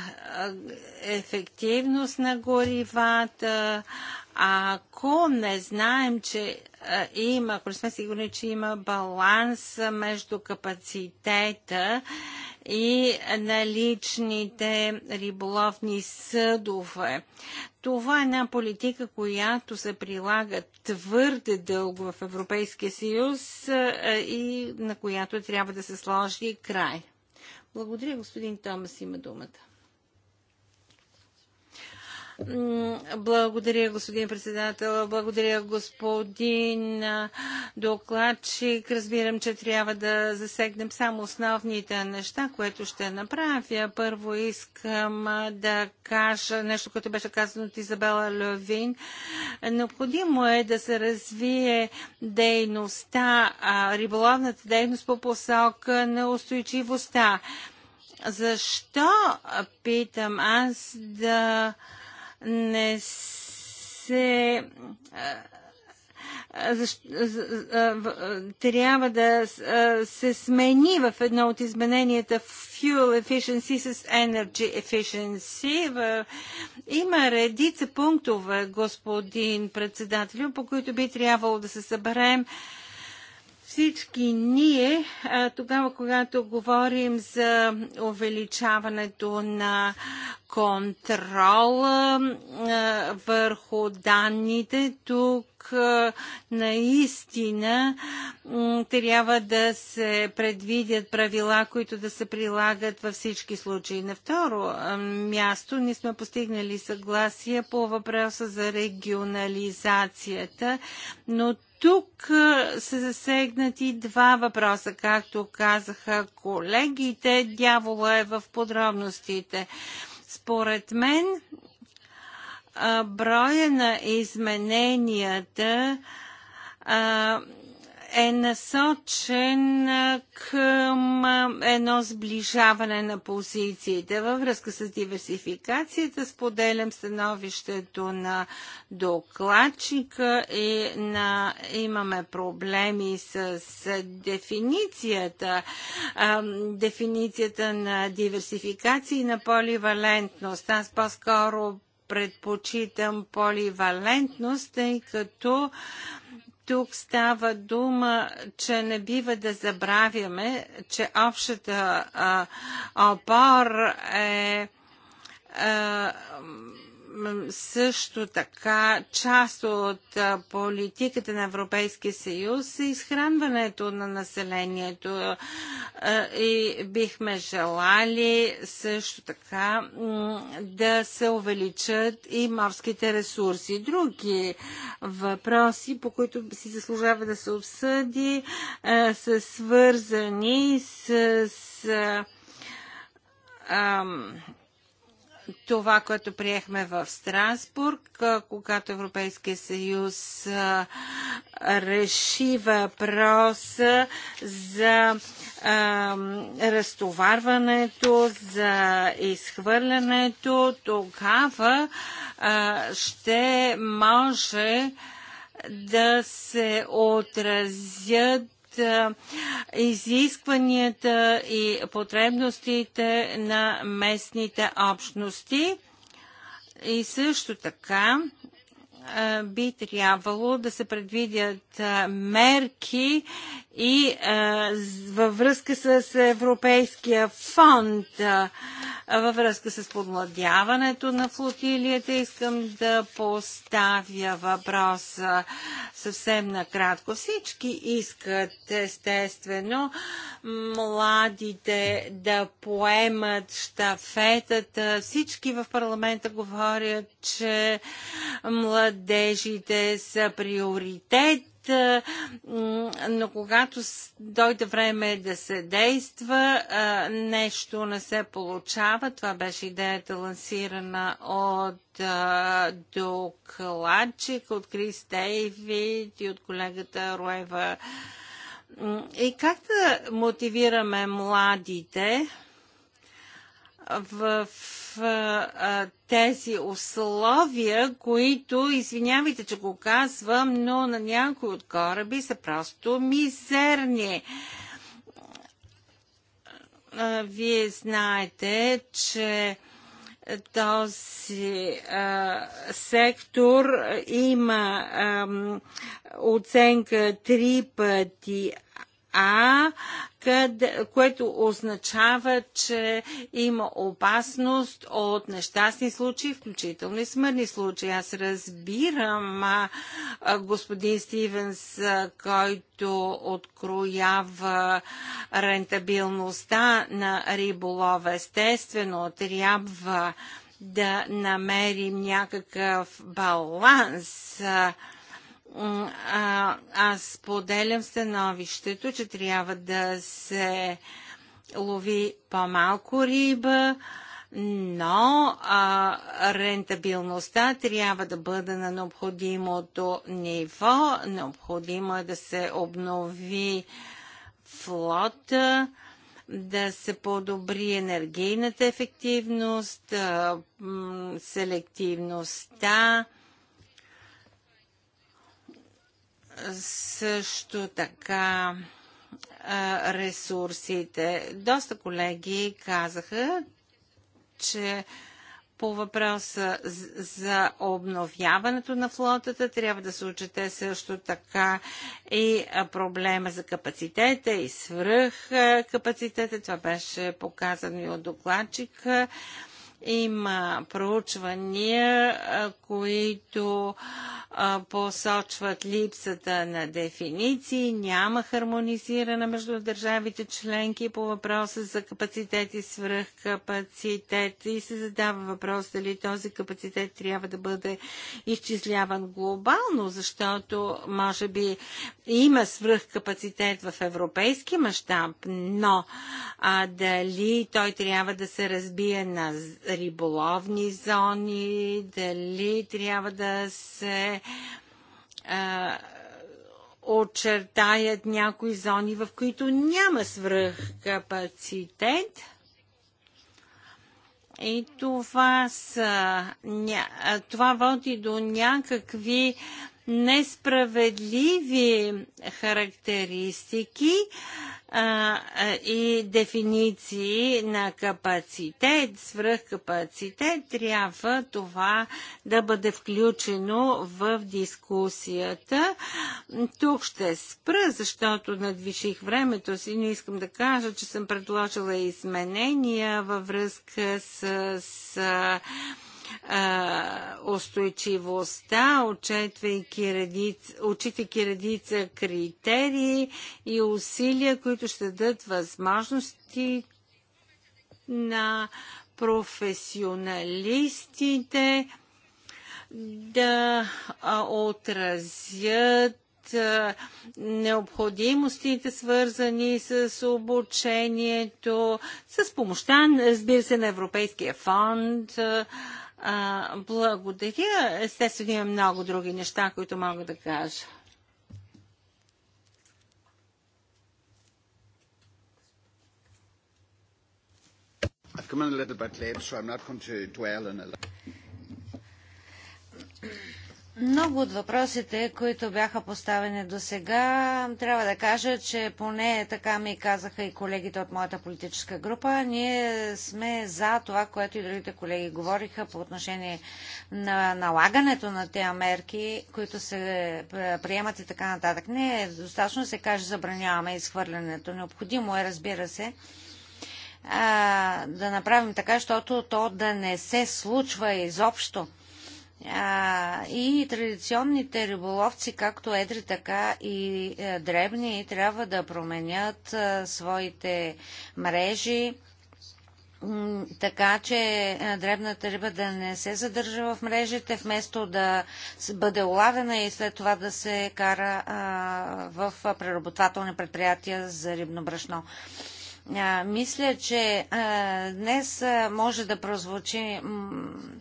ефективност на горивата, ако не знаем, че има, ако сме сигурни, че има баланс между капацитета и наличните риболовни съдове. Това е една политика, която се прилага твърде дълго в Европейския съюз и на която трябва да се сложи край. Благодаря, господин Томас, има думата. Благодаря, господин председател. Благодаря, господин докладчик. Разбирам, че трябва да засегнем само основните неща, което ще направя. Първо искам да кажа нещо, което беше казано от Изабела Левин. Необходимо е да се развие дейността, риболовната дейност по посока на устойчивостта. Защо, питам аз, да не се трябва да се смени в едно от измененията Fuel Efficiency с Energy Efficiency. Има редица пунктове, господин председател, по които би трябвало да се съберем всички ние, тогава когато говорим за увеличаването на контрола върху данните, тук наистина трябва да се предвидят правила, които да се прилагат във всички случаи. На второ място ние сме постигнали съгласие по въпроса за регионализацията, но тук са засегнати два въпроса, както казаха колегите. Дявола е в подробностите. Според мен, броя на измененията е насочен към едно сближаване на позициите. Във връзка с диверсификацията споделям становището на докладчика и на, имаме проблеми с дефиницията, дефиницията на диверсификация и на поливалентност. Аз по-скоро предпочитам поливалентност, тъй като тук става дума, че не бива да забравяме, че общата опор е също така част от политиката на Европейския съюз е изхранването на населението и бихме желали също така да се увеличат и морските ресурси. Други въпроси, по които си заслужава да се обсъди, са свързани с ам, това, което приехме в Страсбург, когато Европейския съюз реши въпроса за а, разтоварването, за изхвърлянето, тогава а, ще може да се отразят изискванията и потребностите на местните общности. И също така би трябвало да се предвидят мерки и във връзка с Европейския фонд, във връзка с подмладяването на флотилията. Искам да поставя въпрос съвсем накратко. Всички искат, естествено, младите да поемат штафетата. Всички в парламента говорят, че младите младежите са приоритет но когато дойде време да се действа, нещо не се получава. Това беше идеята лансирана от докладчик, от Крис Дейвид и от колегата Руева. И как да мотивираме младите в тези условия, които, извинявайте, че го казвам, но на някои от кораби са просто мизерни. вие знаете, че този а, сектор има а, оценка три пъти а, къде, което означава, че има опасност от нещастни случаи, включително и смъртни случаи. Аз разбирам а, а, господин Стивенс, а, който откроява рентабилността на риболова. Естествено, трябва да намерим някакъв баланс. А, а, аз поделям становището, че трябва да се лови по-малко риба, но а, рентабилността трябва да бъде на необходимото ниво. Необходимо е да се обнови флота, да се подобри енергийната ефективност, а, селективността. Също така ресурсите. Доста колеги казаха, че по въпроса за обновяването на флотата трябва да се учете също така и проблема за капацитета и свръх капацитета. Това беше показано и от докладчика. Има проучвания, които посочват липсата на дефиниции, няма хармонизиране между държавите членки по въпроса за капацитет и свръхкапацитет и се задава въпрос дали този капацитет трябва да бъде изчисляван глобално, защото може би има свръхкапацитет в европейски мащаб, но а, дали той трябва да се разбие на риболовни зони, дали трябва да се а, очертаят някои зони, в които няма свръхкапацитет. И това, са, това води до някакви несправедливи характеристики а, и дефиниции на капацитет, свръхкапацитет, трябва това да бъде включено в дискусията. Тук ще спра, защото надвиших времето си, но искам да кажа, че съм предложила изменения във връзка с, с устойчивостта, отчитайки редица, отчитайки редица критерии и усилия, които ще дадат възможности на професионалистите да отразят необходимостите, свързани с обучението, с помощта, разбира се, на Европейския фонд а, благодаря. Естествено, има много други неща, които мога да кажа. I've come in a little bit late, so I'm not going to dwell on a много от въпросите, които бяха поставени до сега, трябва да кажа, че поне така ми казаха и колегите от моята политическа група. Ние сме за това, което и другите колеги говориха по отношение на налагането на тези мерки, които се е, приемат и така нататък. Не е достатъчно се каже забраняваме изхвърлянето. Необходимо е, разбира се, да направим така, защото то да не се случва изобщо а, и традиционните риболовци, както едри, така и е, дребни, трябва да променят а, е, своите мрежи, така че е, дребната риба да не се задържа в мрежите, вместо да бъде улавена и след това да се кара а, в преработвателни предприятия за рибно брашно мисля, че днес може да прозвучи,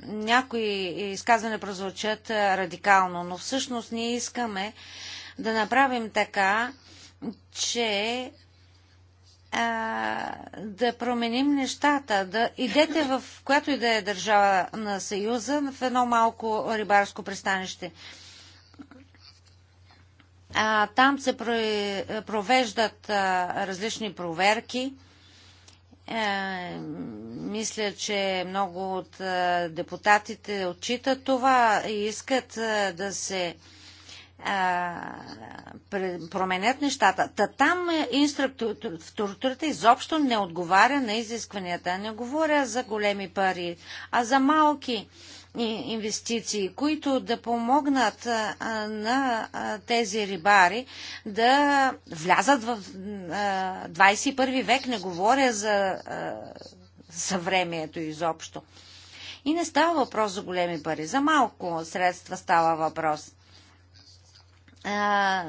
някои изказване прозвучат радикално, но всъщност ние искаме да направим така, че да променим нещата. Да идете в която и да е държава на Съюза, в едно малко рибарско пристанище. А, там се провеждат различни проверки. Е, мисля, че много от депутатите отчитат това и искат да се променят нещата. Та там е, инструктурата изобщо не отговаря на изискванията. Не говоря за големи пари, а за малки инвестиции, които да помогнат на тези рибари да влязат в 21 век, не говоря за съвремието изобщо. И не става въпрос за големи пари, за малко средства става въпрос. А,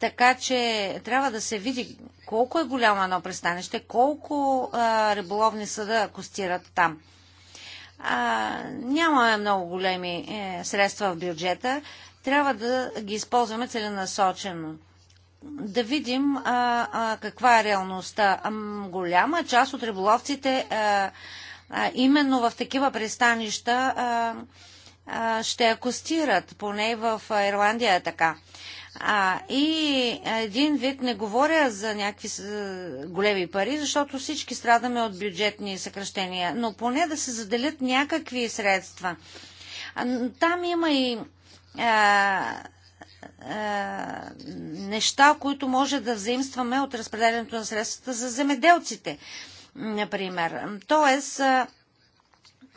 така че трябва да се види колко е голямо едно пристанище, колко а, риболовни съда костират там а, няма много големи е, средства в бюджета, трябва да ги използваме целенасочено. Да видим а, а, каква е реалността. А, голяма част от риболовците а, а, именно в такива пристанища а, а, ще акустират, поне в Ирландия е така. А, и един вид не говоря за някакви големи пари, защото всички страдаме от бюджетни съкръщения, но поне да се заделят някакви средства. Там има и а, а, неща, които може да взаимстваме от разпределението на средствата за земеделците, например. Тоест,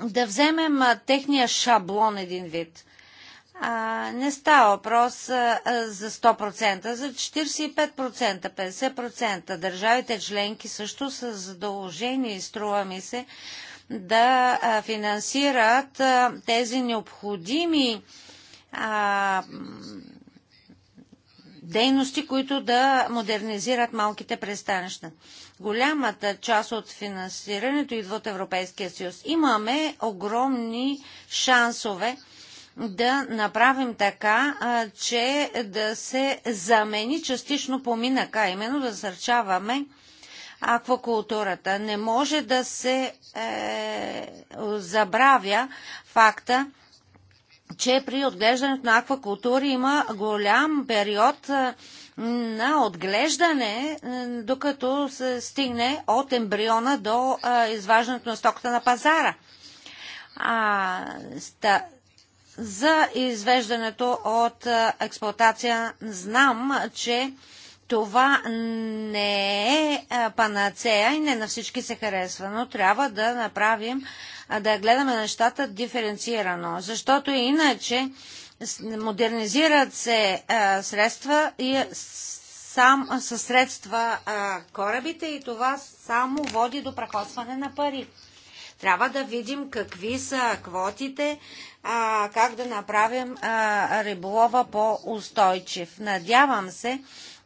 да вземем техния шаблон един вид а, не става въпрос а, за 100%, за 45%, 50%. Държавите членки също са задължени, струва ми се, да а, финансират а, тези необходими а, дейности, които да модернизират малките пристанища. Голямата част от финансирането идва от Европейския съюз. Имаме огромни шансове да направим така, че да се замени частично поминъка, именно да засърчаваме аквакултурата. Не може да се е, забравя факта, че при отглеждането на аквакултури има голям период е, на отглеждане, е, докато се стигне от ембриона до е, изваждането на стоката на пазара. А, ста, за извеждането от експлоатация. Знам, че това не е панацея и не на всички се харесва, но трябва да направим, да гледаме нещата диференцирано, защото иначе модернизират се средства и сам, със средства корабите и това само води до прахосване на пари. Трябва да видим какви са квотите, а, как да направим а, риболова по-устойчив. Надявам се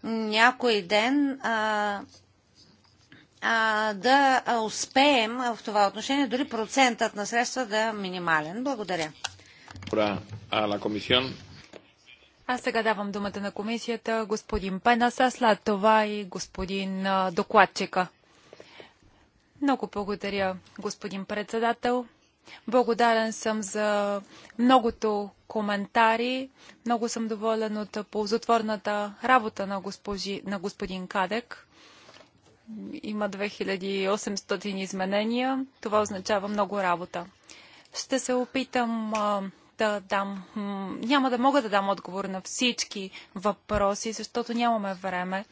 някой ден а, а, да успеем в това отношение, дори процентът на средства да е минимален. Благодаря. А сега давам думата на комисията господин Пенаса, след това и господин докладчика. Много благодаря, господин председател. Благодарен съм за многото коментари. Много съм доволен от ползотворната работа на, госпожи, на господин Кадек. Има 2800 изменения. Това означава много работа. Ще се опитам а, да дам. Няма да мога да дам отговор на всички въпроси, защото нямаме време.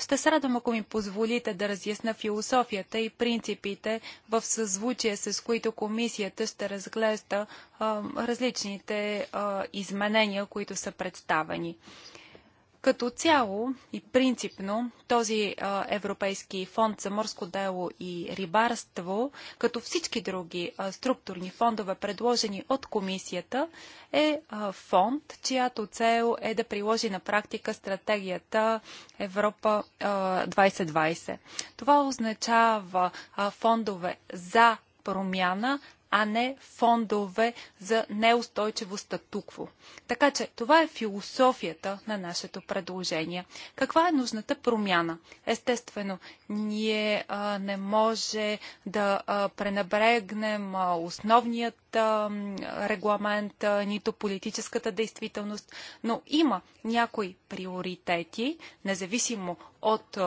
Ще се радвам, ако ми позволите да разясна философията и принципите в съзвучие, с които комисията ще разглежда е, различните е, изменения, които са представени. Като цяло и принципно този а, Европейски фонд за морско дело и рибарство, като всички други а, структурни фондове, предложени от комисията, е а, фонд, чиято цел е да приложи на практика стратегията Европа 2020. Това означава фондове за промяна, а не фондове за неустойчиво статукво. Така че това е философията на нашето предложение. Каква е нужната промяна? Естествено, ние а, не може да а, пренебрегнем а, основният регламент, нито политическата действителност, но има някои приоритети, независимо от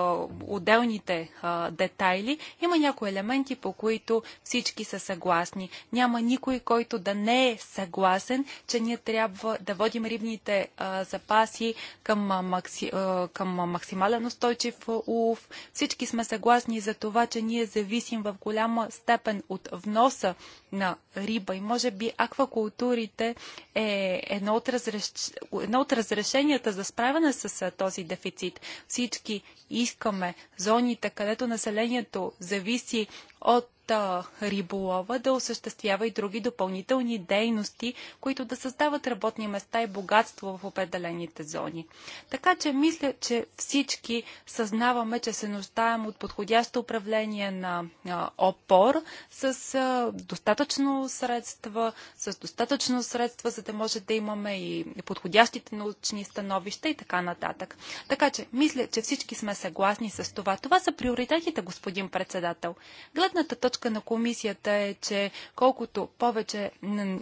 отделните детайли, има някои елементи, по които всички са съгласни. Няма никой, който да не е съгласен, че ние трябва да водим рибните запаси към, макси, към максимален устойчив улов. Всички сме съгласни за това, че ние зависим в голяма степен от вноса на риба и може би аквакултурите е едно от, разреш... едно от разрешенията за справяне с този дефицит. Всички искаме зоните, където населението зависи от риболова да осъществява и други допълнителни дейности, които да създават работни места и богатство в определените зони. Така че мисля, че всички съзнаваме, че се нуждаем от подходящо управление на опор с достатъчно средства, с достатъчно средства, за да може да имаме и подходящите научни становища и така нататък. Така че мисля, че всички сме съгласни с това. Това са приоритетите, господин председател. Глед Гледната точка на комисията е, че колкото повече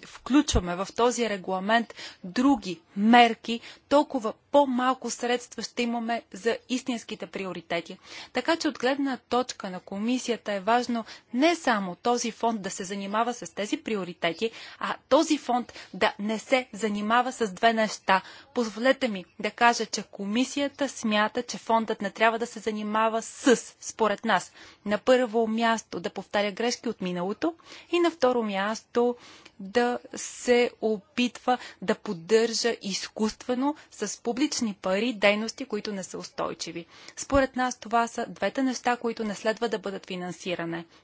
включваме в този регламент други мерки, толкова по-малко средства ще имаме за истинските приоритети. Така че от гледна точка на комисията е важно не само този фонд да се занимава с тези приоритети, а този фонд да не се занимава с две неща. Позволете ми да кажа, че комисията смята, че фондът не трябва да се занимава с, според нас. На първо място да повтаря грешки от миналото и на второ място да се опитва да поддържа изкуствено с публика публични пари дейности, които не са устойчиви. Според нас това са двете неща, които не следва да бъдат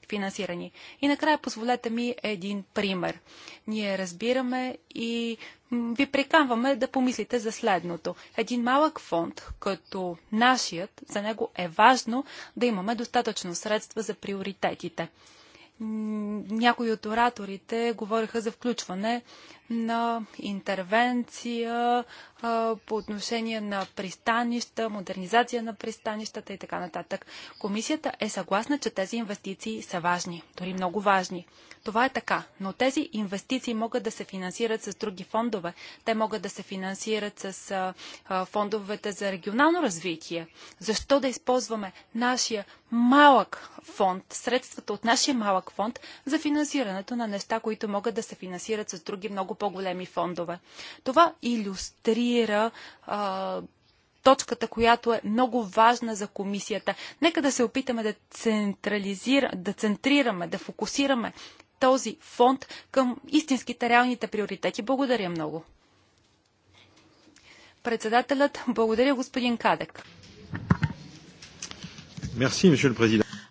финансирани. И накрая позволете ми един пример. Ние разбираме и ви приканваме да помислите за следното. Един малък фонд, като нашият, за него е важно да имаме достатъчно средства за приоритетите някои от ораторите говориха за включване на интервенция а, по отношение на пристанища, модернизация на пристанищата и така нататък. Комисията е съгласна, че тези инвестиции са важни, дори много важни. Това е така, но тези инвестиции могат да се финансират с други фондове. Те могат да се финансират с фондовете за регионално развитие. Защо да използваме нашия малък фонд, средствата от нашия малък фонд за финансирането на неща, които могат да се финансират с други много по-големи фондове. Това иллюстрира а, точката, която е много важна за комисията. Нека да се опитаме да, централизира, да центрираме, да фокусираме този фонд към истинските реалните приоритети. Благодаря много. Председателят, благодаря господин Кадек.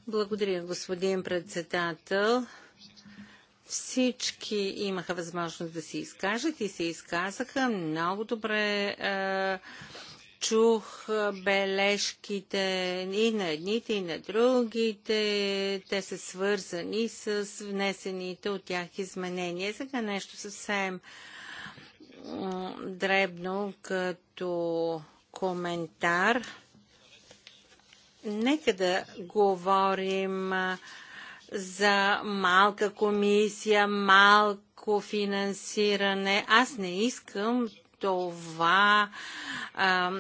благодаря, господин председател. Всички имаха възможност да се изкажат и се изказаха много добре. Е, чух бележките и на едните, и на другите. Те са свързани с внесените от тях изменения. Сега нещо съвсем дребно като коментар. Нека да говорим за малка комисия, малко финансиране. Аз не искам това а,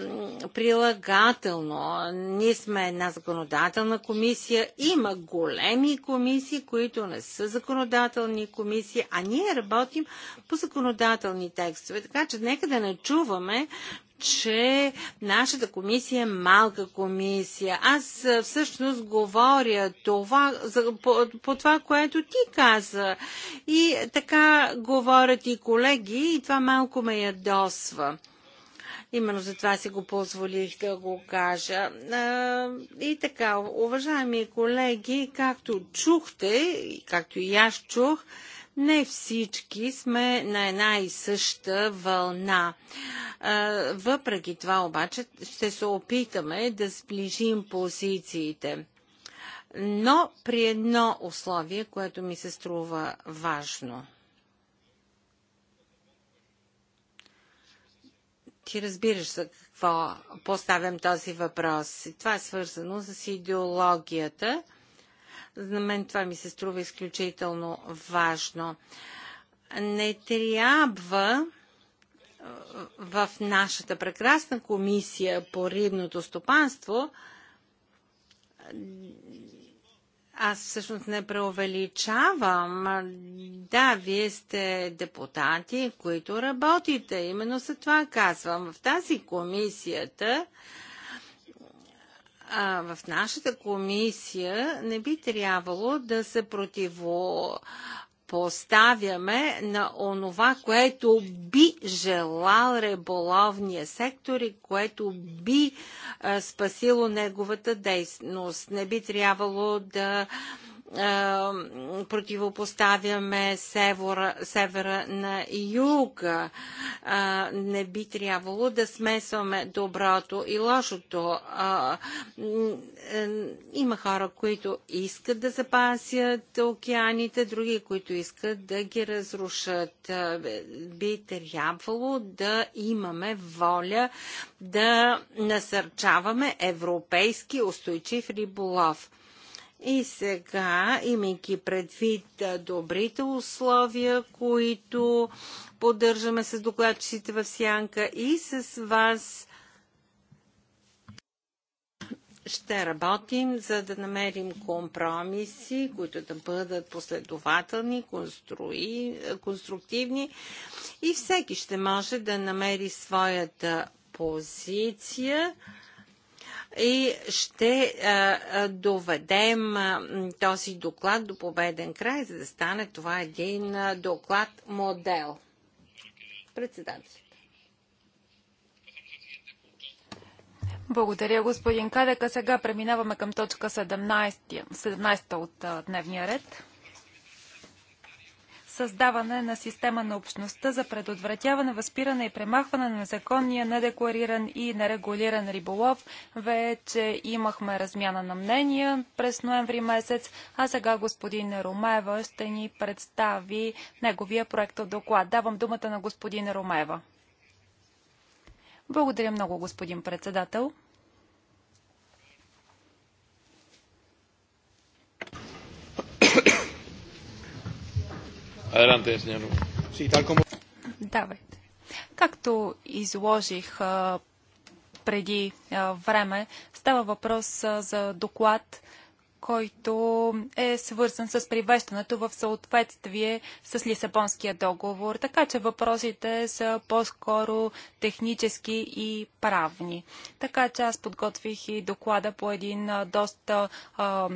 прилагателно. Ние сме една законодателна комисия. Има големи комисии, които не са законодателни комисии, а ние работим по законодателни текстове. Така че нека да не чуваме, че нашата комисия е малка комисия. Аз всъщност говоря това, за, по, по това, което ти каза. И така говорят и колеги, и това малко ме ядосва. Именно за това си го позволих да го кажа. И така, уважаеми колеги, както чухте, както и аз чух, не всички сме на една и съща вълна. Въпреки това обаче ще се опитаме да сближим позициите. Но при едно условие, което ми се струва важно. Ти разбираш за какво поставям този въпрос. Това е свързано с идеологията на мен това ми се струва изключително важно. Не трябва в нашата прекрасна комисия по рибното стопанство аз всъщност не преувеличавам. Да, вие сте депутати, които работите. Именно за това казвам. В тази комисията а, в нашата комисия не би трябвало да се противопоставяме на онова, което би желал реболовния сектор и което би а, спасило неговата дейност. Не би трябвало да а, противопоставяме севера, севера на юга. не би трябвало да смесваме доброто и лошото. Е, има хора, които искат да запасят океаните, други, които искат да ги разрушат. би трябвало да имаме воля да насърчаваме европейски устойчив риболов. И сега, имайки предвид добрите условия, които поддържаме с докладчиците в Сянка и с вас, ще работим, за да намерим компромиси, които да бъдат последователни, конструи, конструктивни и всеки ще може да намери своята позиция и ще доведем този доклад до победен край, за да стане това един доклад модел. Председател. Благодаря, господин Кадека. Сега преминаваме към точка 17, 17 от дневния ред създаване на система на общността за предотвратяване, възпиране и премахване на незаконния, недеклариран и нерегулиран риболов. Вече имахме размяна на мнения през ноември месец, а сега господин Ромаева ще ни представи неговия проект от доклад. Давам думата на господин Ромаева. Благодаря много, господин председател. Давайте. Както изложих а, преди а, време, става въпрос а, за доклад, който е свързан с привеждането в съответствие с Лисабонския договор. Така че въпросите са по-скоро технически и правни. Така че аз подготвих и доклада по един доста а,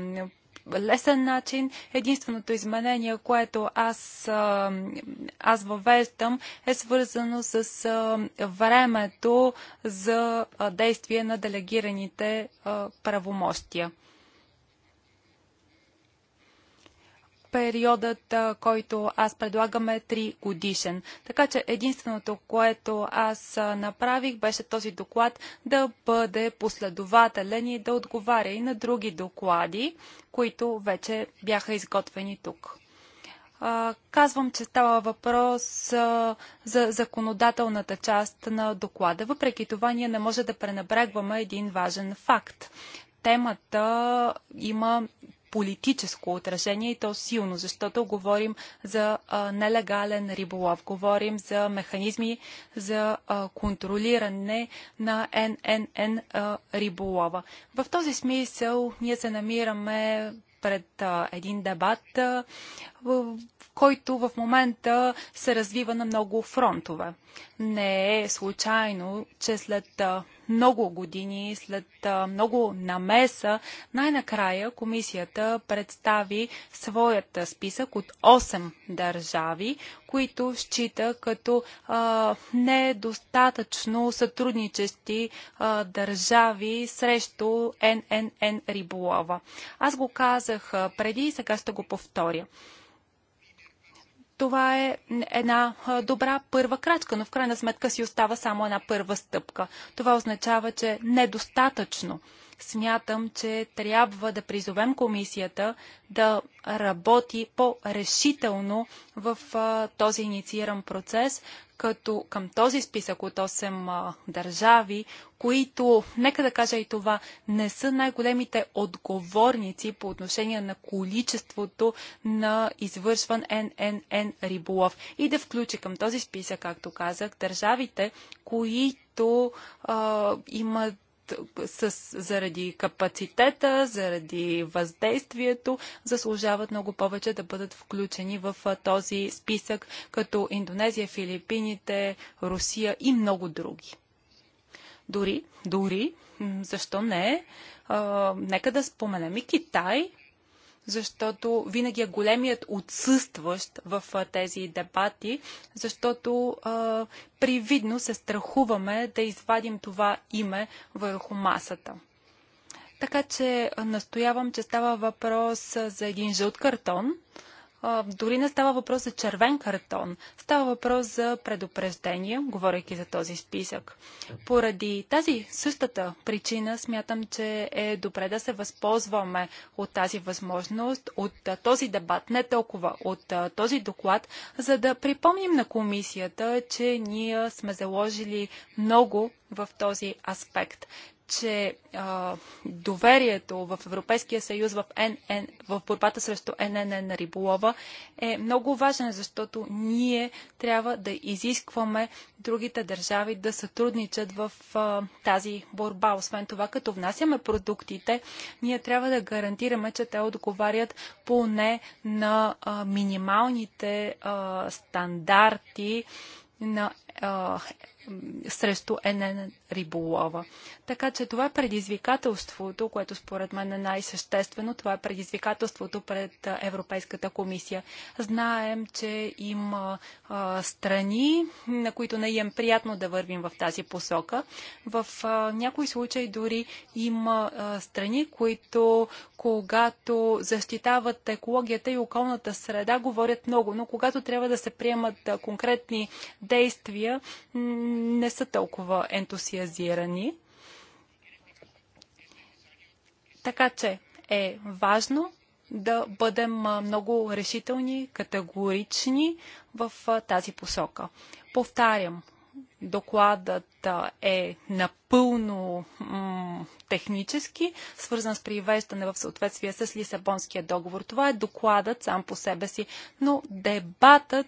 лесен начин. Единственото изменение, което аз, аз въвеждам, е свързано с времето за действие на делегираните правомощия. периодът, който аз предлагам е 3 годишен. Така че единственото, което аз направих, беше този доклад да бъде последователен и да отговаря и на други доклади, които вече бяха изготвени тук. Казвам, че става въпрос за законодателната част на доклада. Въпреки това, ние не може да пренебрегваме един важен факт. Темата има политическо отражение и то силно, защото говорим за а, нелегален риболов, говорим за механизми за а, контролиране на ННН а, риболова. В този смисъл ние се намираме пред а, един дебат, а, в, който в момента се развива на много фронтове. Не е случайно, че след а, много години, след много намеса, най-накрая комисията представи своят списък от 8 държави, които счита като а, недостатъчно сътрудничести а, държави срещу ННН риболова. Аз го казах преди и сега ще го повторя това е една добра първа крачка, но в крайна сметка си остава само една първа стъпка. Това означава, че недостатъчно. Смятам, че трябва да призовем комисията да работи по-решително в този иницииран процес, като към този списък от 8 държави, които, нека да кажа и това, не са най-големите отговорници по отношение на количеството на извършван ННН риболов. И да включи към този списък, както казах, държавите, които а, имат с, заради капацитета, заради въздействието, заслужават много повече да бъдат включени в този списък, като Индонезия, Филипините, Русия и много други. Дори, дори, защо не, а, нека да споменем и Китай, защото винаги е големият отсъстващ в тези дебати, защото а, привидно се страхуваме да извадим това име върху масата. Така че настоявам, че става въпрос за един жълт картон, дори не става въпрос за червен картон, става въпрос за предупреждение, говоряки за този списък. Поради тази същата причина смятам, че е добре да се възползваме от тази възможност, от този дебат, не толкова от този доклад, за да припомним на комисията, че ние сме заложили много в този аспект че а, доверието в Европейския съюз в, НН, в борбата срещу ННН на риболова е много важен, защото ние трябва да изискваме другите държави да сътрудничат в а, тази борба. Освен това, като внасяме продуктите, ние трябва да гарантираме, че те отговарят поне на а, минималните а, стандарти на срещу НН риболова. Така че това е предизвикателството, което според мен е най-съществено, това е предизвикателството пред Европейската комисия. Знаем, че има а, страни, на които не е приятно да вървим в тази посока. В а, някои случаи дори има а, страни, които когато защитават екологията и околната среда, говорят много, но когато трябва да се приемат конкретни действия, Сърбия не са толкова ентусиазирани. Така че е важно да бъдем много решителни, категорични в тази посока. Повтарям, докладът е напълно технически, свързан с привеждане в съответствие с Лисабонския договор. Това е докладът сам по себе си, но дебатът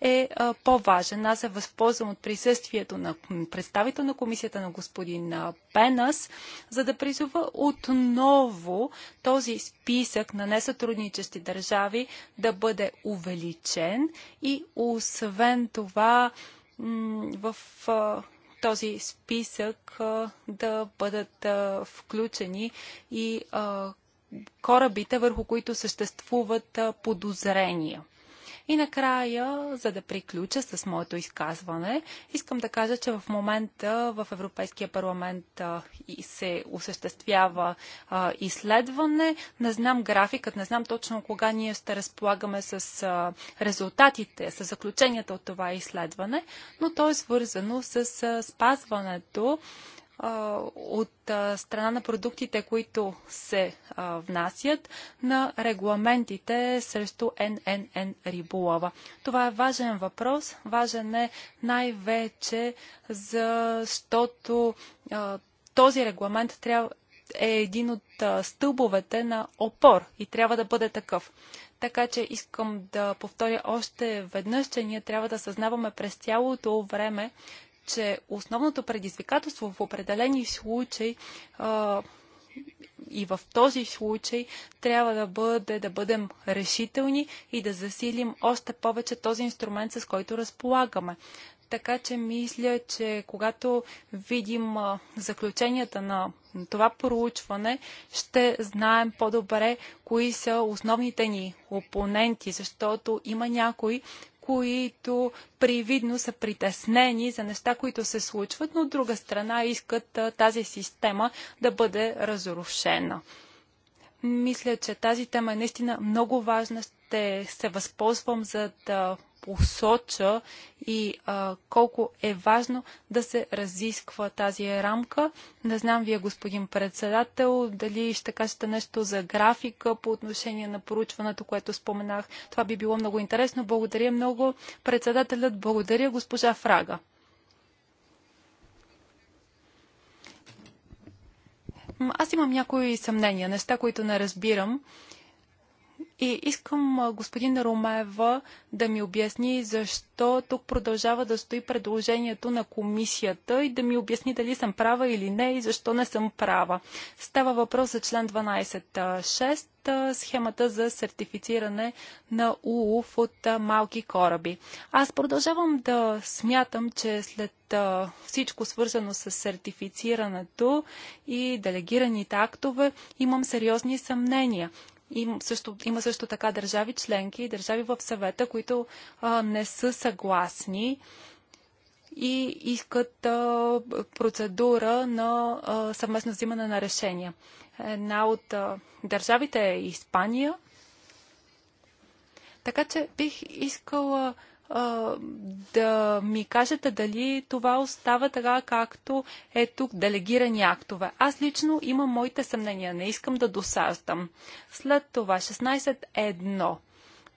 е по-важен. Аз се възползвам от присъствието на представител на комисията на господин Пенас, за да призова отново този списък на несътрудничещи държави да бъде увеличен и освен това в този списък да бъдат включени и корабите, върху които съществуват подозрения. И накрая, за да приключа с моето изказване, искам да кажа, че в момента в Европейския парламент се осъществява изследване. Не знам графикът, не знам точно кога ние ще разполагаме с резултатите, с заключенията от това изследване, но то е свързано с спазването от страна на продуктите, които се внасят, на регламентите срещу ННН риболова. Това е важен въпрос. Важен е най-вече, защото този регламент трябва, е един от стълбовете на опор и трябва да бъде такъв. Така че искам да повторя още веднъж, че ние трябва да съзнаваме през цялото време, че основното предизвикателство в определени случаи и в този случай трябва да бъде да бъдем решителни и да засилим още повече този инструмент, с който разполагаме. Така че мисля, че когато видим заключенията на това проучване, ще знаем по-добре кои са основните ни опоненти, защото има някои, които привидно са притеснени за неща, които се случват, но от друга страна искат тази система да бъде разрушена. Мисля, че тази тема е наистина много важна. Ще се възползвам, за да посоча и а, колко е важно да се разисква тази рамка. Не знам вие, господин председател, дали ще кажете нещо за графика по отношение на поручването, което споменах. Това би било много интересно. Благодаря много. Председателят, благодаря госпожа Фрага. Аз имам някои съмнения, неща, които не разбирам. И искам господин Ромева да ми обясни защо тук продължава да стои предложението на комисията и да ми обясни дали съм права или не и защо не съм права. Става въпрос за член 12.6, схемата за сертифициране на УУФ от малки кораби. Аз продължавам да смятам, че след всичко свързано с сертифицирането и делегираните актове, имам сериозни съмнения. Им също, има също така държави членки и държави в съвета, които а, не са съгласни и искат а, процедура на а, съвместно взимане на решения. Една от а, държавите е Испания. Така че бих искала да ми кажете дали това остава така, както е тук делегирани актове. Аз лично имам моите съмнения, не искам да досаждам. След това 16 е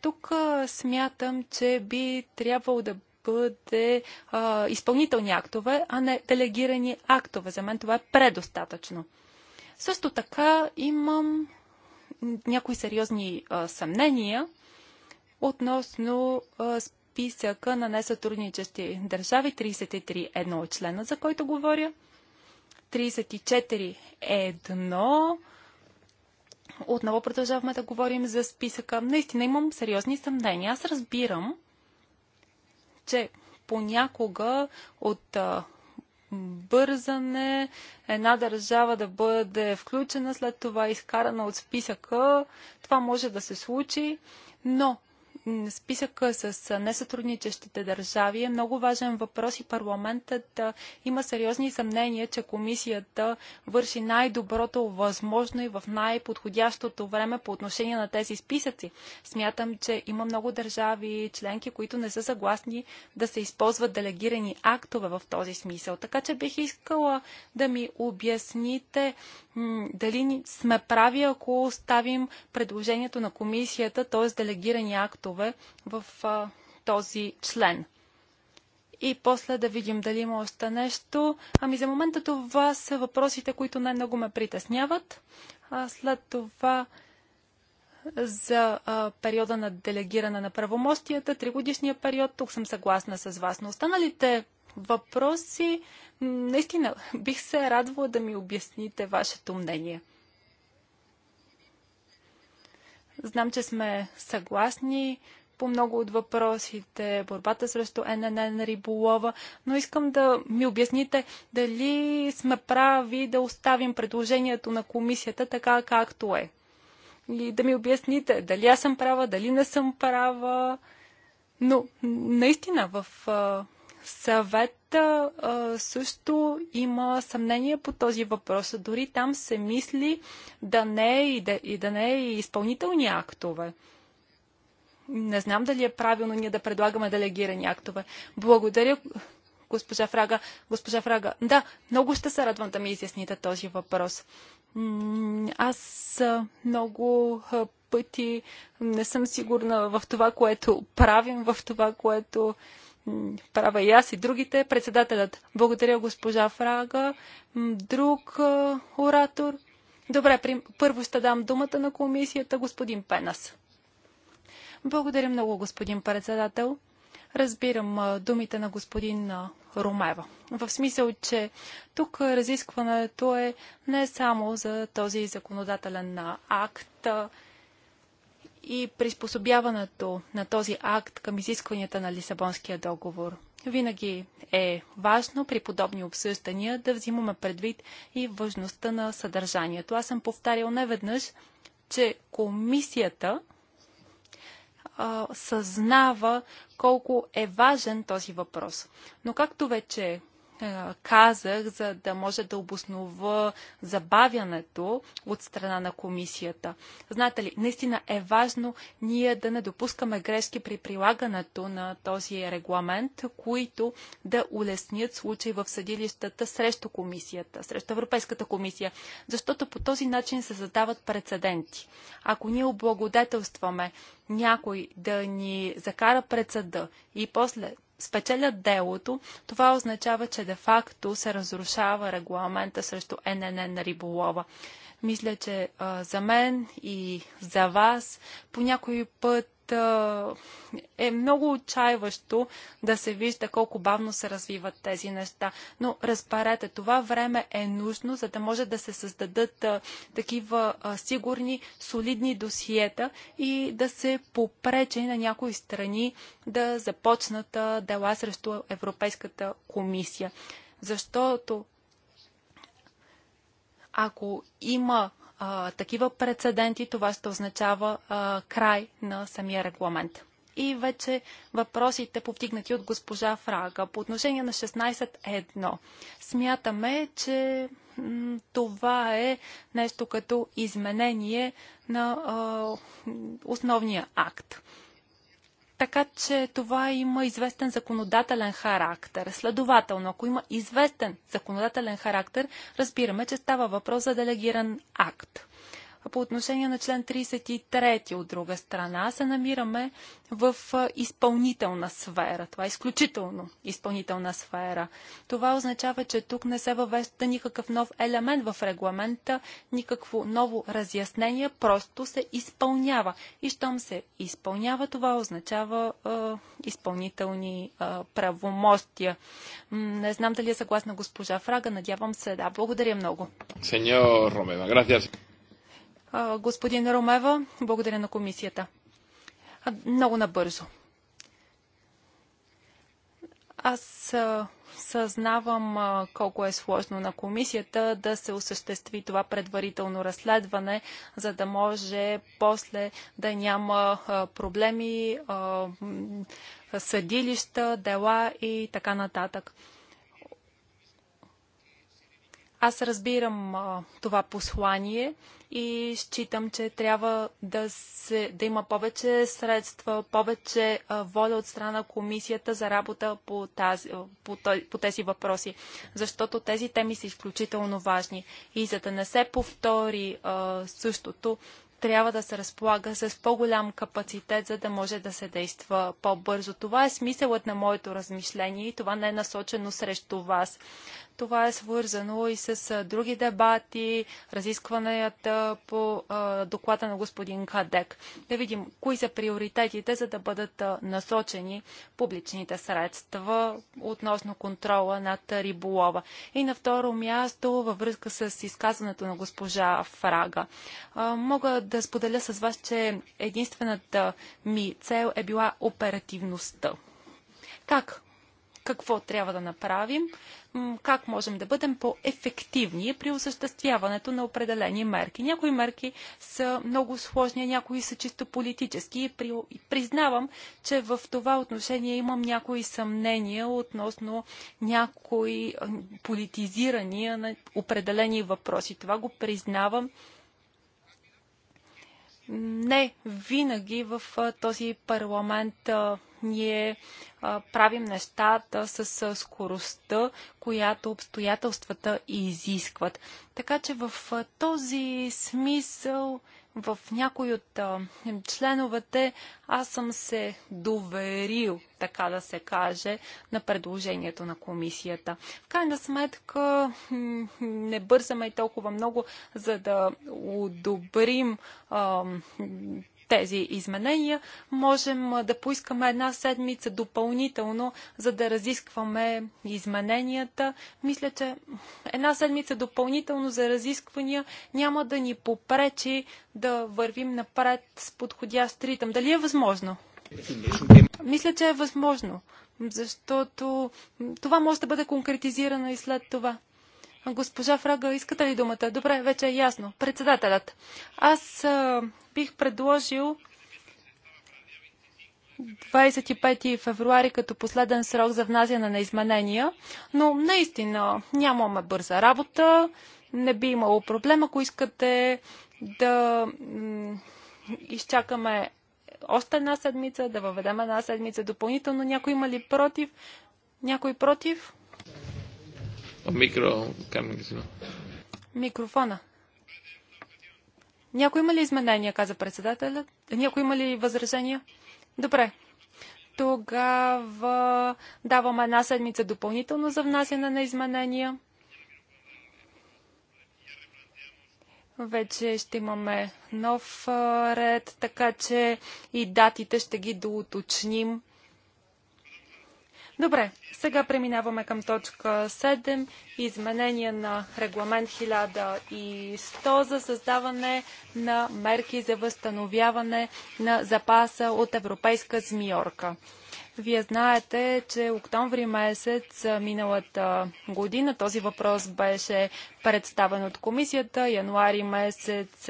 Тук смятам, че би трябвало да бъде а, изпълнителни актове, а не делегирани актове. За мен това е предостатъчно. Също така имам някои сериозни а, съмнения относно а, списъка на несътрудничащи държави 33 едно от члена, за който говоря. 34 едно. Отново продължаваме да говорим за списъка. Наистина имам сериозни съмнения. Аз разбирам, че понякога от бързане, една държава да бъде включена, след това изкарана от списъка. Това може да се случи, но списъка с несътрудничещите държави е много важен въпрос и парламентът има сериозни съмнения, че комисията върши най-доброто възможно и в най-подходящото време по отношение на тези списъци. Смятам, че има много държави членки, които не са съгласни да се използват делегирани актове в този смисъл. Така че бих искала да ми обясните дали сме прави, ако оставим предложението на комисията, т.е. делегирани актове текстове в а, този член. И после да видим дали има още нещо. Ами за момента това са въпросите, които най-много ме притесняват. А след това за а, периода на делегиране на правомостията, тригодишния период, тук съм съгласна с вас. Но останалите въпроси, наистина, бих се радвала да ми обясните вашето мнение. Знам, че сме съгласни по много от въпросите, борбата срещу ННН риболова, но искам да ми обясните дали сме прави да оставим предложението на комисията така както е. И да ми обясните дали аз съм права, дали не съм права. Но наистина в съвет а, също има съмнение по този въпрос. Дори там се мисли да не е и да, и да не е и изпълнителни актове. Не знам дали е правилно ние да предлагаме делегирани актове. Благодаря, госпожа Фрага. Госпожа Фрага, да, много ще се радвам да ми изясните този въпрос. Аз много пъти не съм сигурна в това, което правим, в това, което правя и аз и другите. Председателят. Благодаря госпожа Фрага. Друг а, оратор. Добре, при... първо ще дам думата на комисията господин Пенас. Благодаря много, господин председател. Разбирам а, думите на господин а, Румева. В смисъл, че тук разискването е не само за този законодателен акт, и приспособяването на този акт към изискванията на Лисабонския договор. Винаги е важно при подобни обсъждания да взимаме предвид и важността на съдържанието. Аз съм повтарял неведнъж, че комисията а, съзнава колко е важен този въпрос. Но както вече е, казах, за да може да обоснова забавянето от страна на комисията. Знаете ли, наистина е важно ние да не допускаме грешки при прилагането на този регламент, които да улеснят случаи в съдилищата срещу комисията, срещу Европейската комисия, защото по този начин се задават прецеденти. Ако ние облагодетелстваме някой да ни закара пред съда и после спечелят делото, това означава, че де-факто се разрушава регламента срещу ННН на риболова. Мисля, че а, за мен и за вас по някой път е много отчаиващо да се вижда колко бавно се развиват тези неща. Но разберете, това време е нужно, за да може да се създадат а, такива а, сигурни, солидни досиета и да се попрече на някои страни да започнат а, дела срещу Европейската комисия. Защото ако има а, такива прецеденти, това ще означава а, край на самия регламент. И вече въпросите повдигнати от госпожа Фрага. По отношение на 16.1 смятаме, че това е нещо като изменение на а, основния акт. Така че това има известен законодателен характер. Следователно, ако има известен законодателен характер, разбираме, че става въпрос за делегиран акт. А по отношение на член 33 от друга страна се намираме в изпълнителна сфера. Това е изключително изпълнителна сфера. Това означава, че тук не се въвежда никакъв нов елемент в регламента, никакво ново разяснение, просто се изпълнява. И щом се изпълнява, това означава е, изпълнителни е, правомостия. Не знам дали е съгласна госпожа Фрага, надявам се. Да, благодаря много. Сеньор Ромева, грация господин Ромева. Благодаря на комисията. Много набързо. Аз съзнавам колко е сложно на комисията да се осъществи това предварително разследване, за да може после да няма проблеми, съдилища, дела и така нататък. Аз разбирам а, това послание и считам, че трябва да, се, да има повече средства, повече а, воля от страна на комисията за работа по, тази, по, по тези въпроси, защото тези теми са изключително важни. И за да не се повтори а, същото, трябва да се разполага с по-голям капацитет, за да може да се действа по-бързо. Това е смисълът на моето размишление и това не е насочено срещу вас. Това е свързано и с други дебати, разискванията по доклада на господин Кадек. Да видим кои са приоритетите, за да бъдат насочени публичните средства относно контрола над риболова. И на второ място, във връзка с изказването на госпожа Фрага. Мога да споделя с вас, че единствената ми цел е била оперативността. Как какво трябва да направим, как можем да бъдем по-ефективни при осъществяването на определени мерки. Някои мерки са много сложни, някои са чисто политически и признавам, че в това отношение имам някои съмнения относно някои политизирания на определени въпроси. Това го признавам не винаги в този парламент ние правим нещата с скоростта, която обстоятелствата изискват. Така че в този смисъл, в някой от членовете, аз съм се доверил, така да се каже, на предложението на комисията. В крайна сметка, не бързаме и толкова много, за да одобрим тези изменения. Можем да поискаме една седмица допълнително, за да разискваме измененията. Мисля, че една седмица допълнително за разисквания няма да ни попречи да вървим напред с подходящ ритъм. Дали е възможно? Мисля, че е възможно, защото това може да бъде конкретизирано и след това. Госпожа Фрага, искате ли думата? Добре, вече е ясно. Председателят. Аз а, бих предложил 25 февруари като последен срок за внасяне на изменения, но наистина нямаме бърза работа, не би имало проблем, ако искате да изчакаме още една седмица, да въведем една седмица допълнително. Някой има ли против? Някой против? Микро... Микрофона. Някой има ли изменения, каза председателя? Някой има ли възражения? Добре. Тогава давам една седмица допълнително за внасяне на изменения. Вече ще имаме нов ред, така че и датите ще ги доуточним. Добре, сега преминаваме към точка 7. Изменение на регламент 1100 за създаване на мерки за възстановяване на запаса от европейска змиорка. Вие знаете, че октомври месец миналата година този въпрос беше представен от комисията. Януари месец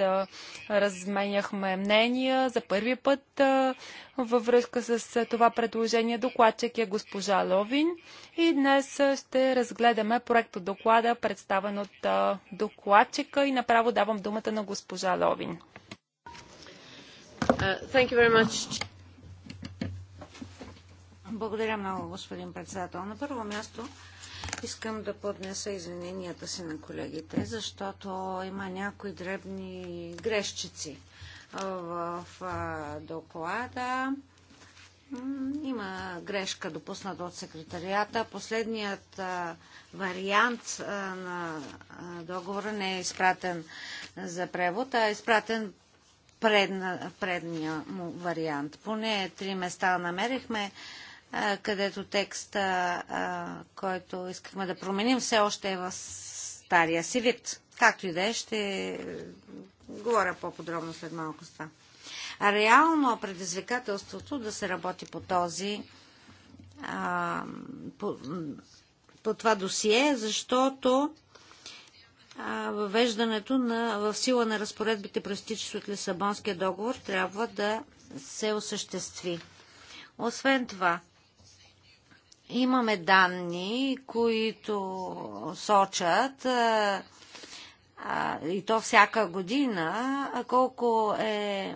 разменяхме мнения за първи път във връзка с това предложение. Докладчик е госпожа Ловин и днес ще разгледаме проект от доклада, представен от докладчика и направо давам думата на госпожа Ловин. Uh, благодаря много, господин председател. На първо място искам да поднеса извиненията си на колегите, защото има някои дребни грешчици в доклада. Има грешка допусната от секретарията. Последният вариант на договора не е изпратен за превод, а е изпратен предния му вариант. Поне три места намерихме където текста, който искахме да променим, все още е в стария си вид. Както и да е, ще говоря по-подробно след малко с това. А реално предизвикателството да се работи по този по, по това досие, защото въвеждането на, в сила на разпоредбите, проистичащи от Лисабонския договор, трябва да се осъществи. Освен това, Имаме данни, които сочат и то всяка година, колко е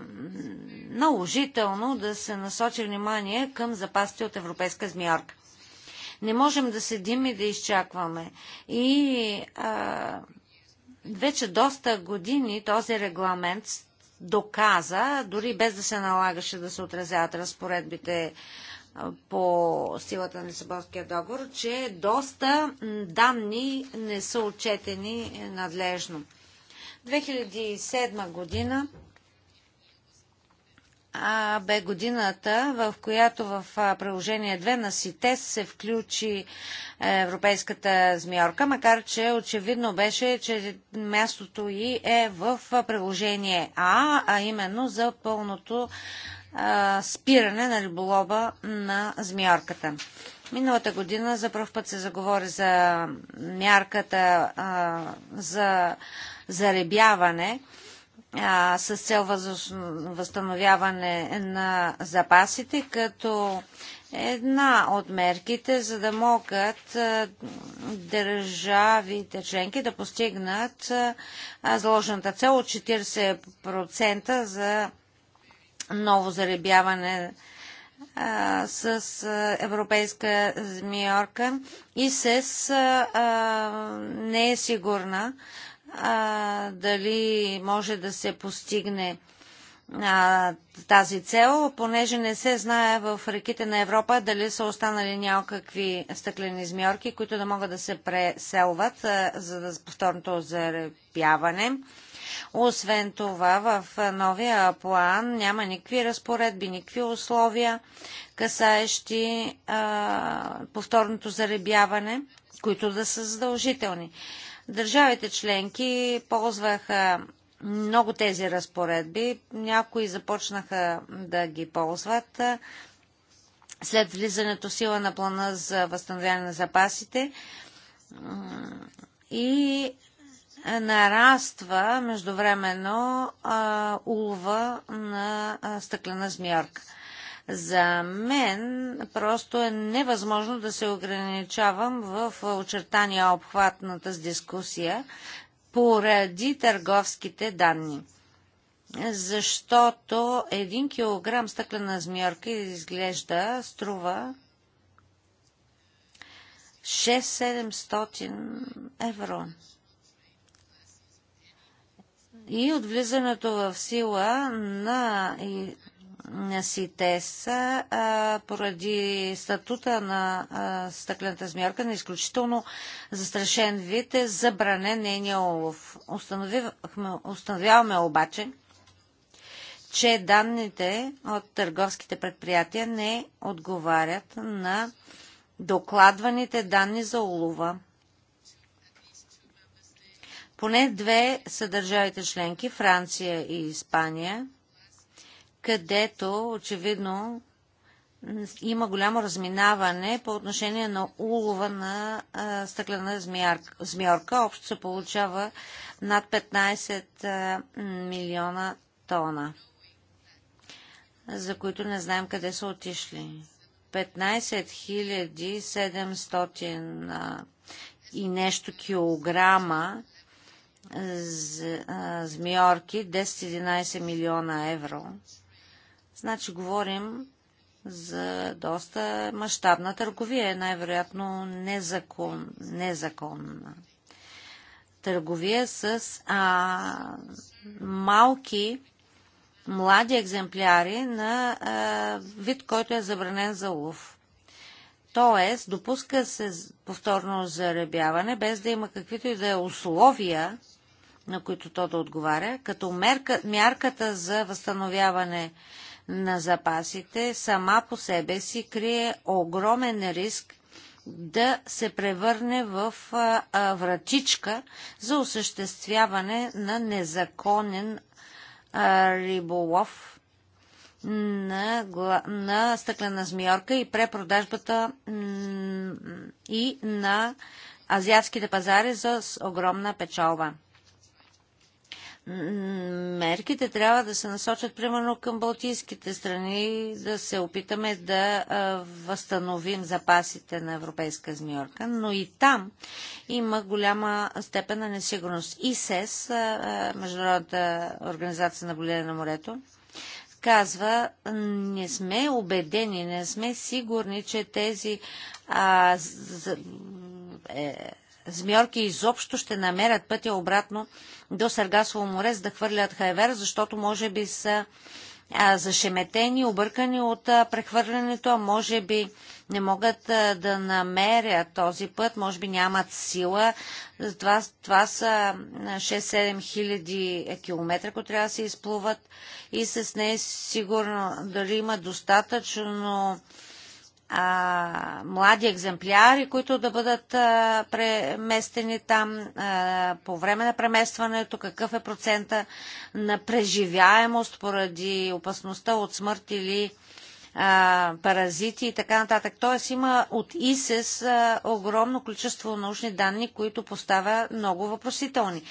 наложително да се насочи внимание към запасите от европейска змиорка. Не можем да седим и да изчакваме. И а, вече доста години този регламент доказа, дори без да се налагаше да се отразяват разпоредбите по силата на Лисабонския договор, че доста данни не са отчетени е, надлежно. 2007 година а, бе годината, в която в приложение 2 на СИТЕС се включи е, европейската змиорка, макар че очевидно беше, че мястото й е в приложение А, а именно за пълното спиране на риболова на змиорката. Миналата година за първ път се заговори за мярката а, за заребяване а, с цел възстановяване на запасите, като една от мерките, за да могат а, държавите членки да постигнат а, заложената цел от 40% за ново заребяване а, с европейска змиорка и СЕС а, не е сигурна а, дали може да се постигне а, тази цел, понеже не се знае в реките на Европа дали са останали някакви стъклени змиорки, които да могат да се преселват а, за повторното заребяване. Освен това, в новия план няма никакви разпоредби, никакви условия, касаещи а, повторното заребяване, които да са задължителни. Държавите членки ползваха много тези разпоредби, някои започнаха да ги ползват след влизането сила на плана за възстановяване на запасите и нараства междувременно улва на стъклена змиорка. За мен просто е невъзможно да се ограничавам в очертания обхватната тази дискусия поради търговските данни. Защото един килограм стъклена змиорка изглежда, струва 6-700 евро и от влизането в сила на СИТЕС поради статута на стъклената змярка на изключително застрашен вид е забранен нейния улов. Установяваме обаче, че данните от търговските предприятия не отговарят на докладваните данни за улова. Поне две са държавите членки, Франция и Испания, където очевидно има голямо разминаване по отношение на улова на а, стъклена змиорка. Общо се получава над 15 а, милиона тона, за които не знаем къде са отишли. 15 700 а, и нещо килограма змиорки 10-11 милиона евро. Значи говорим за доста мащабна търговия, е най-вероятно незакон, незаконна. Търговия с а, малки, млади екземпляри на а, вид, който е забранен за лов. Тоест, допуска се повторно заребяване, без да има каквито и да е условия на които то да отговаря, като мерка, мярката за възстановяване на запасите сама по себе си крие огромен риск да се превърне в а, а, вратичка за осъществяване на незаконен а, риболов на, на стъклена змиорка и препродажбата и на азиатските пазари за огромна печалба мерките трябва да се насочат примерно към балтийските страни, да се опитаме да възстановим запасите на европейска змиорка, но и там има голяма степен на несигурност. И СЕС, Международната организация на боление на морето, казва, не сме убедени, не сме сигурни, че тези а, за, е, змиорки изобщо ще намерят пътя обратно до Саргасово море, за да хвърлят хайвер, защото може би са а, зашеметени, объркани от а, прехвърлянето, а може би не могат а, да намерят този път, може би нямат сила. Това, това са 6-7 хиляди километра, които трябва да се изплуват и с нея сигурно дали има достатъчно а, млади екземпляри, които да бъдат а, преместени там а, по време на преместването, какъв е процента на преживяемост поради опасността от смърт или а, паразити и така нататък. Тоест има от ИСЕС а, огромно количество научни данни, които поставя много въпросителни.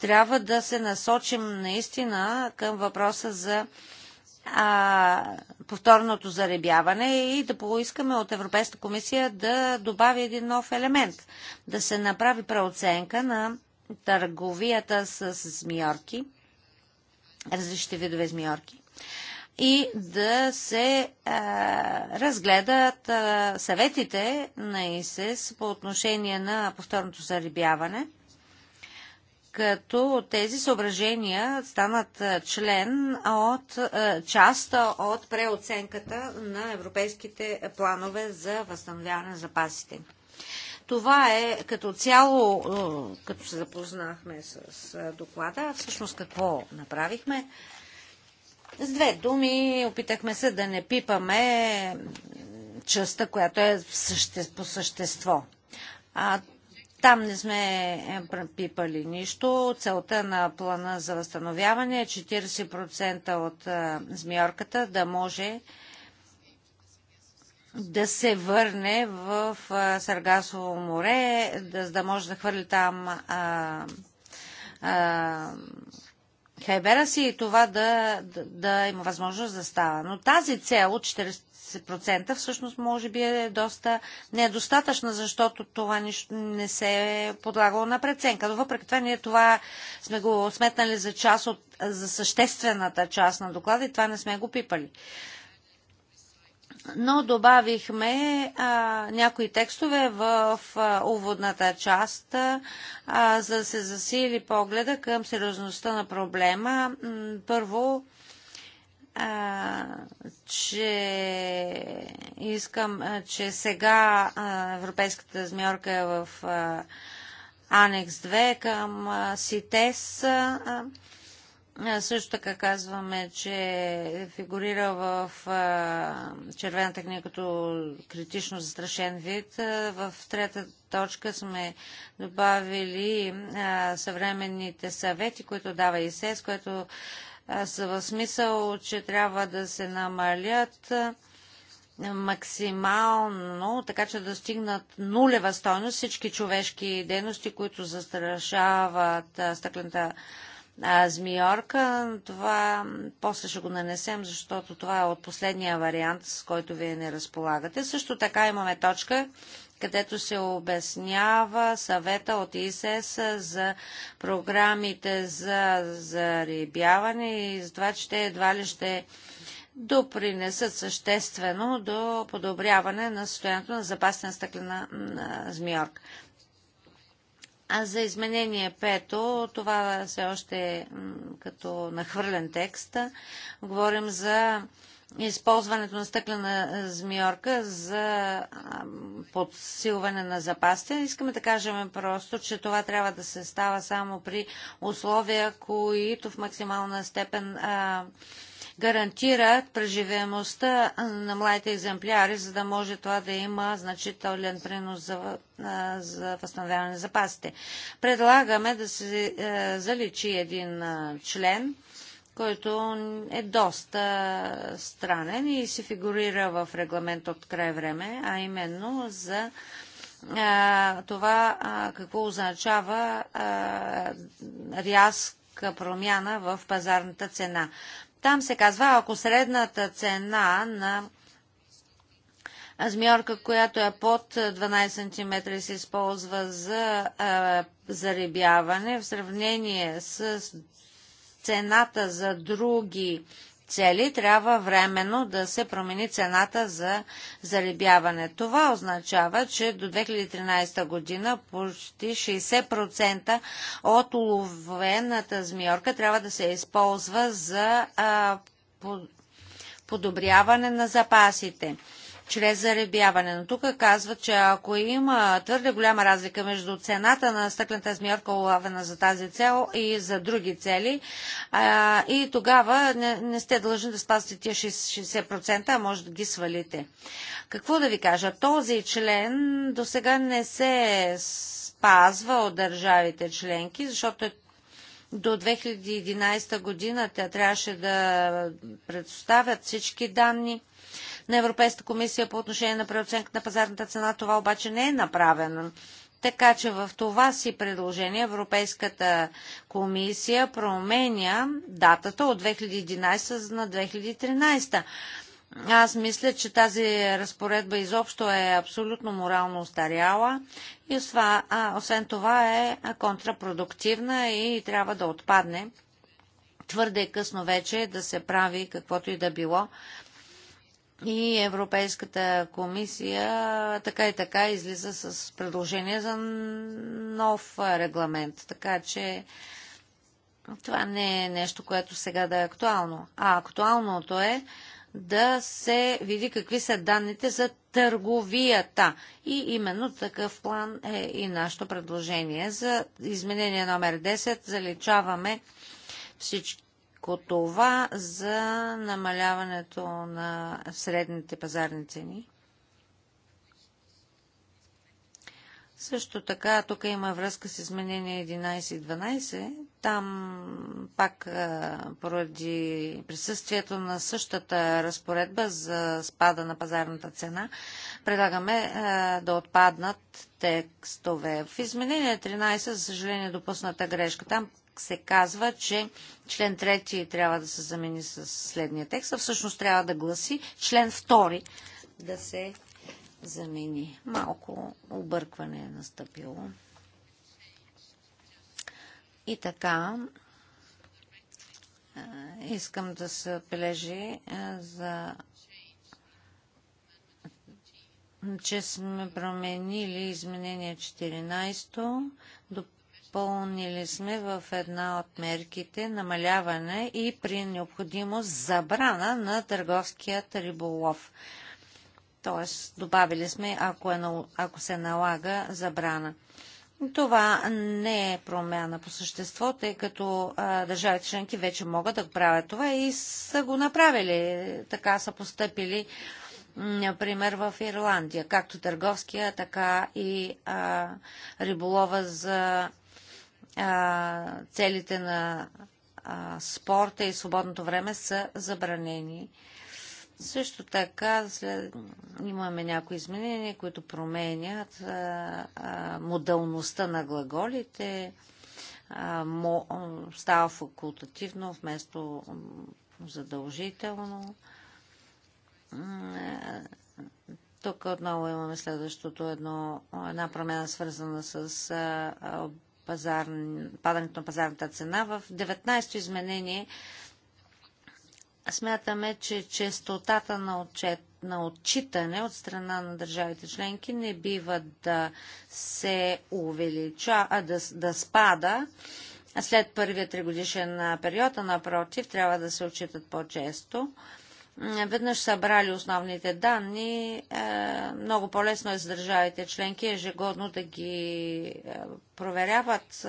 Трябва да се насочим наистина към въпроса за а, повторното заребяване и да поискаме от Европейската комисия да добави един нов елемент, да се направи преоценка на търговията с змиорки, различните видове змиорки, и да се а, разгледат а, съветите на ИСЕС по отношение на повторното заребяване – като тези съображения станат член от, част от преоценката на европейските планове за възстановяване на запасите. Това е като цяло, като се запознахме с доклада, всъщност какво направихме. С две думи опитахме се да не пипаме частта, която е по същество. А, там не сме е, пипали нищо. Целта на плана за възстановяване е 40% от е, змиорката да може да се върне в е, Саргасово море, да, може да хвърли там а, а, хайбера си и това да, да, да има възможност да става. Но тази цел от 40%, 20%, всъщност може би е доста недостатъчна, защото това нищо не се е подлагало на преценка. Но въпреки това ние това сме го сметнали за част от, за съществената част на доклада и това не сме го пипали но добавихме а, някои текстове в а, уводната част, а, за да се засили погледа към сериозността на проблема. Първо, а, че искам, а, че сега а, европейската змиорка е в а, анекс 2 към а, СИТЕС. А, също така казваме, че е фигурира в а, червената книга като критично застрашен вид. в трета точка сме добавили а, съвременните съвети, които дава ИСЕС, което са в смисъл, че трябва да се намалят максимално, така че да стигнат нулева стойност всички човешки дейности, които застрашават стъклената змиорка. Това после ще го нанесем, защото това е от последния вариант, с който вие не разполагате. Също така имаме точка, където се обяснява съвета от ИСС за програмите за зарибяване и за това, че те едва ли ще допринесат съществено до подобряване на състоянието на запасена стъклена змиорка. А за изменение пето, това все още е като нахвърлен текст, говорим за използването на стъклена змиорка за подсилване на запасите. Искаме да кажем просто, че това трябва да се става само при условия, които в максимална степен гарантират преживеемостта на младите екземпляри, за да може това да има значителен принос за, за възстановяване на запасите. Предлагаме да се е, заличи един член който е доста странен и се фигурира в регламент от край време, а именно за а, това а, какво означава а, рязка промяна в пазарната цена. Там се казва, ако средната цена на змиорка, която е под 12 см и се използва за а, заребяване в сравнение с цената за други цели, трябва временно да се промени цената за заребяване. Това означава, че до 2013 година почти 60% от уловената змиорка трябва да се използва за а, подобряване на запасите чрез заребяване. Но тук казват, че ако има твърде голяма разлика между цената на стъклената змиорка, улавена за тази цел и за други цели, а, и тогава не, не сте длъжни да спазите тия 60%, а може да ги свалите. Какво да ви кажа? Този член до сега не се спазва от държавите членки, защото е до 2011 година тя трябваше да предоставят всички данни на Европейската комисия по отношение на преоценка на пазарната цена. Това обаче не е направено. Така че в това си предложение Европейската комисия променя датата от 2011 на 2013. Аз мисля, че тази разпоредба изобщо е абсолютно морално устаряла и освен това е контрапродуктивна и трябва да отпадне. Твърде късно вече е да се прави каквото и да било и Европейската комисия така и така излиза с предложение за нов регламент. Така че това не е нещо, което сега да е актуално. А актуалното е да се види какви са данните за търговията. И именно такъв план е и нашето предложение. За изменение номер 10 заличаваме всички всичко това за намаляването на средните пазарни цени? Също така, тук има връзка с изменение 11 и 12. Там пак поради присъствието на същата разпоредба за спада на пазарната цена, предлагаме да отпаднат текстове. В изменение 13, за съжаление, е допусната грешка. Там се казва, че член 3 трябва да се замени с следния текст, а всъщност трябва да гласи член 2 да се замени. Малко объркване е настъпило. И така, искам да се бележи за че сме променили изменение 14 до изпълнили сме в една от мерките намаляване и при необходимост забрана на търговският риболов. Тоест, добавили сме, ако, е, ако се налага забрана. Това не е промяна по същество, тъй като държавите членки вече могат да правят това и са го направили. Така са постъпили, например, в Ирландия, както търговския, така и а, риболова за целите на спорта и свободното време са забранени. Също така след, имаме някои изменения, които променят модалността на глаголите. мо, става факултативно вместо задължително. Тук отново имаме следващото едно, една промяна, свързана с пазар, падането на пазарната цена. В 19-то изменение смятаме, че честотата на, отчет, на отчитане от страна на държавите членки не бива да се увелича, а да, да спада. След първия тригодишен период, а напротив, трябва да се отчитат по-често веднъж събрали основните данни, е, много по-лесно е за държавите членки ежегодно да ги е, проверяват, е,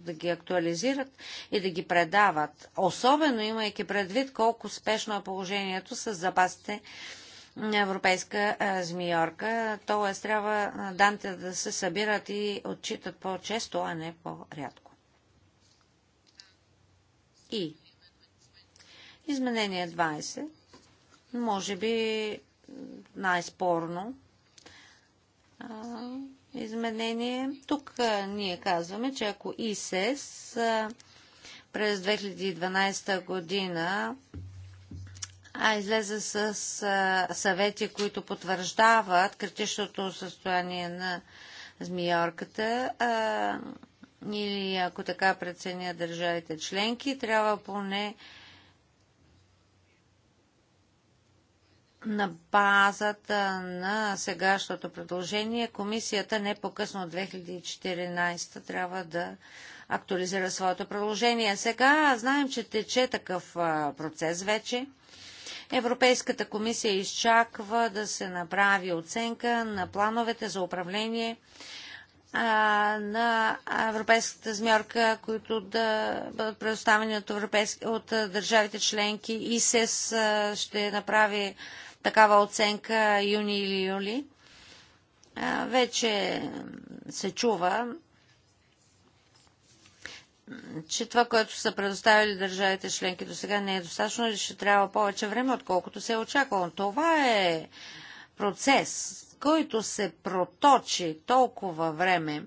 да ги актуализират и да ги предават. Особено имайки предвид колко спешно е положението с запасите на европейска змиорка. Тоест трябва данните да се събират и отчитат по-често, а не по-рядко. И Изменение 20. Може би най-спорно изменение. Тук ние казваме, че ако ИСЕС през 2012 година а излезе с а, съвети, които потвърждават критичното състояние на змиорката, а, или ако така преценя държавите членки, трябва поне на базата на сегашното предложение, комисията не по-късно от 2014 трябва да актуализира своето предложение. Сега знаем, че тече такъв процес вече. Европейската комисия изчаква да се направи оценка на плановете за управление на европейската змьорка, които да бъдат предоставени от, от държавите членки. ИСЕС ще направи такава оценка юни или юли. Вече се чува, че това, което са предоставили държавите членки до сега не е достатъчно и ще трябва повече време, отколкото се е очаквало. Това е процес, който се проточи толкова време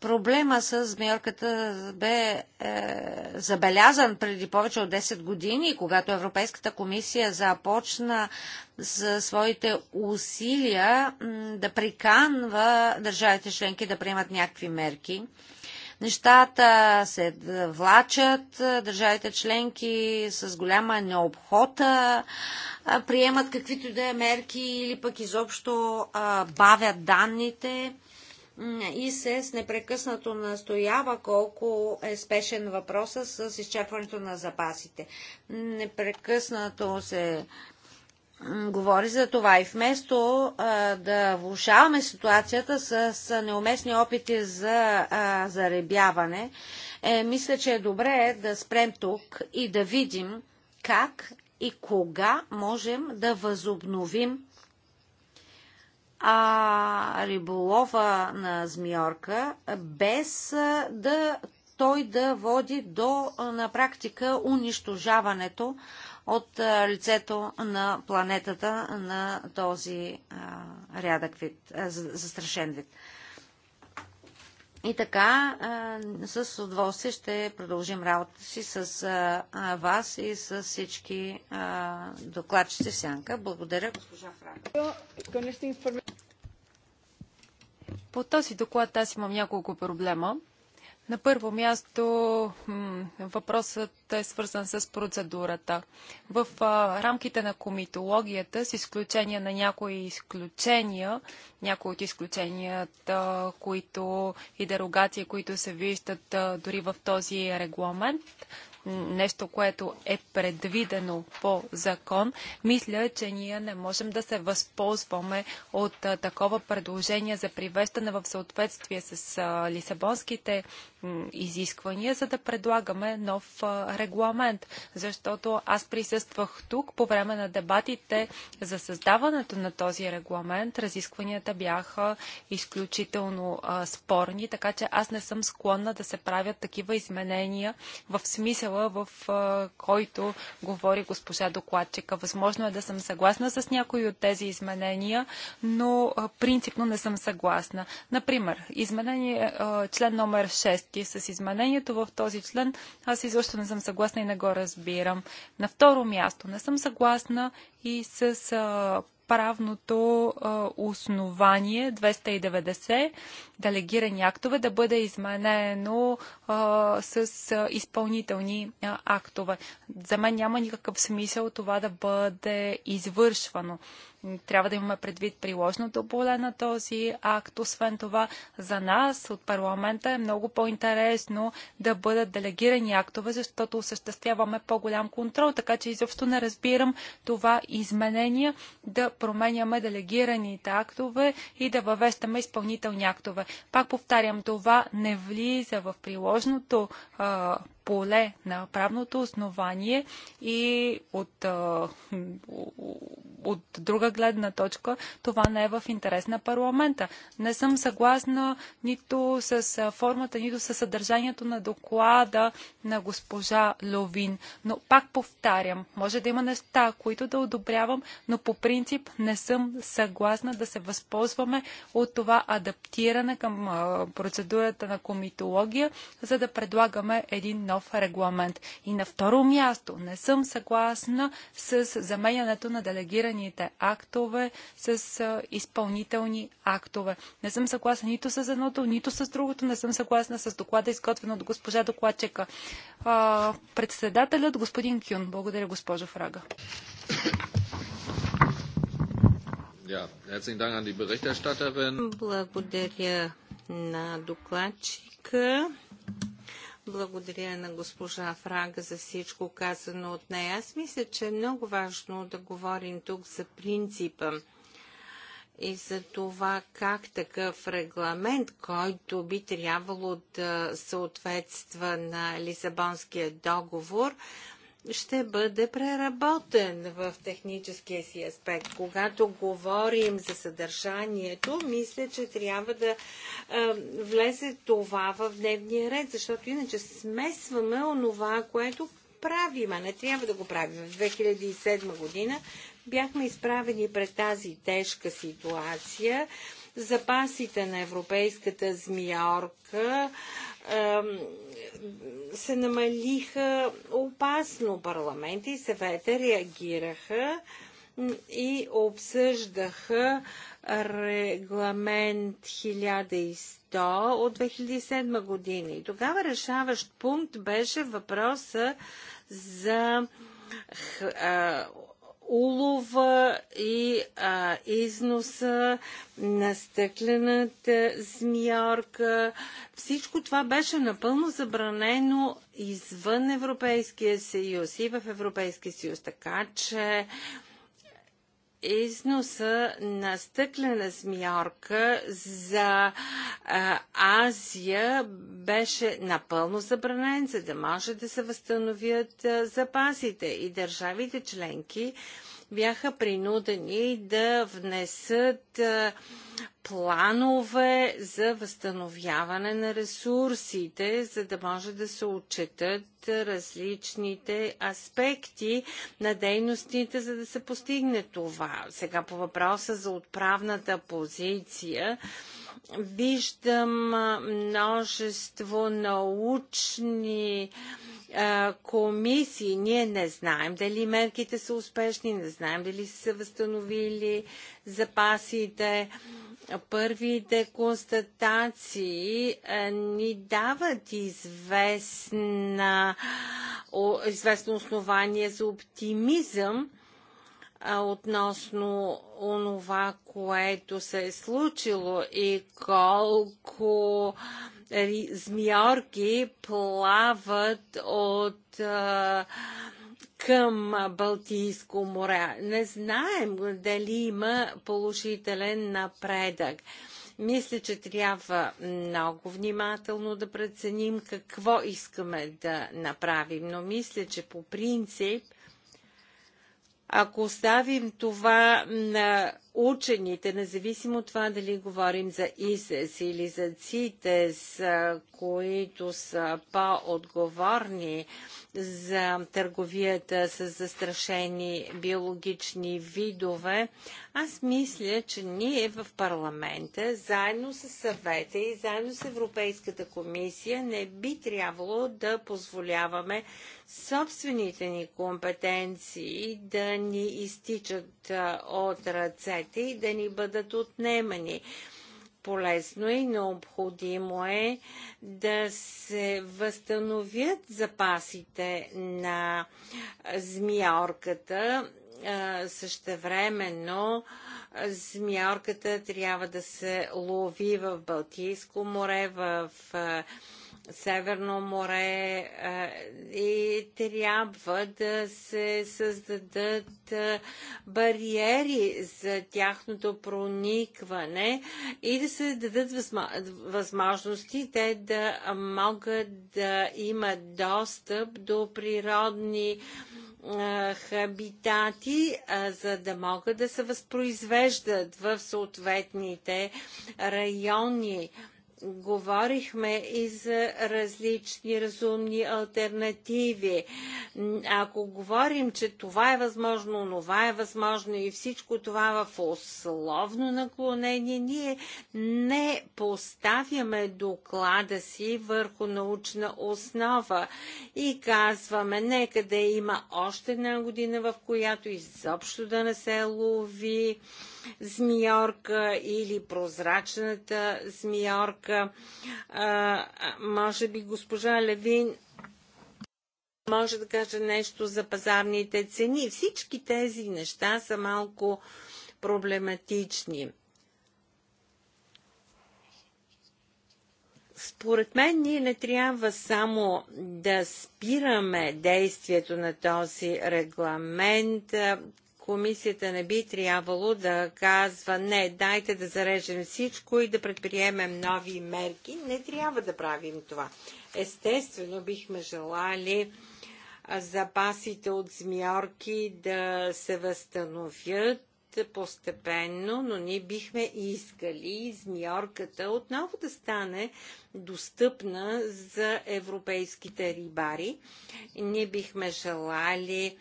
Проблема с мярката бе е, забелязан преди повече от 10 години, когато Европейската комисия започна с своите усилия да приканва държавите членки да приемат някакви мерки. Нещата се влачат, държавите членки с голяма необхода приемат каквито да е мерки или пък изобщо а, бавят данните и с непрекъснато настоява колко е спешен въпроса с изчерпването на запасите. Непрекъснато се говори за това. И вместо да влушаваме ситуацията с, неуместни опити за заребяване, е, мисля, че е добре да спрем тук и да видим как и кога можем да възобновим а, риболова на змиорка, без да той да води до на практика унищожаването от лицето на планетата на този рядък вид, застрашен вид. И така, с удоволствие ще продължим работата си с вас и с всички докладчици в сянка. Благодаря, госпожа Франк. По този доклад аз имам няколко проблема. На първо място въпросът е свързан с процедурата. В рамките на комитологията, с изключение на някои изключения, някои от изключенията, които и дерогации, които се виждат дори в този регламент, нещо, което е предвидено по закон, мисля, че ние не можем да се възползваме от такова предложение за привеждане в съответствие с лисабонските изисквания, за да предлагаме нов регламент. Защото аз присъствах тук по време на дебатите за създаването на този регламент. Разискванията бяха изключително спорни, така че аз не съм склонна да се правят такива изменения в смисъла, в който говори госпожа докладчика. Възможно е да съм съгласна с някои от тези изменения, но принципно не съм съгласна. Например, изменение член номер 6 пропуски с изменението в този член. Аз изобщо не съм съгласна и не го разбирам. На второ място, не съм съгласна и с а, правното а, основание 290 делегирани актове да бъде изменено а, с а, изпълнителни а, актове. За мен няма никакъв смисъл това да бъде извършвано. Трябва да имаме предвид приложното поле на този акт. Освен това, за нас от парламента е много по-интересно да бъдат делегирани актове, защото осъществяваме по-голям контрол, така че изобщо не разбирам това изменение да променяме делегираните актове и да въвеждаме изпълнителни актове. Пак повтарям, това не влиза в приложното а, поле на правното основание и от, от друга гледна точка това не е в интерес на парламента. Не съм съгласна нито с формата, нито с съдържанието на доклада на госпожа Ловин. Но пак повтарям, може да има неща, които да одобрявам, но по принцип не съм съгласна да се възползваме от това адаптиране към процедурата на комитология, за да предлагаме един нов нов регламент. И на второ място, не съм съгласна с заменянето на делегираните актове с изпълнителни актове. Не съм съгласна нито с едното, нито с другото. Не съм съгласна с доклада, изготвен от госпожа докладчика. Председателят господин Кюн. Благодаря, госпожо Фрага. Благодаря на докладчика. Благодаря на госпожа Фрага за всичко казано от нея. Аз мисля, че е много важно да говорим тук за принципа и за това как такъв регламент, който би трябвало да съответства на Лисабонския договор, ще бъде преработен в техническия си аспект. Когато говорим за съдържанието, мисля, че трябва да влезе това в дневния ред, защото иначе смесваме онова, което правим, а не трябва да го правим. В 2007 година бяхме изправени пред тази тежка ситуация запасите на европейската змиорка се намалиха опасно. Парламента и съвета реагираха и обсъждаха регламент 1100 от 2007 година. И тогава решаващ пункт беше въпроса за улова и а, износа на стъклената змиорка. Всичко това беше напълно забранено извън Европейския съюз и в Европейския съюз. Така че износа на стъклена змиорка за Азия беше напълно забранен, за да може да се възстановят запасите и държавите членки бяха принудени да внесат планове за възстановяване на ресурсите, за да може да се отчетат различните аспекти на дейностите, за да се постигне това. Сега по въпроса за отправната позиция виждам множество научни комисии. Ние не знаем дали мерките са успешни, не знаем дали са възстановили запасите. Първите констатации ни дават известна, известно основание за оптимизъм относно онова, което се е случило и колко а, змиорки плават от към Балтийско море. Не знаем дали има положителен напредък. Мисля, че трябва много внимателно да преценим какво искаме да направим, но мисля, че по принцип ако оставим това на учените, независимо от това дали говорим за ИСЕС или за ЦИТЕС, които са по-отговорни за търговията с застрашени биологични видове, аз мисля, че ние в парламента, заедно с съвета и заедно с Европейската комисия, не би трябвало да позволяваме собствените ни компетенции да ни изтичат от ръцете и да ни бъдат отнемани полезно и необходимо е да се възстановят запасите на змиорката. Същевременно змиорката трябва да се лови в Балтийско море, в Северно море и трябва да се създадат бариери за тяхното проникване и да се дадат възможности те да могат да имат достъп до природни хабитати, за да могат да се възпроизвеждат в съответните райони говорихме и за различни разумни альтернативи. Ако говорим, че това е възможно, това е възможно и всичко това в условно наклонение, ние не поставяме доклада си върху научна основа и казваме, нека да има още една година, в която изобщо да не се лови змиорка или прозрачната змиорка. А, може би госпожа Левин може да каже нещо за пазарните цени. Всички тези неща са малко проблематични. Според мен ние не трябва само да спираме действието на този регламент комисията не би трябвало да казва не, дайте да зарежем всичко и да предприемем нови мерки. Не трябва да правим това. Естествено, бихме желали запасите от змиорки да се възстановят постепенно, но ние бихме искали змиорката отново да стане достъпна за европейските рибари. Ние бихме желали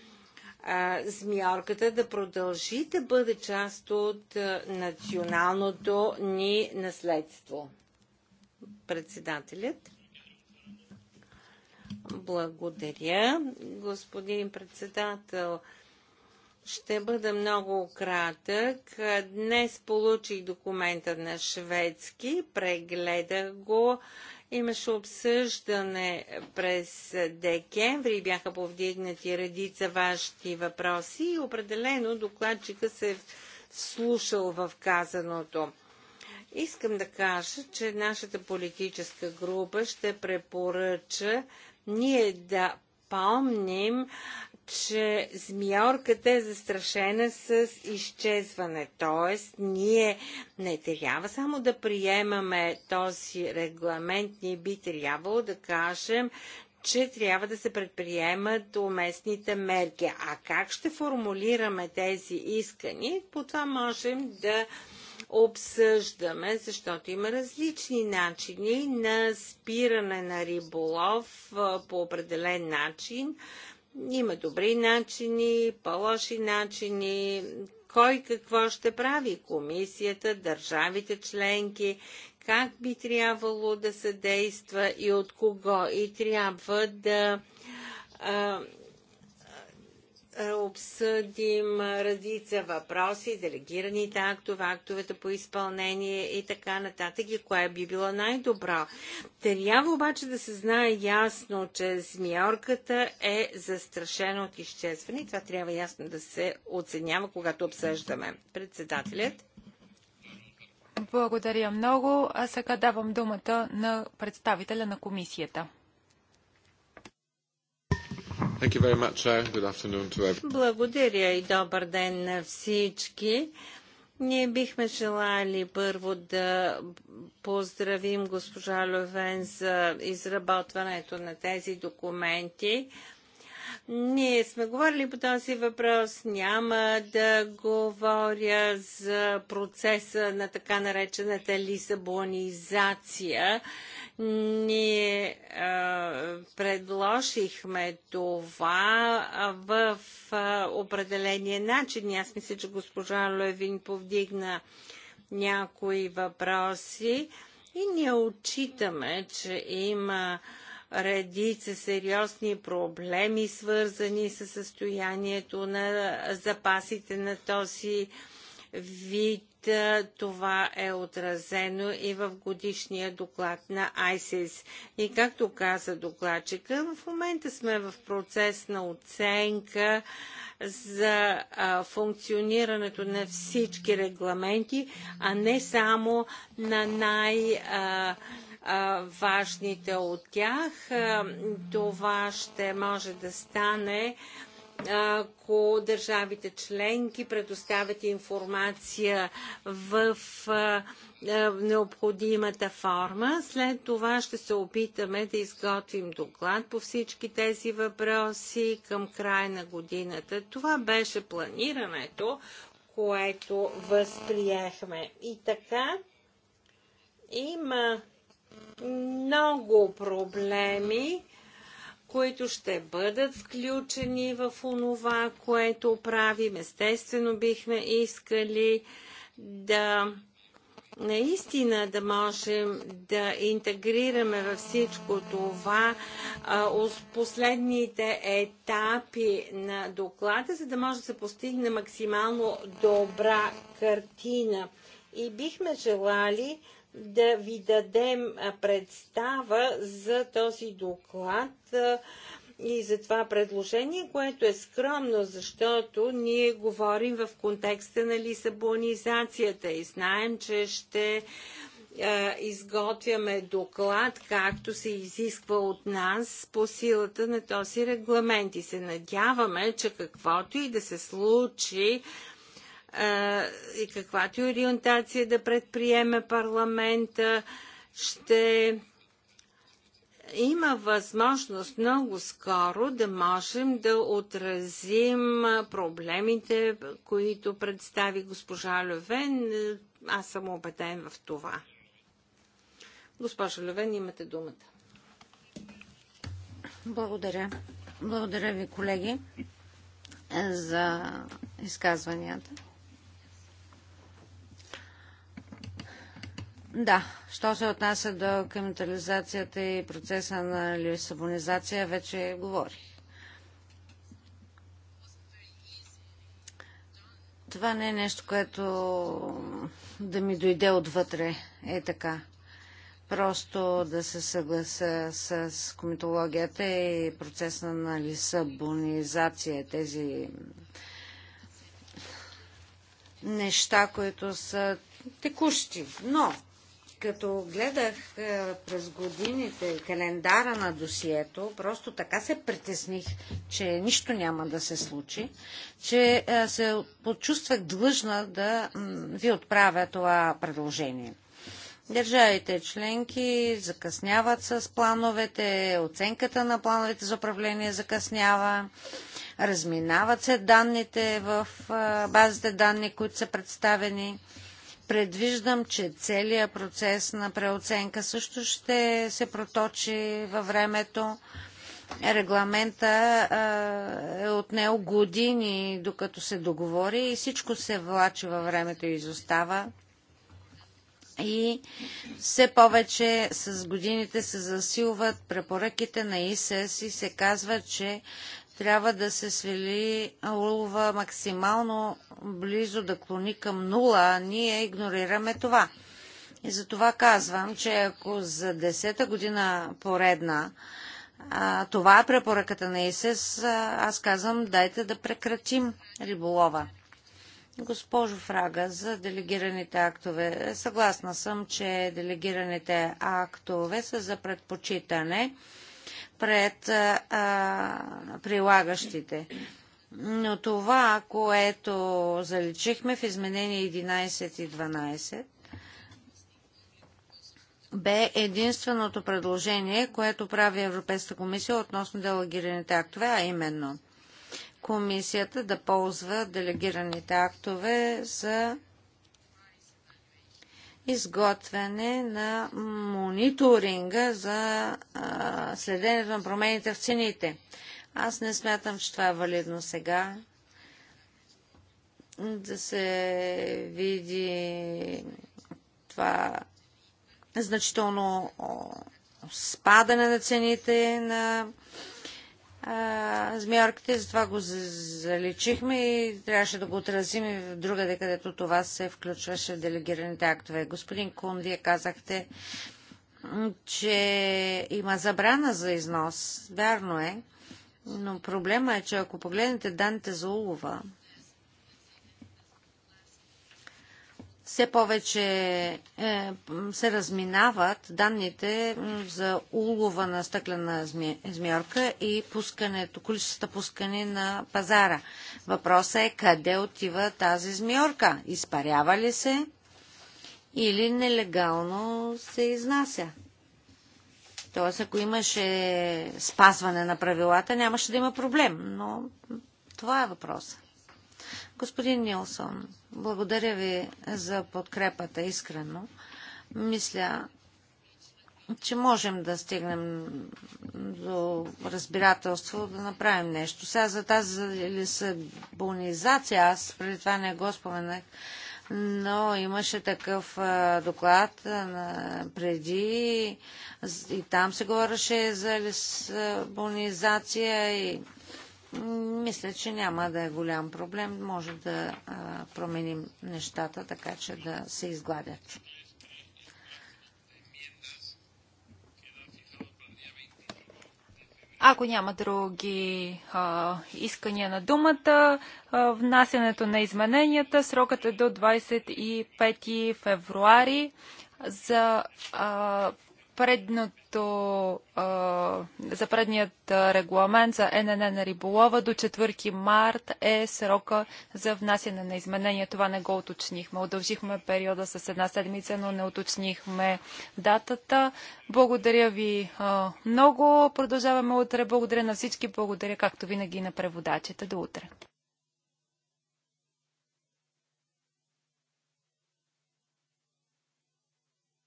змиорката да продължи да бъде част от националното ни наследство. Председателят. Благодаря, господин председател. Ще бъда много кратък. Днес получих документа на шведски, прегледах го Имаше обсъждане през декември, бяха повдигнати редица вашите въпроси и определено докладчика се е вслушал в казаното. Искам да кажа, че нашата политическа група ще препоръча ние да помним че змиорката е застрашена с изчезване. Тоест, ние не трябва само да приемаме този регламент, ние би трябвало да кажем, че трябва да се предприемат уместните мерки. А как ще формулираме тези искания, по това можем да обсъждаме, защото има различни начини на спиране на риболов по определен начин има добри начини, по-лоши начини, кой какво ще прави, комисията, държавите членки, как би трябвало да се действа и от кого. И трябва да а, е, обсъдим е, редица въпроси, делегираните актове, актовете по изпълнение и така нататък и кое би било най-добро. Трябва обаче да се знае ясно, че змиорката е застрашена от изчезване и това трябва ясно да се оценява, когато обсъждаме. Председателят. Благодаря много. А сега давам думата на представителя на комисията. Благодаря и добър ден на всички. Ние бихме желали първо да поздравим госпожа Левен за изработването на тези документи. Ние сме говорили по този въпрос, няма да говоря за процеса на така наречената лисабонизация ние а, е, предложихме това в а, е, определения начин. Аз мисля, че госпожа Левин повдигна някои въпроси и ние отчитаме, че има редица сериозни проблеми, свързани с състоянието на запасите на този вид това е отразено и в годишния доклад на ISIS. И както каза докладчика, в момента сме в процес на оценка за функционирането на всички регламенти, а не само на най- важните от тях. Това ще може да стане ако държавите членки предоставят информация в необходимата форма. След това ще се опитаме да изготвим доклад по всички тези въпроси към края на годината. Това беше планирането, което възприехме. И така има много проблеми които ще бъдат включени в онова, което правим. Естествено бихме искали да наистина да можем да интегрираме във всичко това а, последните етапи на доклада, за да може да се постигне максимално добра картина. И бихме желали да ви дадем представа за този доклад и за това предложение, което е скромно, защото ние говорим в контекста на лисабонизацията и знаем, че ще изготвяме доклад, както се изисква от нас по силата на този регламент. И се надяваме, че каквото и да се случи и каквато и ориентация да предприеме парламента, ще има възможност много скоро да можем да отразим проблемите, които представи госпожа Левен. Аз съм убеден в това. Госпожа Левен, имате думата. Благодаря. Благодаря ви, колеги, за изказванията. Да, що се отнася до криминализацията и процеса на лисабонизация, вече говорих. Това не е нещо, което да ми дойде отвътре. Е така. Просто да се съглася с комитологията и процеса на лисабонизация, тези неща, които са текущи. Но като гледах е, през годините календара на досието, просто така се притесних, че нищо няма да се случи, че е, се почувствах длъжна да ви отправя това предложение. Държавите членки закъсняват с плановете, оценката на плановете за управление закъснява, разминават се данните в е, базите данни, които са представени. Предвиждам, че целият процес на преоценка също ще се проточи във времето. Регламента е отнел години, докато се договори и всичко се влачи във времето и изостава. И все повече с годините се засилват препоръките на ИСС и се казва, че трябва да се свели улова максимално близо да клони към нула, а ние игнорираме това. И затова казвам, че ако за 10-та година поредна а, това е препоръката на ИСЕС, аз казвам, дайте да прекратим риболова. Госпожо Фрага, за делегираните актове. Съгласна съм, че делегираните актове са за предпочитане пред а, прилагащите. Но това, което заличихме в изменение 11 и 12, бе единственото предложение, което прави Европейската комисия относно делегираните актове, а именно комисията да ползва делегираните актове за изготвяне на мониторинга за а, следенето на промените в цените. Аз не смятам, че това е валидно сега. Да се види това значително спадане на цените на змиорките, затова го заличихме и трябваше да го отразим и в другаде, където това се включваше в делегираните актове. Господин Кун, вие казахте, че има забрана за износ. Вярно е, но проблема е, че ако погледнете данните за улова, все повече е, се разминават данните за улова на стъклена змиорка и пускането, количеството пускане на пазара. Въпросът е къде отива тази змиорка? Изпарява ли се или нелегално се изнася? Тоест, ако имаше спазване на правилата, нямаше да има проблем. Но това е въпросът. Господин Нилсон, благодаря ви за подкрепата искрено. Мисля, че можем да стигнем до разбирателство, да направим нещо. Сега за тази лисабонизация, аз преди това не го споменах, но имаше такъв доклад преди и там се говореше за лисабонизация и мисля, че няма да е голям проблем. Може да променим нещата така, че да се изгладят. Ако няма други а, искания на думата, а, внасянето на измененията, срокът е до 25 февруари за а, предното, за предният регламент за ННН на риболова до 4 март е срока за внасяне на изменения. Това не го уточнихме. Удължихме периода с една седмица, но не уточнихме датата. Благодаря ви много. Продължаваме утре. Благодаря на всички. Благодаря, както винаги, на преводачите. До утре.